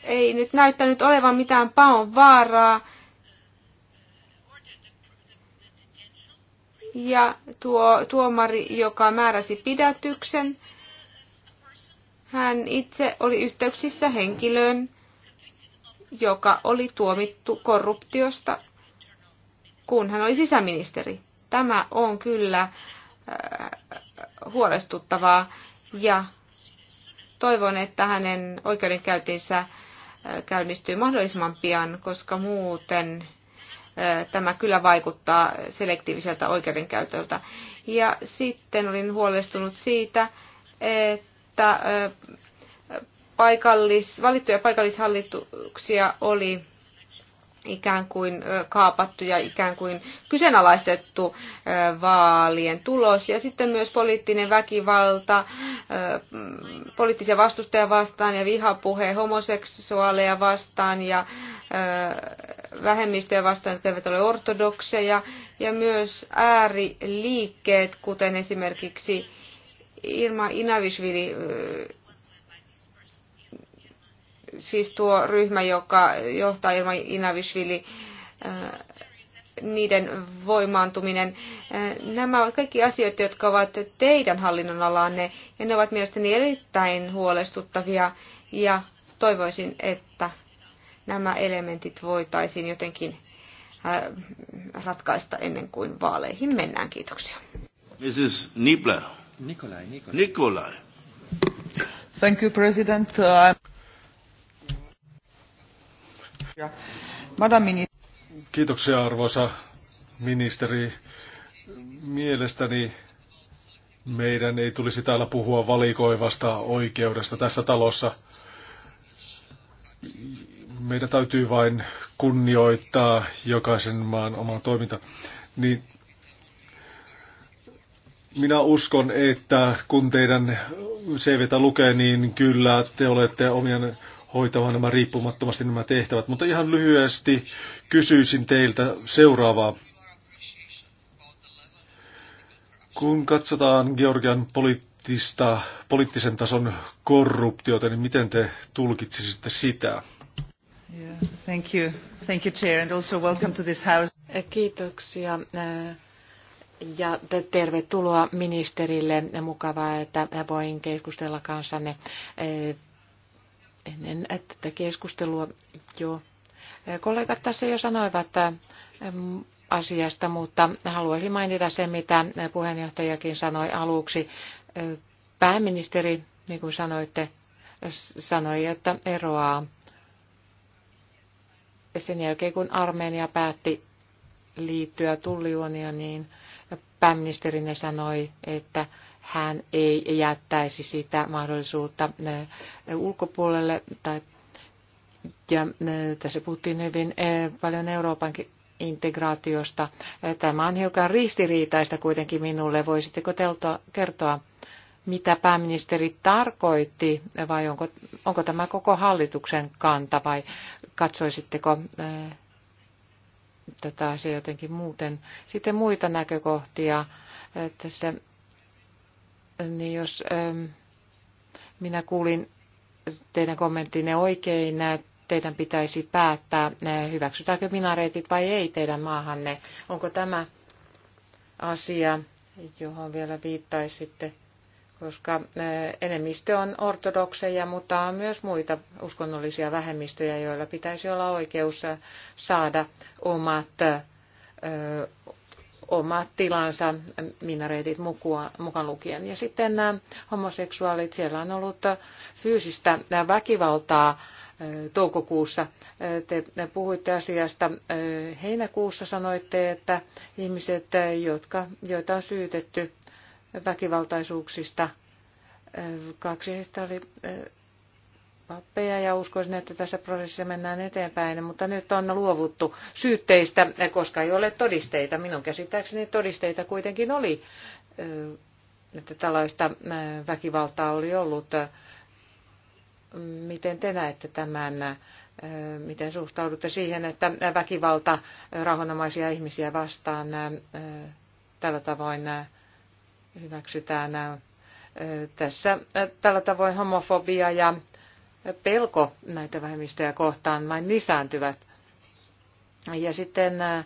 ei nyt näyttänyt olevan mitään paon vaaraa. Ja tuo tuomari, joka määräsi pidätyksen, hän itse oli yhteyksissä henkilöön, joka oli tuomittu korruptiosta kun hän oli sisäministeri. Tämä on kyllä äh, huolestuttavaa ja toivon, että hänen oikeudenkäyntinsä äh, käynnistyy mahdollisimman pian, koska muuten äh, tämä kyllä vaikuttaa selektiiviseltä oikeudenkäytöltä. Ja sitten olin huolestunut siitä, että paikallis, valittuja paikallishallituksia oli ikään kuin kaapattu ja ikään kuin kyseenalaistettu vaalien tulos. Ja sitten myös poliittinen väkivalta, poliittisia vastustajia vastaan ja vihapuhe homoseksuaaleja vastaan ja vähemmistöjä vastaan, jotka eivät ole ortodokseja. Ja myös ääriliikkeet, kuten esimerkiksi Irma Inavishvili siis tuo ryhmä, joka johtaa Irma Inavishvili, äh, niiden voimaantuminen. Äh, nämä ovat kaikki asioita, jotka ovat teidän hallinnon alanne, ja ne ovat mielestäni erittäin huolestuttavia, ja toivoisin, että nämä elementit voitaisiin jotenkin äh, ratkaista ennen kuin vaaleihin mennään. Kiitoksia. Mrs. Nibler. Nikolai. Nikolai. Nikolai. Thank you, President. Uh... Kiitoksia arvoisa ministeri. Mielestäni meidän ei tulisi täällä puhua valikoivasta oikeudesta tässä talossa. Meidän täytyy vain kunnioittaa jokaisen maan omaa toimintaa. Niin minä uskon, että kun teidän CVtä lukee, niin kyllä te olette omien hoitamaan nämä riippumattomasti nämä tehtävät. Mutta ihan lyhyesti kysyisin teiltä seuraavaa. Kun katsotaan Georgian poliittista, poliittisen tason korruptiota, niin miten te tulkitsisitte sitä? Kiitoksia eh, ja tervetuloa ministerille. Mukavaa, että voin keskustella kanssanne eh, ennen tätä keskustelua jo kollegat tässä jo sanoivat äh, asiasta, mutta haluaisin mainita sen, mitä puheenjohtajakin sanoi aluksi. Äh, pääministeri, niin kuin sanoitte, sanoi, että eroaa sen jälkeen, kun Armenia päätti liittyä tulliunioniin. Pääministerinne sanoi, että hän ei jättäisi sitä mahdollisuutta ulkopuolelle. Tai, ja tässä puhuttiin hyvin paljon Euroopan integraatiosta. Tämä on hiukan ristiriitaista kuitenkin minulle. Voisitteko teltoa, kertoa, mitä pääministeri tarkoitti, vai onko, onko tämä koko hallituksen kanta, vai katsoisitteko tätä asiaa jotenkin muuten. Sitten muita näkökohtia tässä niin jos ähm, minä kuulin teidän kommenttinne oikein, äh, teidän pitäisi päättää, äh, hyväksytäänkö minareetit vai ei teidän maahanne. Onko tämä asia, johon vielä viittaisitte, koska äh, enemmistö on ortodokseja, mutta on myös muita uskonnollisia vähemmistöjä, joilla pitäisi olla oikeus saada omat omat tilansa, minareetit mukaan lukien. Ja sitten nämä äh, homoseksuaalit, siellä on ollut äh, fyysistä äh, väkivaltaa toukokuussa. Te puhuitte asiasta heinäkuussa, sanoitte, että ihmiset, jotka, joita on syytetty väkivaltaisuuksista, kaksi heistä oli pappeja ja uskoisin, että tässä prosessissa mennään eteenpäin, mutta nyt on luovuttu syytteistä, koska ei ole todisteita. Minun käsittääkseni todisteita kuitenkin oli, että tällaista väkivaltaa oli ollut. Miten te näette tämän? Miten suhtaudutte siihen, että väkivalta rauhanomaisia ihmisiä vastaan tällä tavoin hyväksytään? Tässä tällä tavoin homofobia ja pelko näitä vähemmistöjä kohtaan vain lisääntyvät. Ja sitten äh,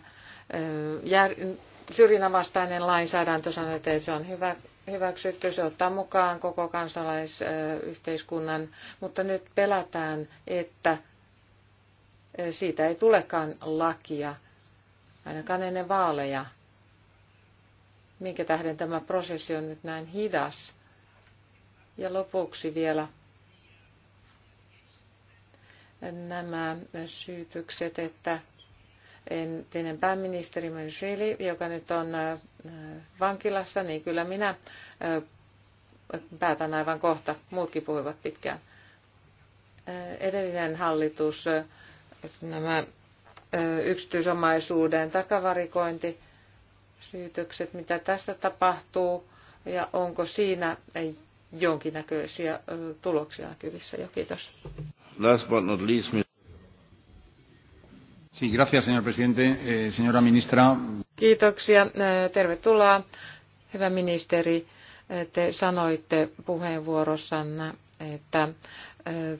syrjinnän vastainen lainsäädäntö sanoo, että se on hyvä, hyväksytty, se ottaa mukaan koko kansalaisyhteiskunnan, mutta nyt pelätään, että äh, siitä ei tulekaan lakia, ainakaan ennen vaaleja. Minkä tähden tämä prosessi on nyt näin hidas? Ja lopuksi vielä nämä syytykset, että entinen pääministeri Mensheli, joka nyt on äh, vankilassa, niin kyllä minä äh, päätän aivan kohta. Muutkin puhuivat pitkään. Äh, edellinen hallitus, nämä yksityisomaisuuden takavarikointi, syytökset, mitä tässä tapahtuu, ja onko siinä jonkinnäköisiä tuloksia näkyvissä jo. Kiitos. Last but not least, Sí, gracias, señor presidente. Eh, señora ministra. Kiitoksia. Eh, tervetuloa, hyvä ministeri. Eh, te sanoitte puheenvuorossanne, että eh,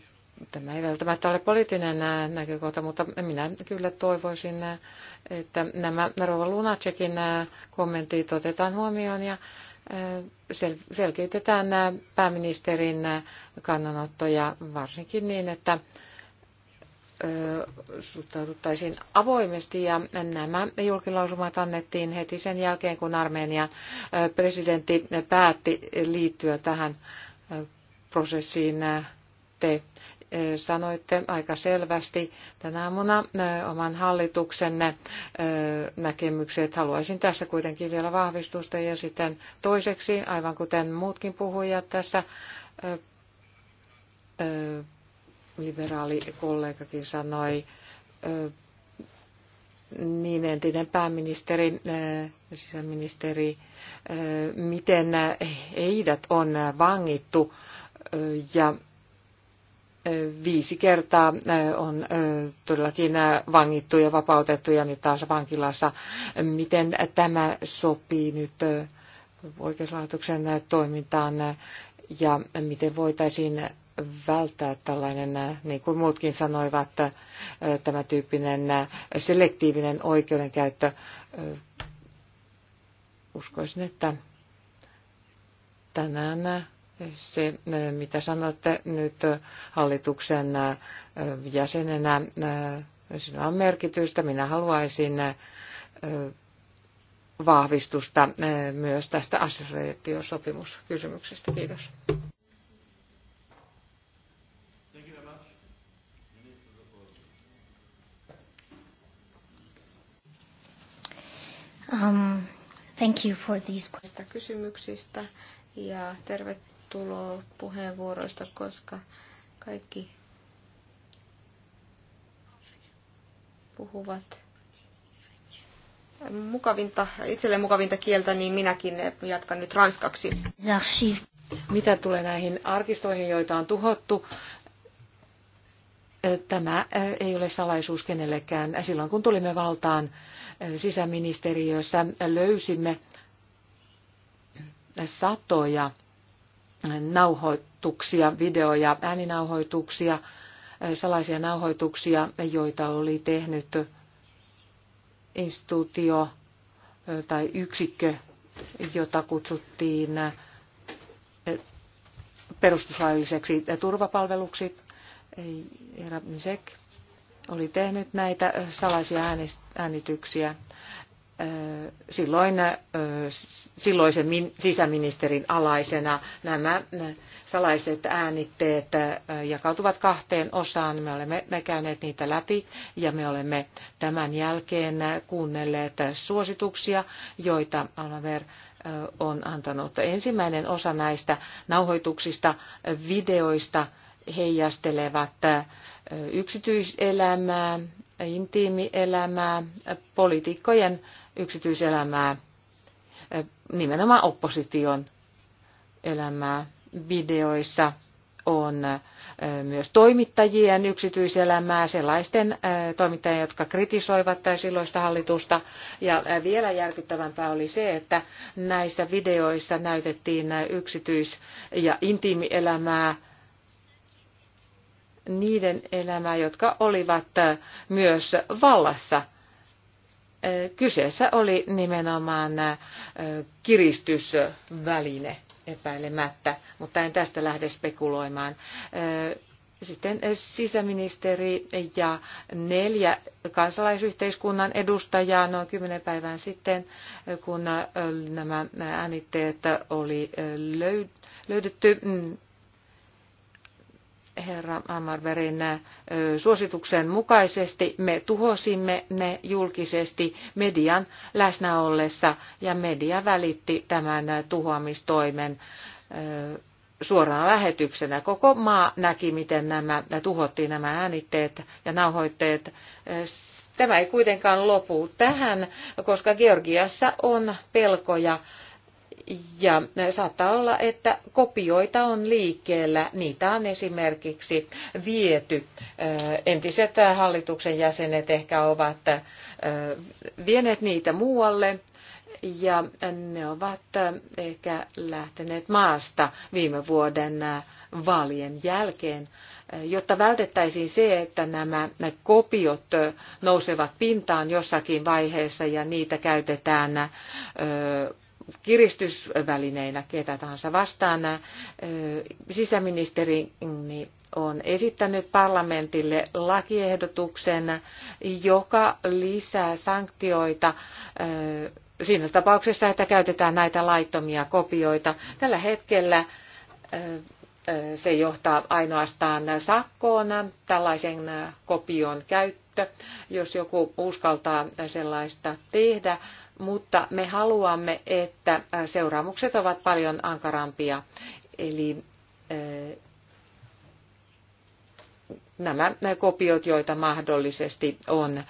tämä ei välttämättä ole poliittinen näkökohta, mutta minä kyllä toivoisin, että nämä Rova Lunacekin kommentit otetaan huomioon ja sel- selkeytetään pääministerin kannanottoja varsinkin niin, että suhtauduttaisiin avoimesti ja nämä julkilausumat annettiin heti sen jälkeen, kun Armenian presidentti päätti liittyä tähän prosessiin. Te sanoitte aika selvästi tänä aamuna oman hallituksenne näkemykset. Haluaisin tässä kuitenkin vielä vahvistusta ja sitten toiseksi, aivan kuten muutkin puhujat tässä, liberaalikollegakin sanoi, niin entinen pääministeri, sisäministeri, miten heidät on vangittu ja viisi kertaa on todellakin vangittu ja vapautettu ja nyt taas vankilassa. Miten tämä sopii nyt oikeuslaitoksen toimintaan ja miten voitaisiin välttää tällainen, niin kuin muutkin sanoivat, tämä tyyppinen selektiivinen oikeudenkäyttö. Uskoisin, että tänään se, eh, mitä sanotte nyt hallituksen eh, jäsenenä, eh, sillä on merkitystä. Minä haluaisin vahvistusta myös tästä assosiaatiosopimuskysymyksestä. Kiitos. Um, thank you for these kysymyksistä ja tervetuloa puheenvuoroista, koska kaikki puhuvat mukavinta, itselle mukavinta kieltä, niin minäkin jatkan nyt ranskaksi. Mitä tulee näihin arkistoihin, joita on tuhottu, tämä eh, ei ole salaisuus kenellekään. Silloin kun tulimme valtaan eh, sisäministeriössä, löysimme satoja nauhoituksia, video- ja ääninauhoituksia, salaisia nauhoituksia, joita oli tehnyt instituutio tai yksikkö, jota kutsuttiin perustuslailliseksi turvapalveluksi. Herra oli tehnyt näitä salaisia äänityksiä silloin silloisen sisäministerin alaisena nämä salaiset äänitteet jakautuvat kahteen osaan. Me olemme me käyneet niitä läpi ja me olemme tämän jälkeen kuunnelleet suosituksia, joita Almaver on antanut. Ensimmäinen osa näistä nauhoituksista, videoista heijastelevat yksityiselämää, intiimielämää, poliitikkojen yksityiselämää, nimenomaan opposition elämää. Videoissa on myös toimittajien yksityiselämää, sellaisten toimittajien, jotka kritisoivat tai silloista hallitusta. Ja vielä järkyttävämpää oli se, että näissä videoissa näytettiin yksityis- ja intiimielämää, niiden elämää, jotka olivat myös vallassa – Kyseessä oli nimenomaan kiristysväline epäilemättä, mutta en tästä lähde spekuloimaan. Sitten sisäministeri ja neljä kansalaisyhteiskunnan edustajaa noin kymmenen päivän sitten, kun nämä äänitteet oli löydetty, mm, herra Amarverin suosituksen mukaisesti me tuhosimme ne julkisesti median läsnä ollessa ja media välitti tämän tuhoamistoimen suorana lähetyksenä. Koko maa näki, miten nämä, tuhottiin nämä äänitteet ja nauhoitteet. Tämä ei kuitenkaan lopu tähän, koska Georgiassa on pelkoja ja eh, saattaa olla, että kopioita on liikkeellä. Niitä on esimerkiksi viety. Eh, entiset eh, hallituksen jäsenet ehkä ovat vieneet niitä muualle ja ne ovat ehkä lähteneet maasta viime vuoden vaalien jälkeen, jotta vältettäisiin se, että nämä kopiot nousevat pintaan jossakin vaiheessa ja niitä käytetään kiristysvälineinä ketä tahansa vastaan. Sisäministeri on esittänyt parlamentille lakiehdotuksen, joka lisää sanktioita siinä tapauksessa, että käytetään näitä laittomia kopioita. Tällä hetkellä se johtaa ainoastaan sakkoon tällaisen kopion käyttö, jos joku uskaltaa sellaista tehdä mutta me haluamme, että seuraamukset ovat paljon ankarampia. Eli nämä kopiot, joita mahdollisesti on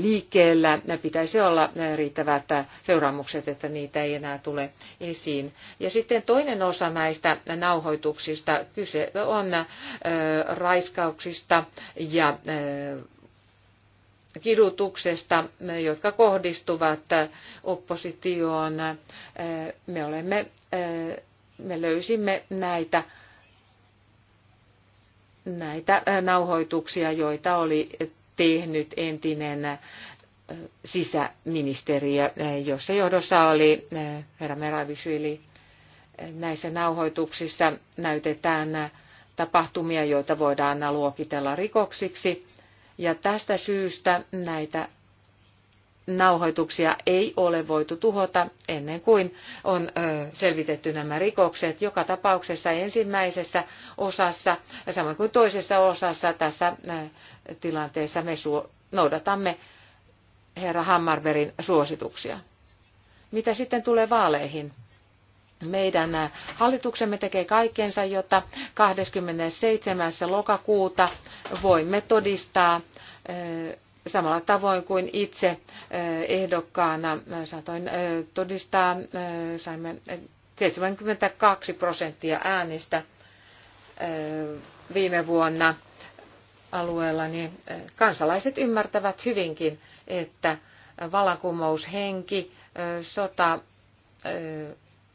liikkeellä, pitäisi olla riittävät seuraamukset, että niitä ei enää tule esiin. Ja sitten toinen osa näistä nauhoituksista, kyse on raiskauksista ja kidutuksesta, jotka kohdistuvat oppositioon. Me, olemme, me löysimme näitä, näitä nauhoituksia, joita oli tehnyt entinen sisäministeriö, jossa johdossa oli herra Meravishvili. Näissä nauhoituksissa näytetään tapahtumia, joita voidaan luokitella rikoksiksi ja tästä syystä näitä nauhoituksia ei ole voitu tuhota ennen kuin on selvitetty nämä rikokset. Joka tapauksessa ensimmäisessä osassa, ja samoin kuin toisessa osassa tässä tilanteessa me noudatamme herra Hammarberin suosituksia. Mitä sitten tulee vaaleihin? Meidän hallituksemme tekee kaikkensa, jotta 27. lokakuuta voimme todistaa eh, samalla tavoin kuin itse eh, ehdokkaana saatoin eh, todistaa, saimme 72 prosenttia äänistä viime vuonna alueella, niin kansalaiset ymmärtävät hyvinkin, että vallankumoushenki, sota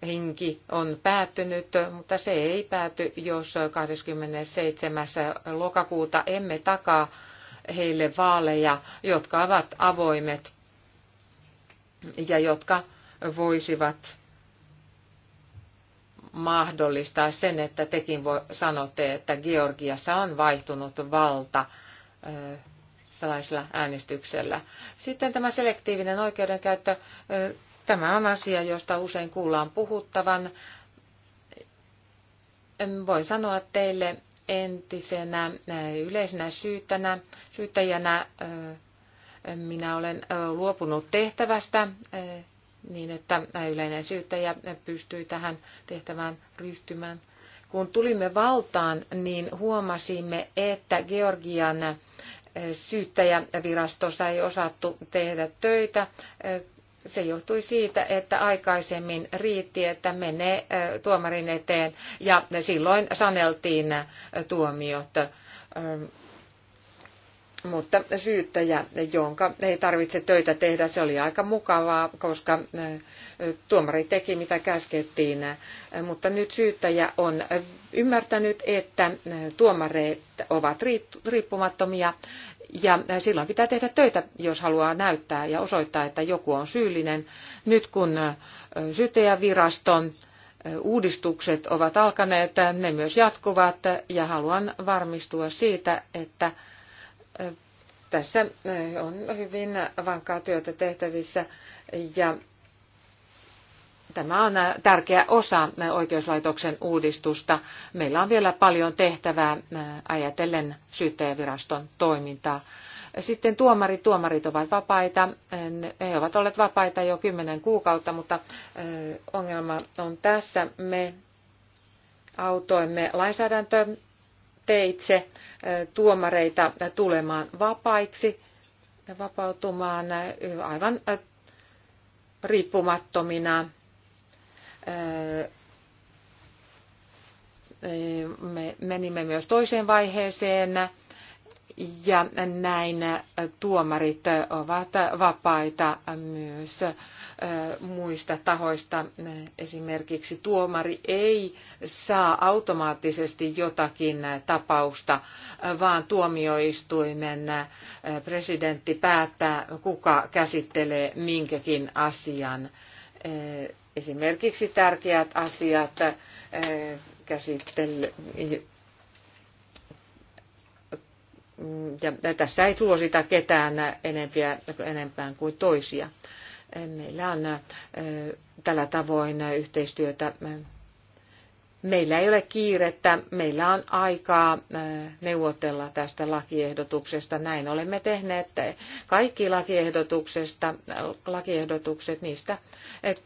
henki on päättynyt, mutta se ei pääty, jos 27. lokakuuta emme takaa heille vaaleja, jotka ovat avoimet ja jotka voisivat mahdollistaa sen, että tekin sanotte, että Georgiassa on vaihtunut valta salaisella äänestyksellä. Sitten tämä selektiivinen oikeudenkäyttö Tämä on asia, josta usein kuullaan puhuttavan. Voin sanoa teille entisenä yleisenä syyttänä, syyttäjänä minä olen luopunut tehtävästä niin, että yleinen syyttäjä pystyi tähän tehtävään ryhtymään. Kun tulimme valtaan, niin huomasimme, että Georgian syyttäjävirastossa ei osattu tehdä töitä se johtui siitä, että aikaisemmin riitti, että menee tuomarin eteen ja silloin saneltiin tuomiot. Mutta syyttäjä, jonka ei tarvitse töitä tehdä, se oli aika mukavaa, koska tuomari teki mitä käskettiin. Mutta nyt syyttäjä on ymmärtänyt, että tuomareet ovat riippumattomia ja äh, silloin pitää tehdä töitä, jos haluaa näyttää ja osoittaa, että joku on syyllinen. Nyt kun äh, syyttäjäviraston äh, uudistukset ovat alkaneet, ne myös jatkuvat ja haluan varmistua siitä, että tässä on hyvin vankkaa työtä tehtävissä ja Tämä on tärkeä osa oikeuslaitoksen uudistusta. Meillä on vielä paljon tehtävää ajatellen syyttäjäviraston toimintaa. Sitten tuomarit, tuomarit ovat vapaita. He ovat olleet vapaita jo kymmenen kuukautta, mutta ongelma on tässä. Me autoimme lainsäädäntö teitse tuomareita tulemaan vapaiksi ja vapautumaan aivan riippumattomina me menimme myös toiseen vaiheeseen ja näin tuomarit ovat vapaita myös muista tahoista. Esimerkiksi tuomari ei saa automaattisesti jotakin tapausta, vaan tuomioistuimen presidentti päättää, kuka käsittelee minkäkin asian esimerkiksi tärkeät asiat äh, käsittely. Ja tässä ei suosita ketään enempiä, enempään kuin toisia. Meillä on äh, tällä tavoin yhteistyötä äh, Meillä ei ole kiirettä, meillä on aikaa äh, neuvotella tästä lakiehdotuksesta. Näin olemme tehneet äh, kaikki lakiehdotuksesta, äh, lakiehdotukset, niistä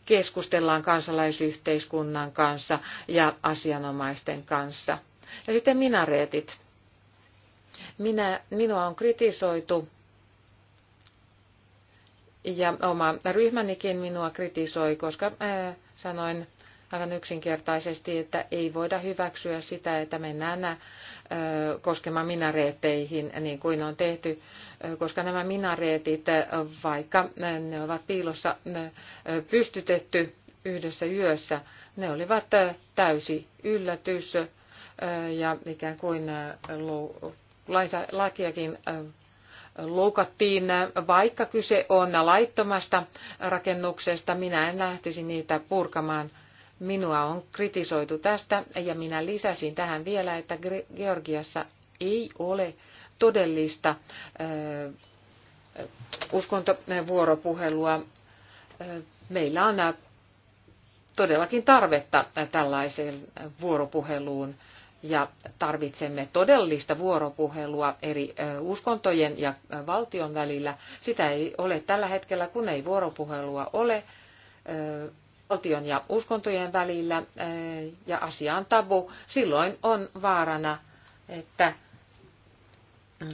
keskustellaan kansalaisyhteiskunnan kanssa ja asianomaisten kanssa. Ja sitten minareetit. Minä, minua on kritisoitu ja oma ryhmänikin minua kritisoi, koska sanoin aivan yksinkertaisesti, että ei voida hyväksyä sitä, että mennään koskemaan minareetteihin niin kuin on tehty, koska nämä minareetit, vaikka ne ovat piilossa pystytetty yhdessä yössä, ne olivat täysi yllätys ja ikään kuin lakiakin loukattiin, vaikka kyse on laittomasta rakennuksesta, minä en lähtisi niitä purkamaan – Minua on kritisoitu tästä ja minä lisäsin tähän vielä, että Georgiassa ei ole todellista uskontovuoropuhelua. Meillä on todellakin tarvetta tällaiseen vuoropuheluun ja tarvitsemme todellista vuoropuhelua eri uskontojen ja valtion välillä. Sitä ei ole tällä hetkellä, kun ei vuoropuhelua ole valtion ja uskontojen välillä eh, ja asia on tabu, silloin on vaarana, että mm,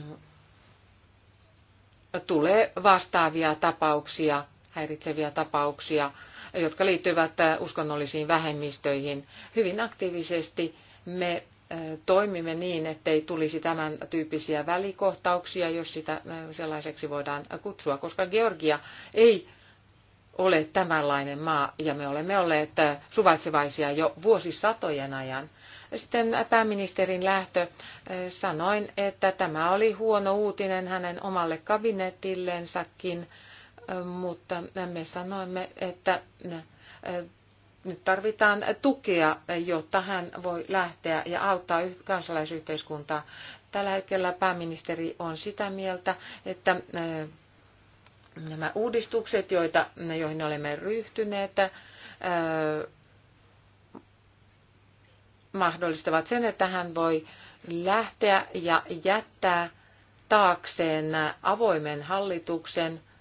tulee vastaavia tapauksia, häiritseviä tapauksia, jotka liittyvät eh, uskonnollisiin vähemmistöihin. Hyvin aktiivisesti me eh, toimimme niin, ettei tulisi tämän tyyppisiä välikohtauksia, jos sitä sellaiseksi voidaan kutsua, koska Georgia ei ole tämänlainen maa ja me olemme olleet suvaitsevaisia jo vuosisatojen ajan. Sitten pääministerin lähtö sanoin, että tämä oli huono uutinen hänen omalle kabinetillensakin, mutta me sanoimme, että nyt tarvitaan tukea, jotta hän voi lähteä ja auttaa kansalaisyhteiskuntaa. Tällä hetkellä pääministeri on sitä mieltä, että nämä uudistukset, joita, joihin olemme ryhtyneet, mahdollistavat sen, että hän voi lähteä ja jättää taakseen avoimen hallituksen –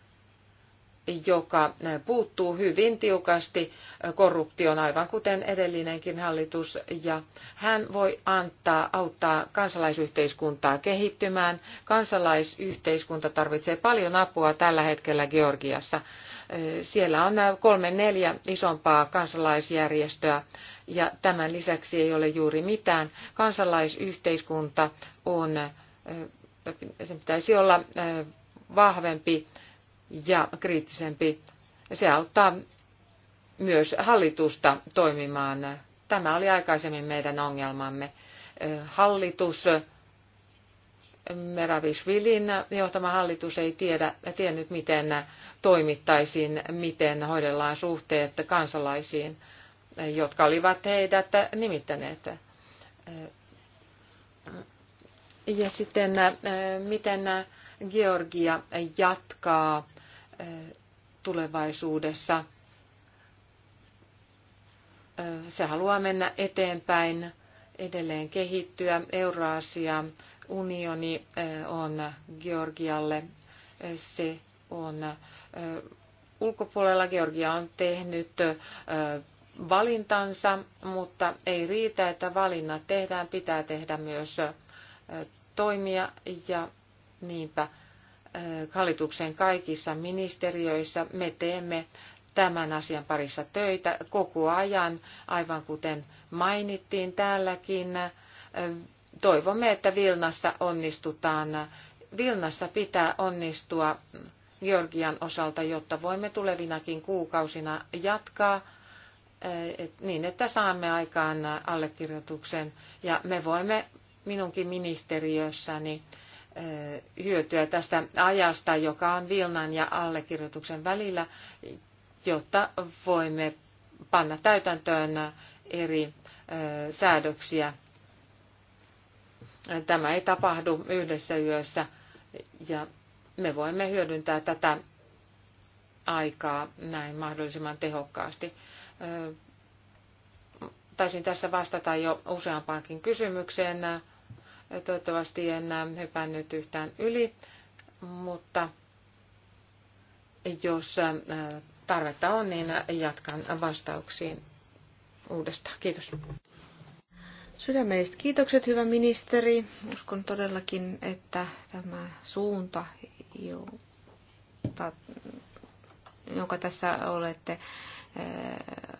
joka eh, puuttuu hyvin tiukasti eh, korruptioon, aivan kuten edellinenkin hallitus, ja hän voi antaa, auttaa kansalaisyhteiskuntaa kehittymään. Kansalaisyhteiskunta tarvitsee paljon apua tällä hetkellä Georgiassa. Eh, siellä on kolme neljä isompaa kansalaisjärjestöä, ja tämän lisäksi ei ole juuri mitään. Kansalaisyhteiskunta on, sen pitäisi olla vahvempi ja kriittisempi. Se auttaa myös hallitusta toimimaan. Tämä oli aikaisemmin meidän ongelmamme. Hallitus, Meravishvilin johtama hallitus ei tiedä, tiennyt, miten toimittaisiin, miten hoidellaan suhteet kansalaisiin, jotka olivat heidät nimittäneet. Ja sitten, miten Georgia jatkaa tulevaisuudessa. Se haluaa mennä eteenpäin, edelleen kehittyä. Euraasia unioni on Georgialle. Se on ulkopuolella. Georgia on tehnyt valintansa, mutta ei riitä, että valinnat tehdään. Pitää tehdä myös toimia ja niinpä hallituksen kaikissa ministeriöissä. Me teemme tämän asian parissa töitä koko ajan, aivan kuten mainittiin täälläkin. Toivomme, että Vilnassa onnistutaan. Vilnassa pitää onnistua Georgian osalta, jotta voimme tulevinakin kuukausina jatkaa niin, että saamme aikaan allekirjoituksen ja me voimme minunkin ministeriössäni hyötyä tästä ajasta, joka on Vilnan ja allekirjoituksen välillä, jotta voimme panna täytäntöön eri säädöksiä. Tämä ei tapahdu yhdessä yössä ja me voimme hyödyntää tätä aikaa näin mahdollisimman tehokkaasti. Taisin tässä vastata jo useampaankin kysymykseen Toivottavasti en äh, hypää nyt yhtään yli, mutta jos äh, tarvetta on, niin äh, jatkan vastauksiin uudestaan. Kiitos. Sydämelliset kiitokset, hyvä ministeri. Uskon todellakin, että tämä suunta, jonka tässä olette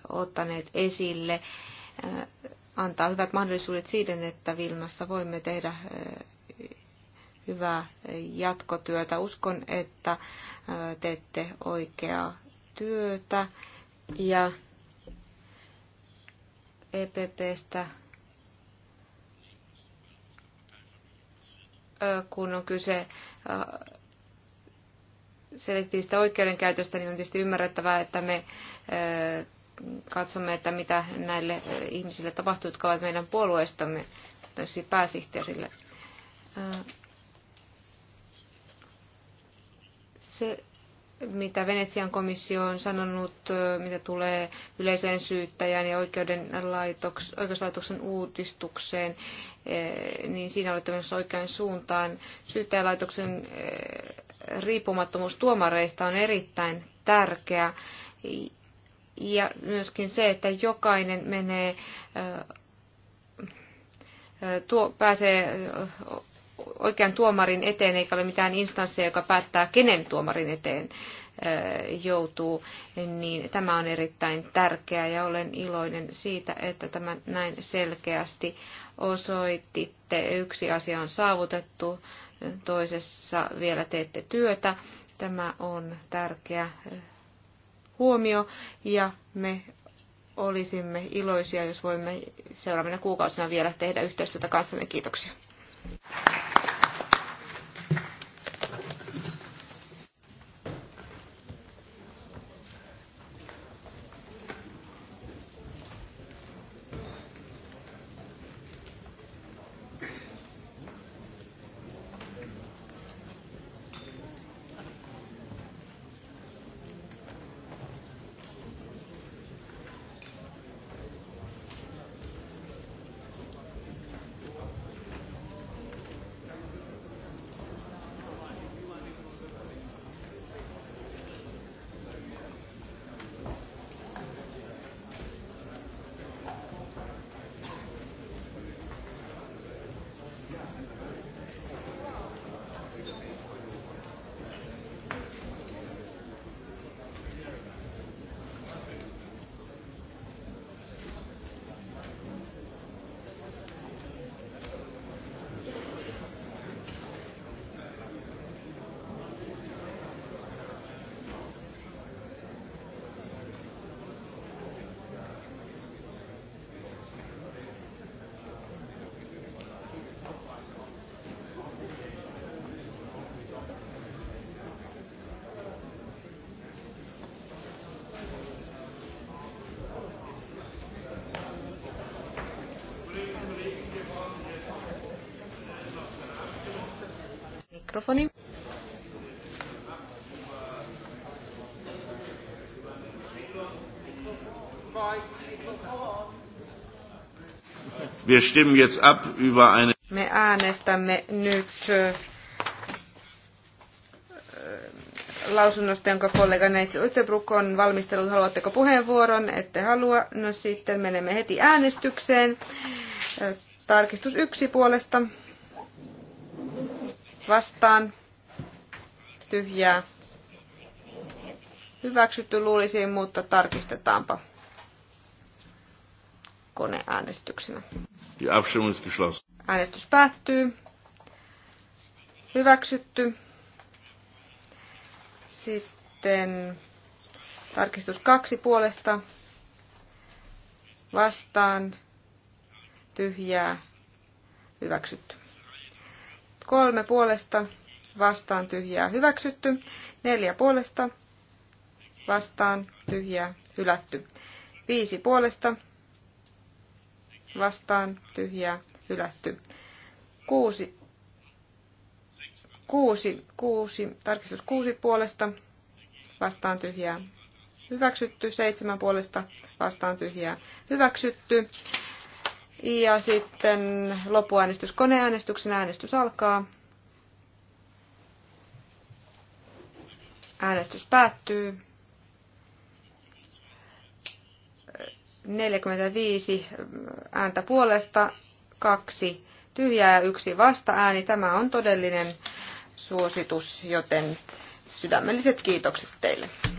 ottaneet esille, antaa hyvät mahdollisuudet siihen, että Vilnassa voimme tehdä eh, hyvää jatkotyötä. Uskon, että eh, teette oikeaa työtä ja EPPstä eh, kun on kyse selektiivistä oikeudenkäytöstä, niin on tietysti ymmärrettävää, että me katsomme, että mitä näille ihmisille tapahtuu, jotka ovat meidän puolueestamme, tosi pääsihteerille. Se, mitä Venetsian komissio on sanonut, mitä tulee yleiseen syyttäjään ja oikeuslaitoksen uudistukseen, niin siinä olette myös oikean suuntaan. Syyttäjälaitoksen riippumattomuus tuomareista on erittäin tärkeä ja myöskin se, että jokainen menee, tuo, pääsee oikean tuomarin eteen, eikä ole mitään instansseja, joka päättää, kenen tuomarin eteen joutuu, niin tämä on erittäin tärkeää ja olen iloinen siitä, että tämä näin selkeästi osoititte. Yksi asia on saavutettu, toisessa vielä teette työtä. Tämä on tärkeä huomio ja me olisimme iloisia, jos voimme seuraavina kuukausina vielä tehdä yhteistyötä kanssanne. Kiitoksia. Wir stimmen jetzt ab über eine Me äänestämme nyt lausunnosta, jonka kollega Neitsi Uttebruk on valmistellut. Haluatteko puheenvuoron? Ette halua. No sitten menemme heti äänestykseen. Tarkistus yksi puolesta. Vastaan. Tyhjää. Hyväksytty luulisiin, mutta tarkistetaanpa koneäänestyksenä. Die Abstimmung ist geschlossen. Äänestys päättyy. Hyväksytty. Sitten tarkistus kaksi puolesta. Vastaan. Tyhjää. Hyväksytty. Kolme puolesta. Vastaan tyhjää. Hyväksytty. Neljä puolesta. Vastaan tyhjää. Hylätty. Viisi puolesta vastaan tyhjää hylätty. Kuusi, kuusi, kuusi, tarkistus kuusi puolesta vastaan tyhjää hyväksytty, seitsemän puolesta vastaan tyhjää hyväksytty. Ja sitten lopuäänestys koneäänestyksen äänestys alkaa. Äänestys päättyy. 45 ääntä puolesta, kaksi tyhjää ja yksi vasta-ääni. Tämä on todellinen suositus, joten sydämelliset kiitokset teille.